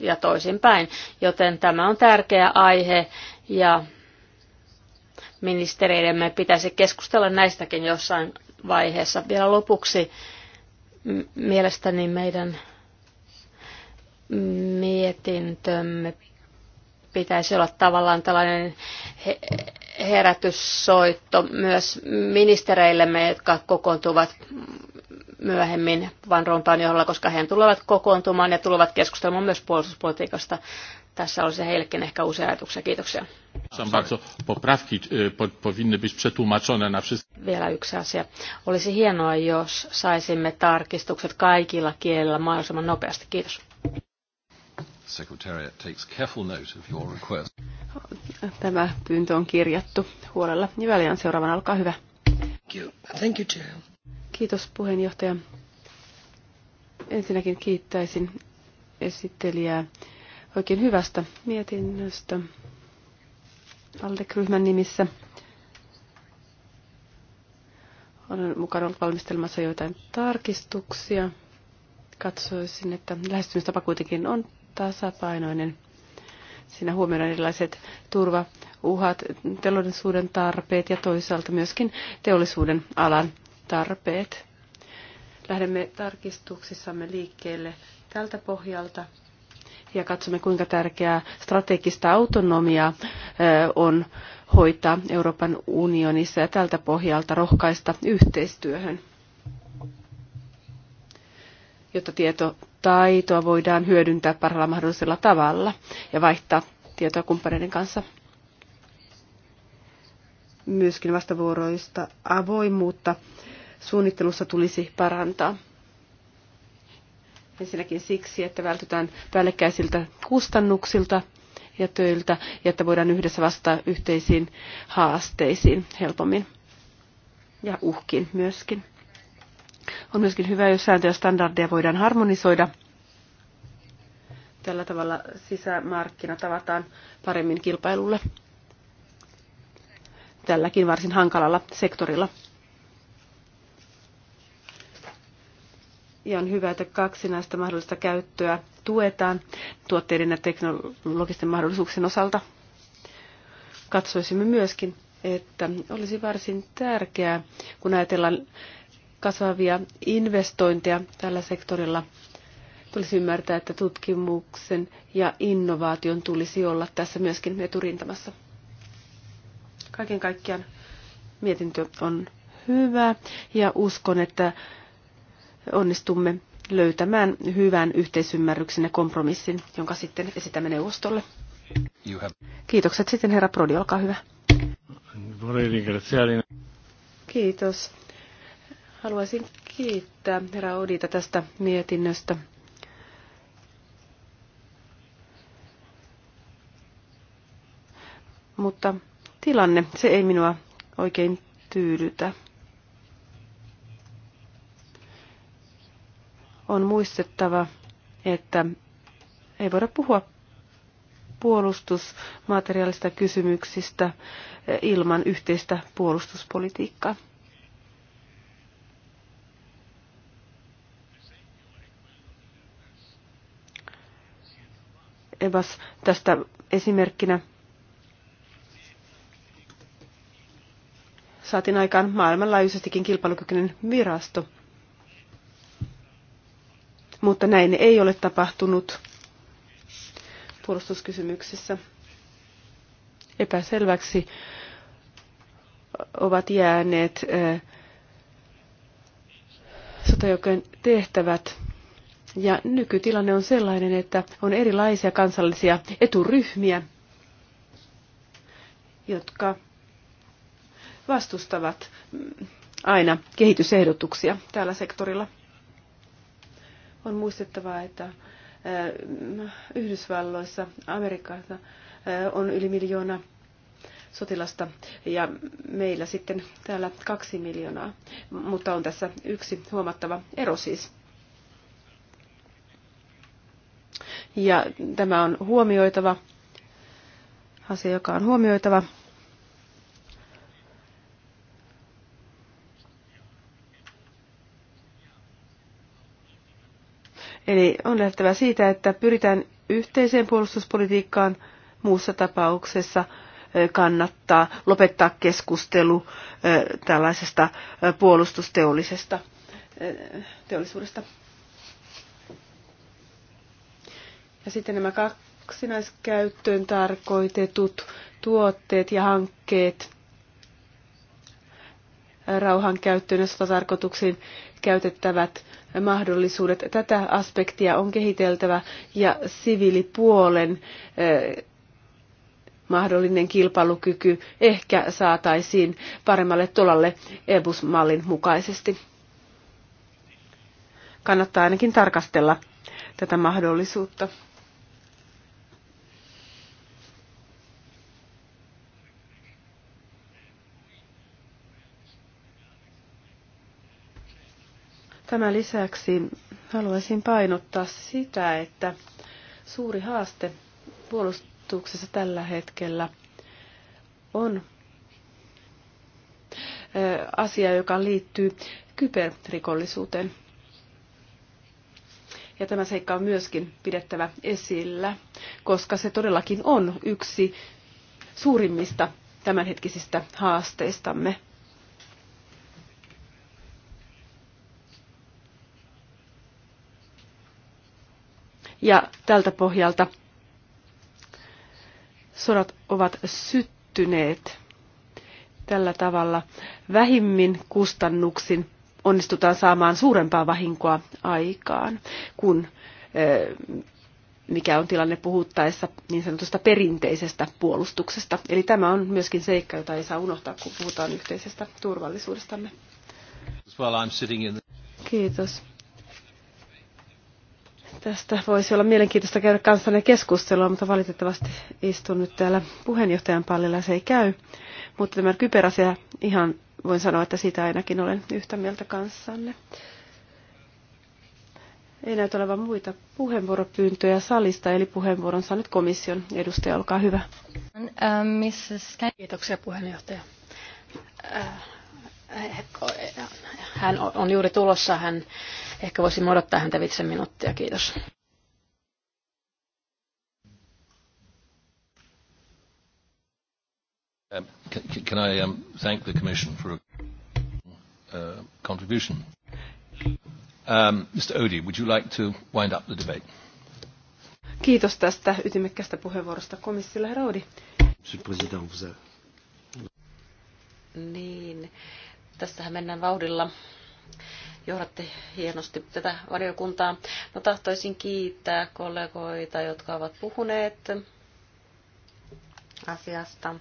ja toisinpäin. Joten tämä on tärkeä aihe ja ministeriidemme pitäisi keskustella näistäkin jossain vaiheessa. Vielä lopuksi mielestäni meidän mietintömme pitäisi olla tavallaan tällainen herätyssoitto myös ministereillemme, jotka kokoontuvat myöhemmin Van Rompuyn johdolla, koska he tulevat kokoontumaan ja tulevat keskustelemaan myös puolustuspolitiikasta. Tässä olisi heillekin ehkä uusia ajatuksia. Kiitoksia. Vielä yksi asia. Olisi hienoa, jos saisimme tarkistukset kaikilla kielillä mahdollisimman nopeasti. Kiitos. takes note of your Tämä pyyntö on kirjattu huolella. Nivelian niin seuraavan, olkaa hyvä. Thank you. Thank you, Kiitos puheenjohtaja. Ensinnäkin kiittäisin esittelijää oikein hyvästä mietinnöstä aldek ryhmän nimissä. Olen mukana ollut valmistelmassa joitain tarkistuksia. Katsoisin, että lähestymistapa kuitenkin on tasapainoinen. Siinä huomioidaan erilaiset turvauhat, teollisuuden tarpeet ja toisaalta myöskin teollisuuden alan tarpeet. Lähdemme tarkistuksissamme liikkeelle tältä pohjalta ja katsomme, kuinka tärkeää strategista autonomiaa on hoitaa Euroopan unionissa ja tältä pohjalta rohkaista yhteistyöhön, jotta tietotaitoa voidaan hyödyntää parhaalla mahdollisella tavalla ja vaihtaa tietoa kumppaneiden kanssa. Myöskin vastavuoroista avoimuutta suunnittelussa tulisi parantaa. Ensinnäkin siksi, että vältytään päällekkäisiltä kustannuksilta ja töiltä, ja että voidaan yhdessä vastata yhteisiin haasteisiin helpommin ja uhkiin myöskin. On myöskin hyvä, jos sääntöjä ja standardeja voidaan harmonisoida. Tällä tavalla sisämarkkinat avataan paremmin kilpailulle tälläkin varsin hankalalla sektorilla. Ja on hyvä, että kaksi näistä mahdollista käyttöä tuetaan tuotteiden ja teknologisten mahdollisuuksien osalta. Katsoisimme myöskin, että olisi varsin tärkeää, kun ajatellaan kasvavia investointeja tällä sektorilla, tulisi ymmärtää, että tutkimuksen ja innovaation tulisi olla tässä myöskin eturintamassa. Kaiken kaikkiaan mietintö on hyvä ja uskon, että onnistumme löytämään hyvän yhteisymmärryksen ja kompromissin, jonka sitten esitämme neuvostolle. Kiitokset sitten herra Prodi, olkaa hyvä. Kiitos. Haluaisin kiittää herra Odita tästä mietinnöstä. Mutta tilanne, se ei minua oikein tyydytä. on muistettava, että ei voida puhua puolustusmateriaalista kysymyksistä ilman yhteistä puolustuspolitiikkaa. Evas tästä esimerkkinä saatiin aikaan maailmanlaajuisestikin kilpailukykyinen virasto – mutta näin ei ole tapahtunut puolustuskysymyksissä. Epäselväksi ovat jääneet sotajoukkojen tehtävät. Ja nykytilanne on sellainen, että on erilaisia kansallisia eturyhmiä, jotka vastustavat aina kehitysehdotuksia tällä sektorilla. On muistettava, että äh, Yhdysvalloissa, Amerikassa äh, on yli miljoona sotilasta ja meillä sitten täällä kaksi miljoonaa, mutta on tässä yksi huomattava ero siis. Ja tämä on huomioitava, asia joka on huomioitava. Eli on lähtevä siitä, että pyritään yhteiseen puolustuspolitiikkaan muussa tapauksessa kannattaa lopettaa keskustelu tällaisesta puolustusteollisesta teollisuudesta. Ja sitten nämä kaksinaiskäyttöön tarkoitetut tuotteet ja hankkeet rauhan käyttöön ja sotatarkoituksiin käytettävät mahdollisuudet. Tätä aspektia on kehiteltävä ja siviilipuolen mahdollinen kilpailukyky ehkä saataisiin paremmalle tolalle EBUS-mallin mukaisesti. Kannattaa ainakin tarkastella tätä mahdollisuutta. Tämän lisäksi haluaisin painottaa sitä, että suuri haaste puolustuksessa tällä hetkellä on asia, joka liittyy kyberrikollisuuteen. Ja tämä seikka on myöskin pidettävä esillä, koska se todellakin on yksi suurimmista tämänhetkisistä haasteistamme. ja tältä pohjalta sodat ovat syttyneet tällä tavalla vähimmin kustannuksin onnistutaan saamaan suurempaa vahinkoa aikaan, kun mikä on tilanne puhuttaessa niin sanotusta perinteisestä puolustuksesta. Eli tämä on myöskin seikka, jota ei saa unohtaa, kun puhutaan yhteisestä turvallisuudestamme. Kiitos. Tästä voisi olla mielenkiintoista käydä kanssanne keskustelua, mutta valitettavasti istun nyt täällä puheenjohtajan pallilla se ei käy. Mutta tämä kyberasia ihan voin sanoa, että siitä ainakin olen yhtä mieltä kanssanne. Ei näytä olevan muita puheenvuoropyyntöjä salista, eli puheenvuoron saa nyt komission edustaja, olkaa hyvä. Uh, Kiitoksia puheenjohtaja. Äh, hän on juuri tulossa. Hän ehkä voisi odottaa häntä vitsi minuuttia. Kiitos. Um, can I um, thank the Commission for a uh, contribution? Um, Mr. Odi, would you like to wind up the debate? Kiitos tästä ytimekkästä puheenvuorosta komissiolle, herra Odi. Niin, Tässähän mennään vauhdilla. Johdatte hienosti tätä valiokuntaa. No tahtoisin kiittää kollegoita, jotka ovat puhuneet asiasta.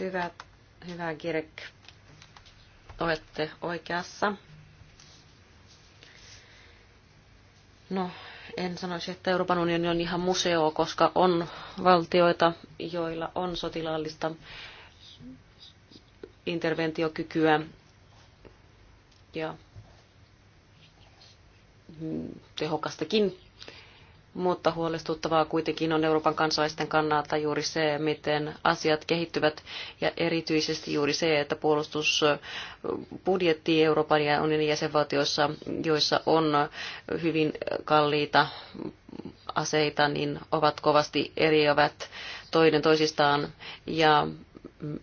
Hyvä, hyvä Kirk, olette oikeassa. No, en sanoisi, että Euroopan unioni on ihan museo, koska on valtioita, joilla on sotilaallista interventiokykyä ja tehokastakin. Mutta huolestuttavaa kuitenkin on Euroopan kansalaisten kannalta juuri se, miten asiat kehittyvät ja erityisesti juuri se, että puolustusbudjetti Euroopan ja unionin jäsenvaltioissa, joissa on hyvin kalliita aseita, niin ovat kovasti eriävät toinen toisistaan ja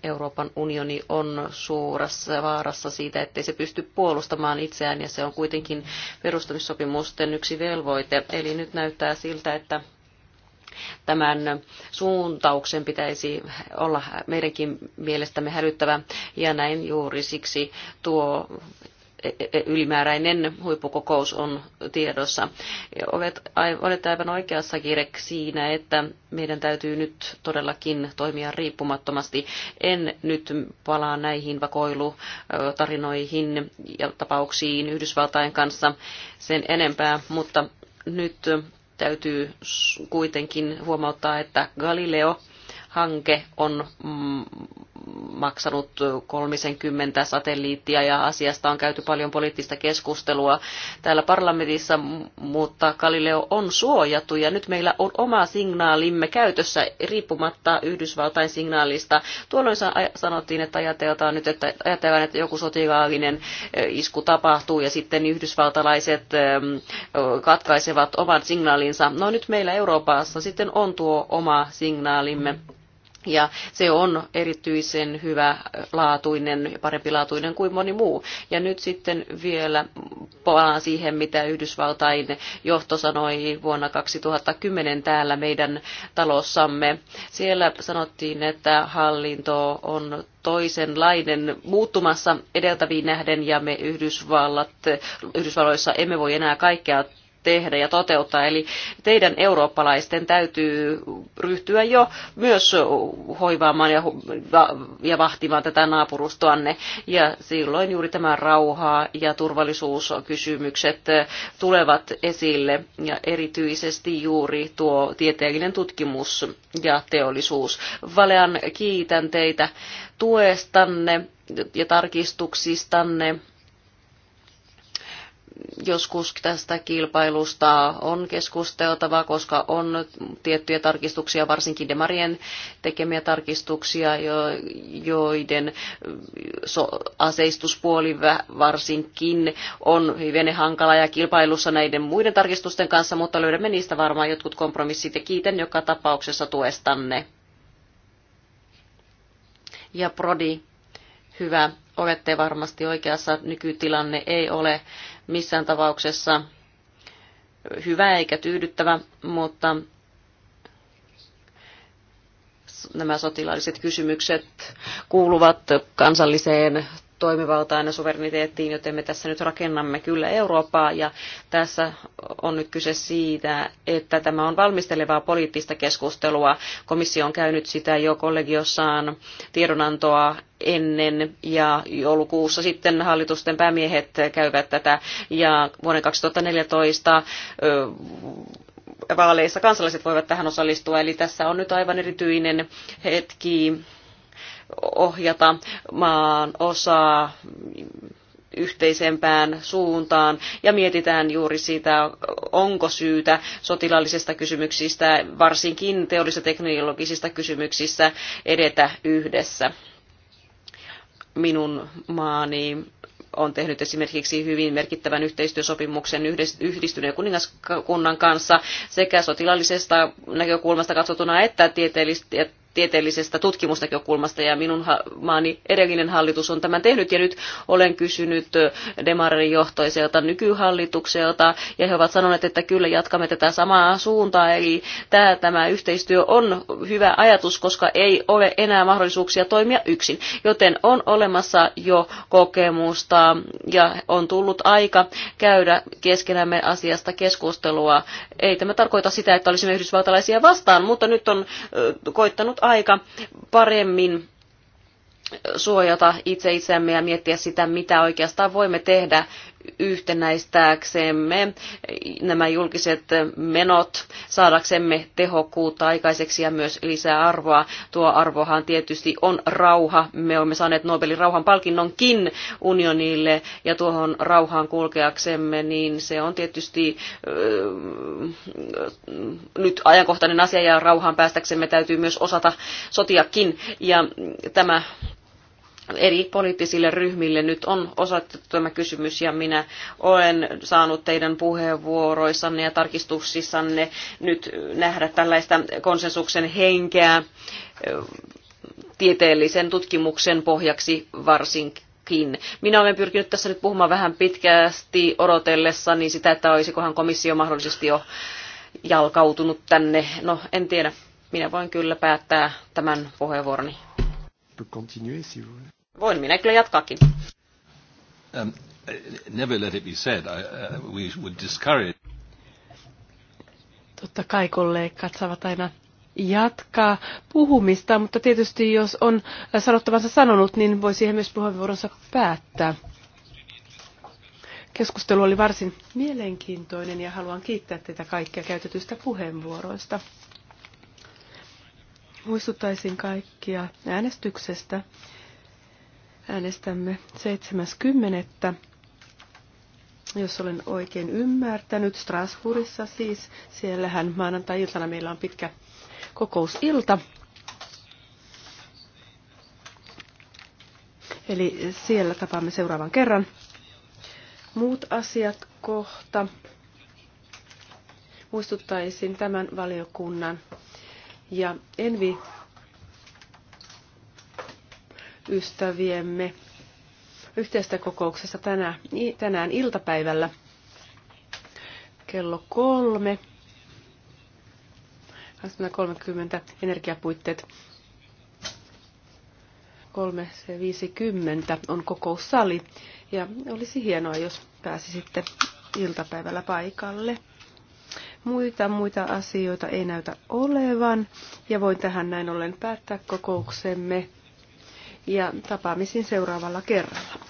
Euroopan unioni on suuressa vaarassa siitä, ettei se pysty puolustamaan itseään ja se on kuitenkin perustamissopimusten yksi velvoite. Eli nyt näyttää siltä, että tämän suuntauksen pitäisi olla meidänkin mielestämme hälyttävä ja näin juuri siksi tuo ylimääräinen huippukokous on tiedossa. Olet, olet aivan oikeassa, Kirek, siinä, että meidän täytyy nyt todellakin toimia riippumattomasti. En nyt palaa näihin vakoilutarinoihin ja tapauksiin Yhdysvaltain kanssa sen enempää, mutta nyt täytyy kuitenkin huomauttaa, että Galileo hanke on mm, maksanut 30 satelliittia ja asiasta on käyty paljon poliittista keskustelua täällä parlamentissa, mutta Galileo on suojattu ja nyt meillä on oma signaalimme käytössä riippumatta Yhdysvaltain signaalista. Tuolloin sanottiin, että ajatellaan nyt, että ajatellaan, että joku sotilaallinen eh, isku tapahtuu ja sitten yhdysvaltalaiset katkaisevat oman signaalinsa. No nyt meillä Euroopassa sitten on tuo oma signaalimme ja se on erityisen hyvä laatuinen ja parempi laatuinen kuin moni muu. Ja nyt sitten vielä palaan siihen, mitä Yhdysvaltain johto sanoi vuonna 2010 täällä meidän talossamme. Siellä sanottiin, että hallinto on toisenlainen muuttumassa edeltäviin nähden ja me Yhdysvallat, Yhdysvalloissa emme voi enää kaikkea tehdä ja toteuttaa. Eli teidän eurooppalaisten täytyy ryhtyä jo myös hoivaamaan ja, ja vahtimaan tätä naapurustoanne. Ja silloin juuri tämä rauha ja turvallisuuskysymykset tulevat esille ja erityisesti juuri tuo tieteellinen tutkimus ja teollisuus. Valean kiitän teitä tuestanne ja tarkistuksistanne joskus tästä kilpailusta on keskusteltava, koska on tiettyjä tarkistuksia, varsinkin Demarien tekemiä tarkistuksia, joiden aseistuspuoli varsinkin on hyvin hankala ja kilpailussa näiden muiden tarkistusten kanssa, mutta löydämme niistä varmaan jotkut kompromissit ja kiitän joka tapauksessa tuestanne. Ja Prodi hyvä. Olette varmasti oikeassa, nykytilanne ei ole missään tapauksessa hyvä eikä tyydyttävä, mutta nämä sotilaalliset kysymykset kuuluvat kansalliseen toimivaltaan ja suvereniteettiin, joten me tässä nyt rakennamme kyllä Eurooppaa ja tässä on nyt kyse siitä, että tämä on valmistelevaa poliittista keskustelua. Komissio on käynyt sitä jo kollegiossaan tiedonantoa ennen ja joulukuussa sitten hallitusten päämiehet käyvät tätä ja vuoden 2014 vaaleissa kansalaiset voivat tähän osallistua. Eli tässä on nyt aivan erityinen hetki ohjata maan osaa yhteisempään suuntaan ja mietitään juuri sitä, onko syytä sotilaallisista kysymyksistä, varsinkin teollis- ja kysymyksistä edetä yhdessä. Minun maani on tehnyt esimerkiksi hyvin merkittävän yhteistyösopimuksen yhdistyneen kuningaskunnan kanssa sekä sotilaallisesta näkökulmasta katsotuna että tieteellis- tieteellisestä tutkimusnäkökulmasta ja minun maani edellinen hallitus on tämän tehnyt ja nyt olen kysynyt Demarin johtoiselta nykyhallitukselta ja he ovat sanoneet, että kyllä jatkamme tätä samaa suuntaa eli tämä, tämä yhteistyö on hyvä ajatus, koska ei ole enää mahdollisuuksia toimia yksin, joten on olemassa jo kokemusta ja on tullut aika käydä keskenämme asiasta keskustelua. Ei tämä tarkoita sitä, että olisimme yhdysvaltalaisia vastaan, mutta nyt on koittanut aika paremmin suojata itse itseämme ja miettiä sitä, mitä oikeastaan voimme tehdä yhtenäistääksemme nämä julkiset menot saadaksemme tehokkuutta aikaiseksi ja myös lisää arvoa. Tuo arvohan tietysti on rauha. Me olemme saaneet Nobelin rauhanpalkinnonkin unionille ja tuohon rauhaan kulkeaksemme, niin se on tietysti nyt ajankohtainen asia ja rauhaan päästäksemme täytyy myös osata sotiakin ja tämä eri poliittisille ryhmille nyt on osattu tämä kysymys ja minä olen saanut teidän puheenvuoroissanne ja tarkistuksissanne nyt nähdä tällaista konsensuksen henkeä tieteellisen tutkimuksen pohjaksi varsinkin Minä olen pyrkinyt tässä nyt puhumaan vähän pitkästi odotellessani sitä, että olisikohan komissio mahdollisesti jo jalkautunut tänne. No, en tiedä. Minä voin kyllä päättää tämän puheenvuoroni. Voin minä kyllä jatkaakin. Um, never let it be said. I, uh, we would discourage. Totta kai kollegat saavat aina jatkaa puhumista, mutta tietysti jos on sanottavansa sanonut, niin voi siihen myös puheenvuoronsa päättää. Keskustelu oli varsin mielenkiintoinen ja haluan kiittää teitä kaikkia käytetyistä puheenvuoroista. Muistuttaisin kaikkia äänestyksestä, Äänestämme 70. Jos olen oikein ymmärtänyt, Strasbourgissa siis, siellähän maanantai-iltana meillä on pitkä kokousilta. Eli siellä tapaamme seuraavan kerran. Muut asiat kohta. Muistuttaisin tämän valiokunnan ja Envi ystäviemme yhteistä kokouksessa tänä, tänään iltapäivällä kello kolme. 30 energiapuitteet 3.50 on kokoussali ja olisi hienoa, jos pääsisitte iltapäivällä paikalle. Muita muita asioita ei näytä olevan ja voin tähän näin ollen päättää kokouksemme ja tapaamisiin seuraavalla kerralla.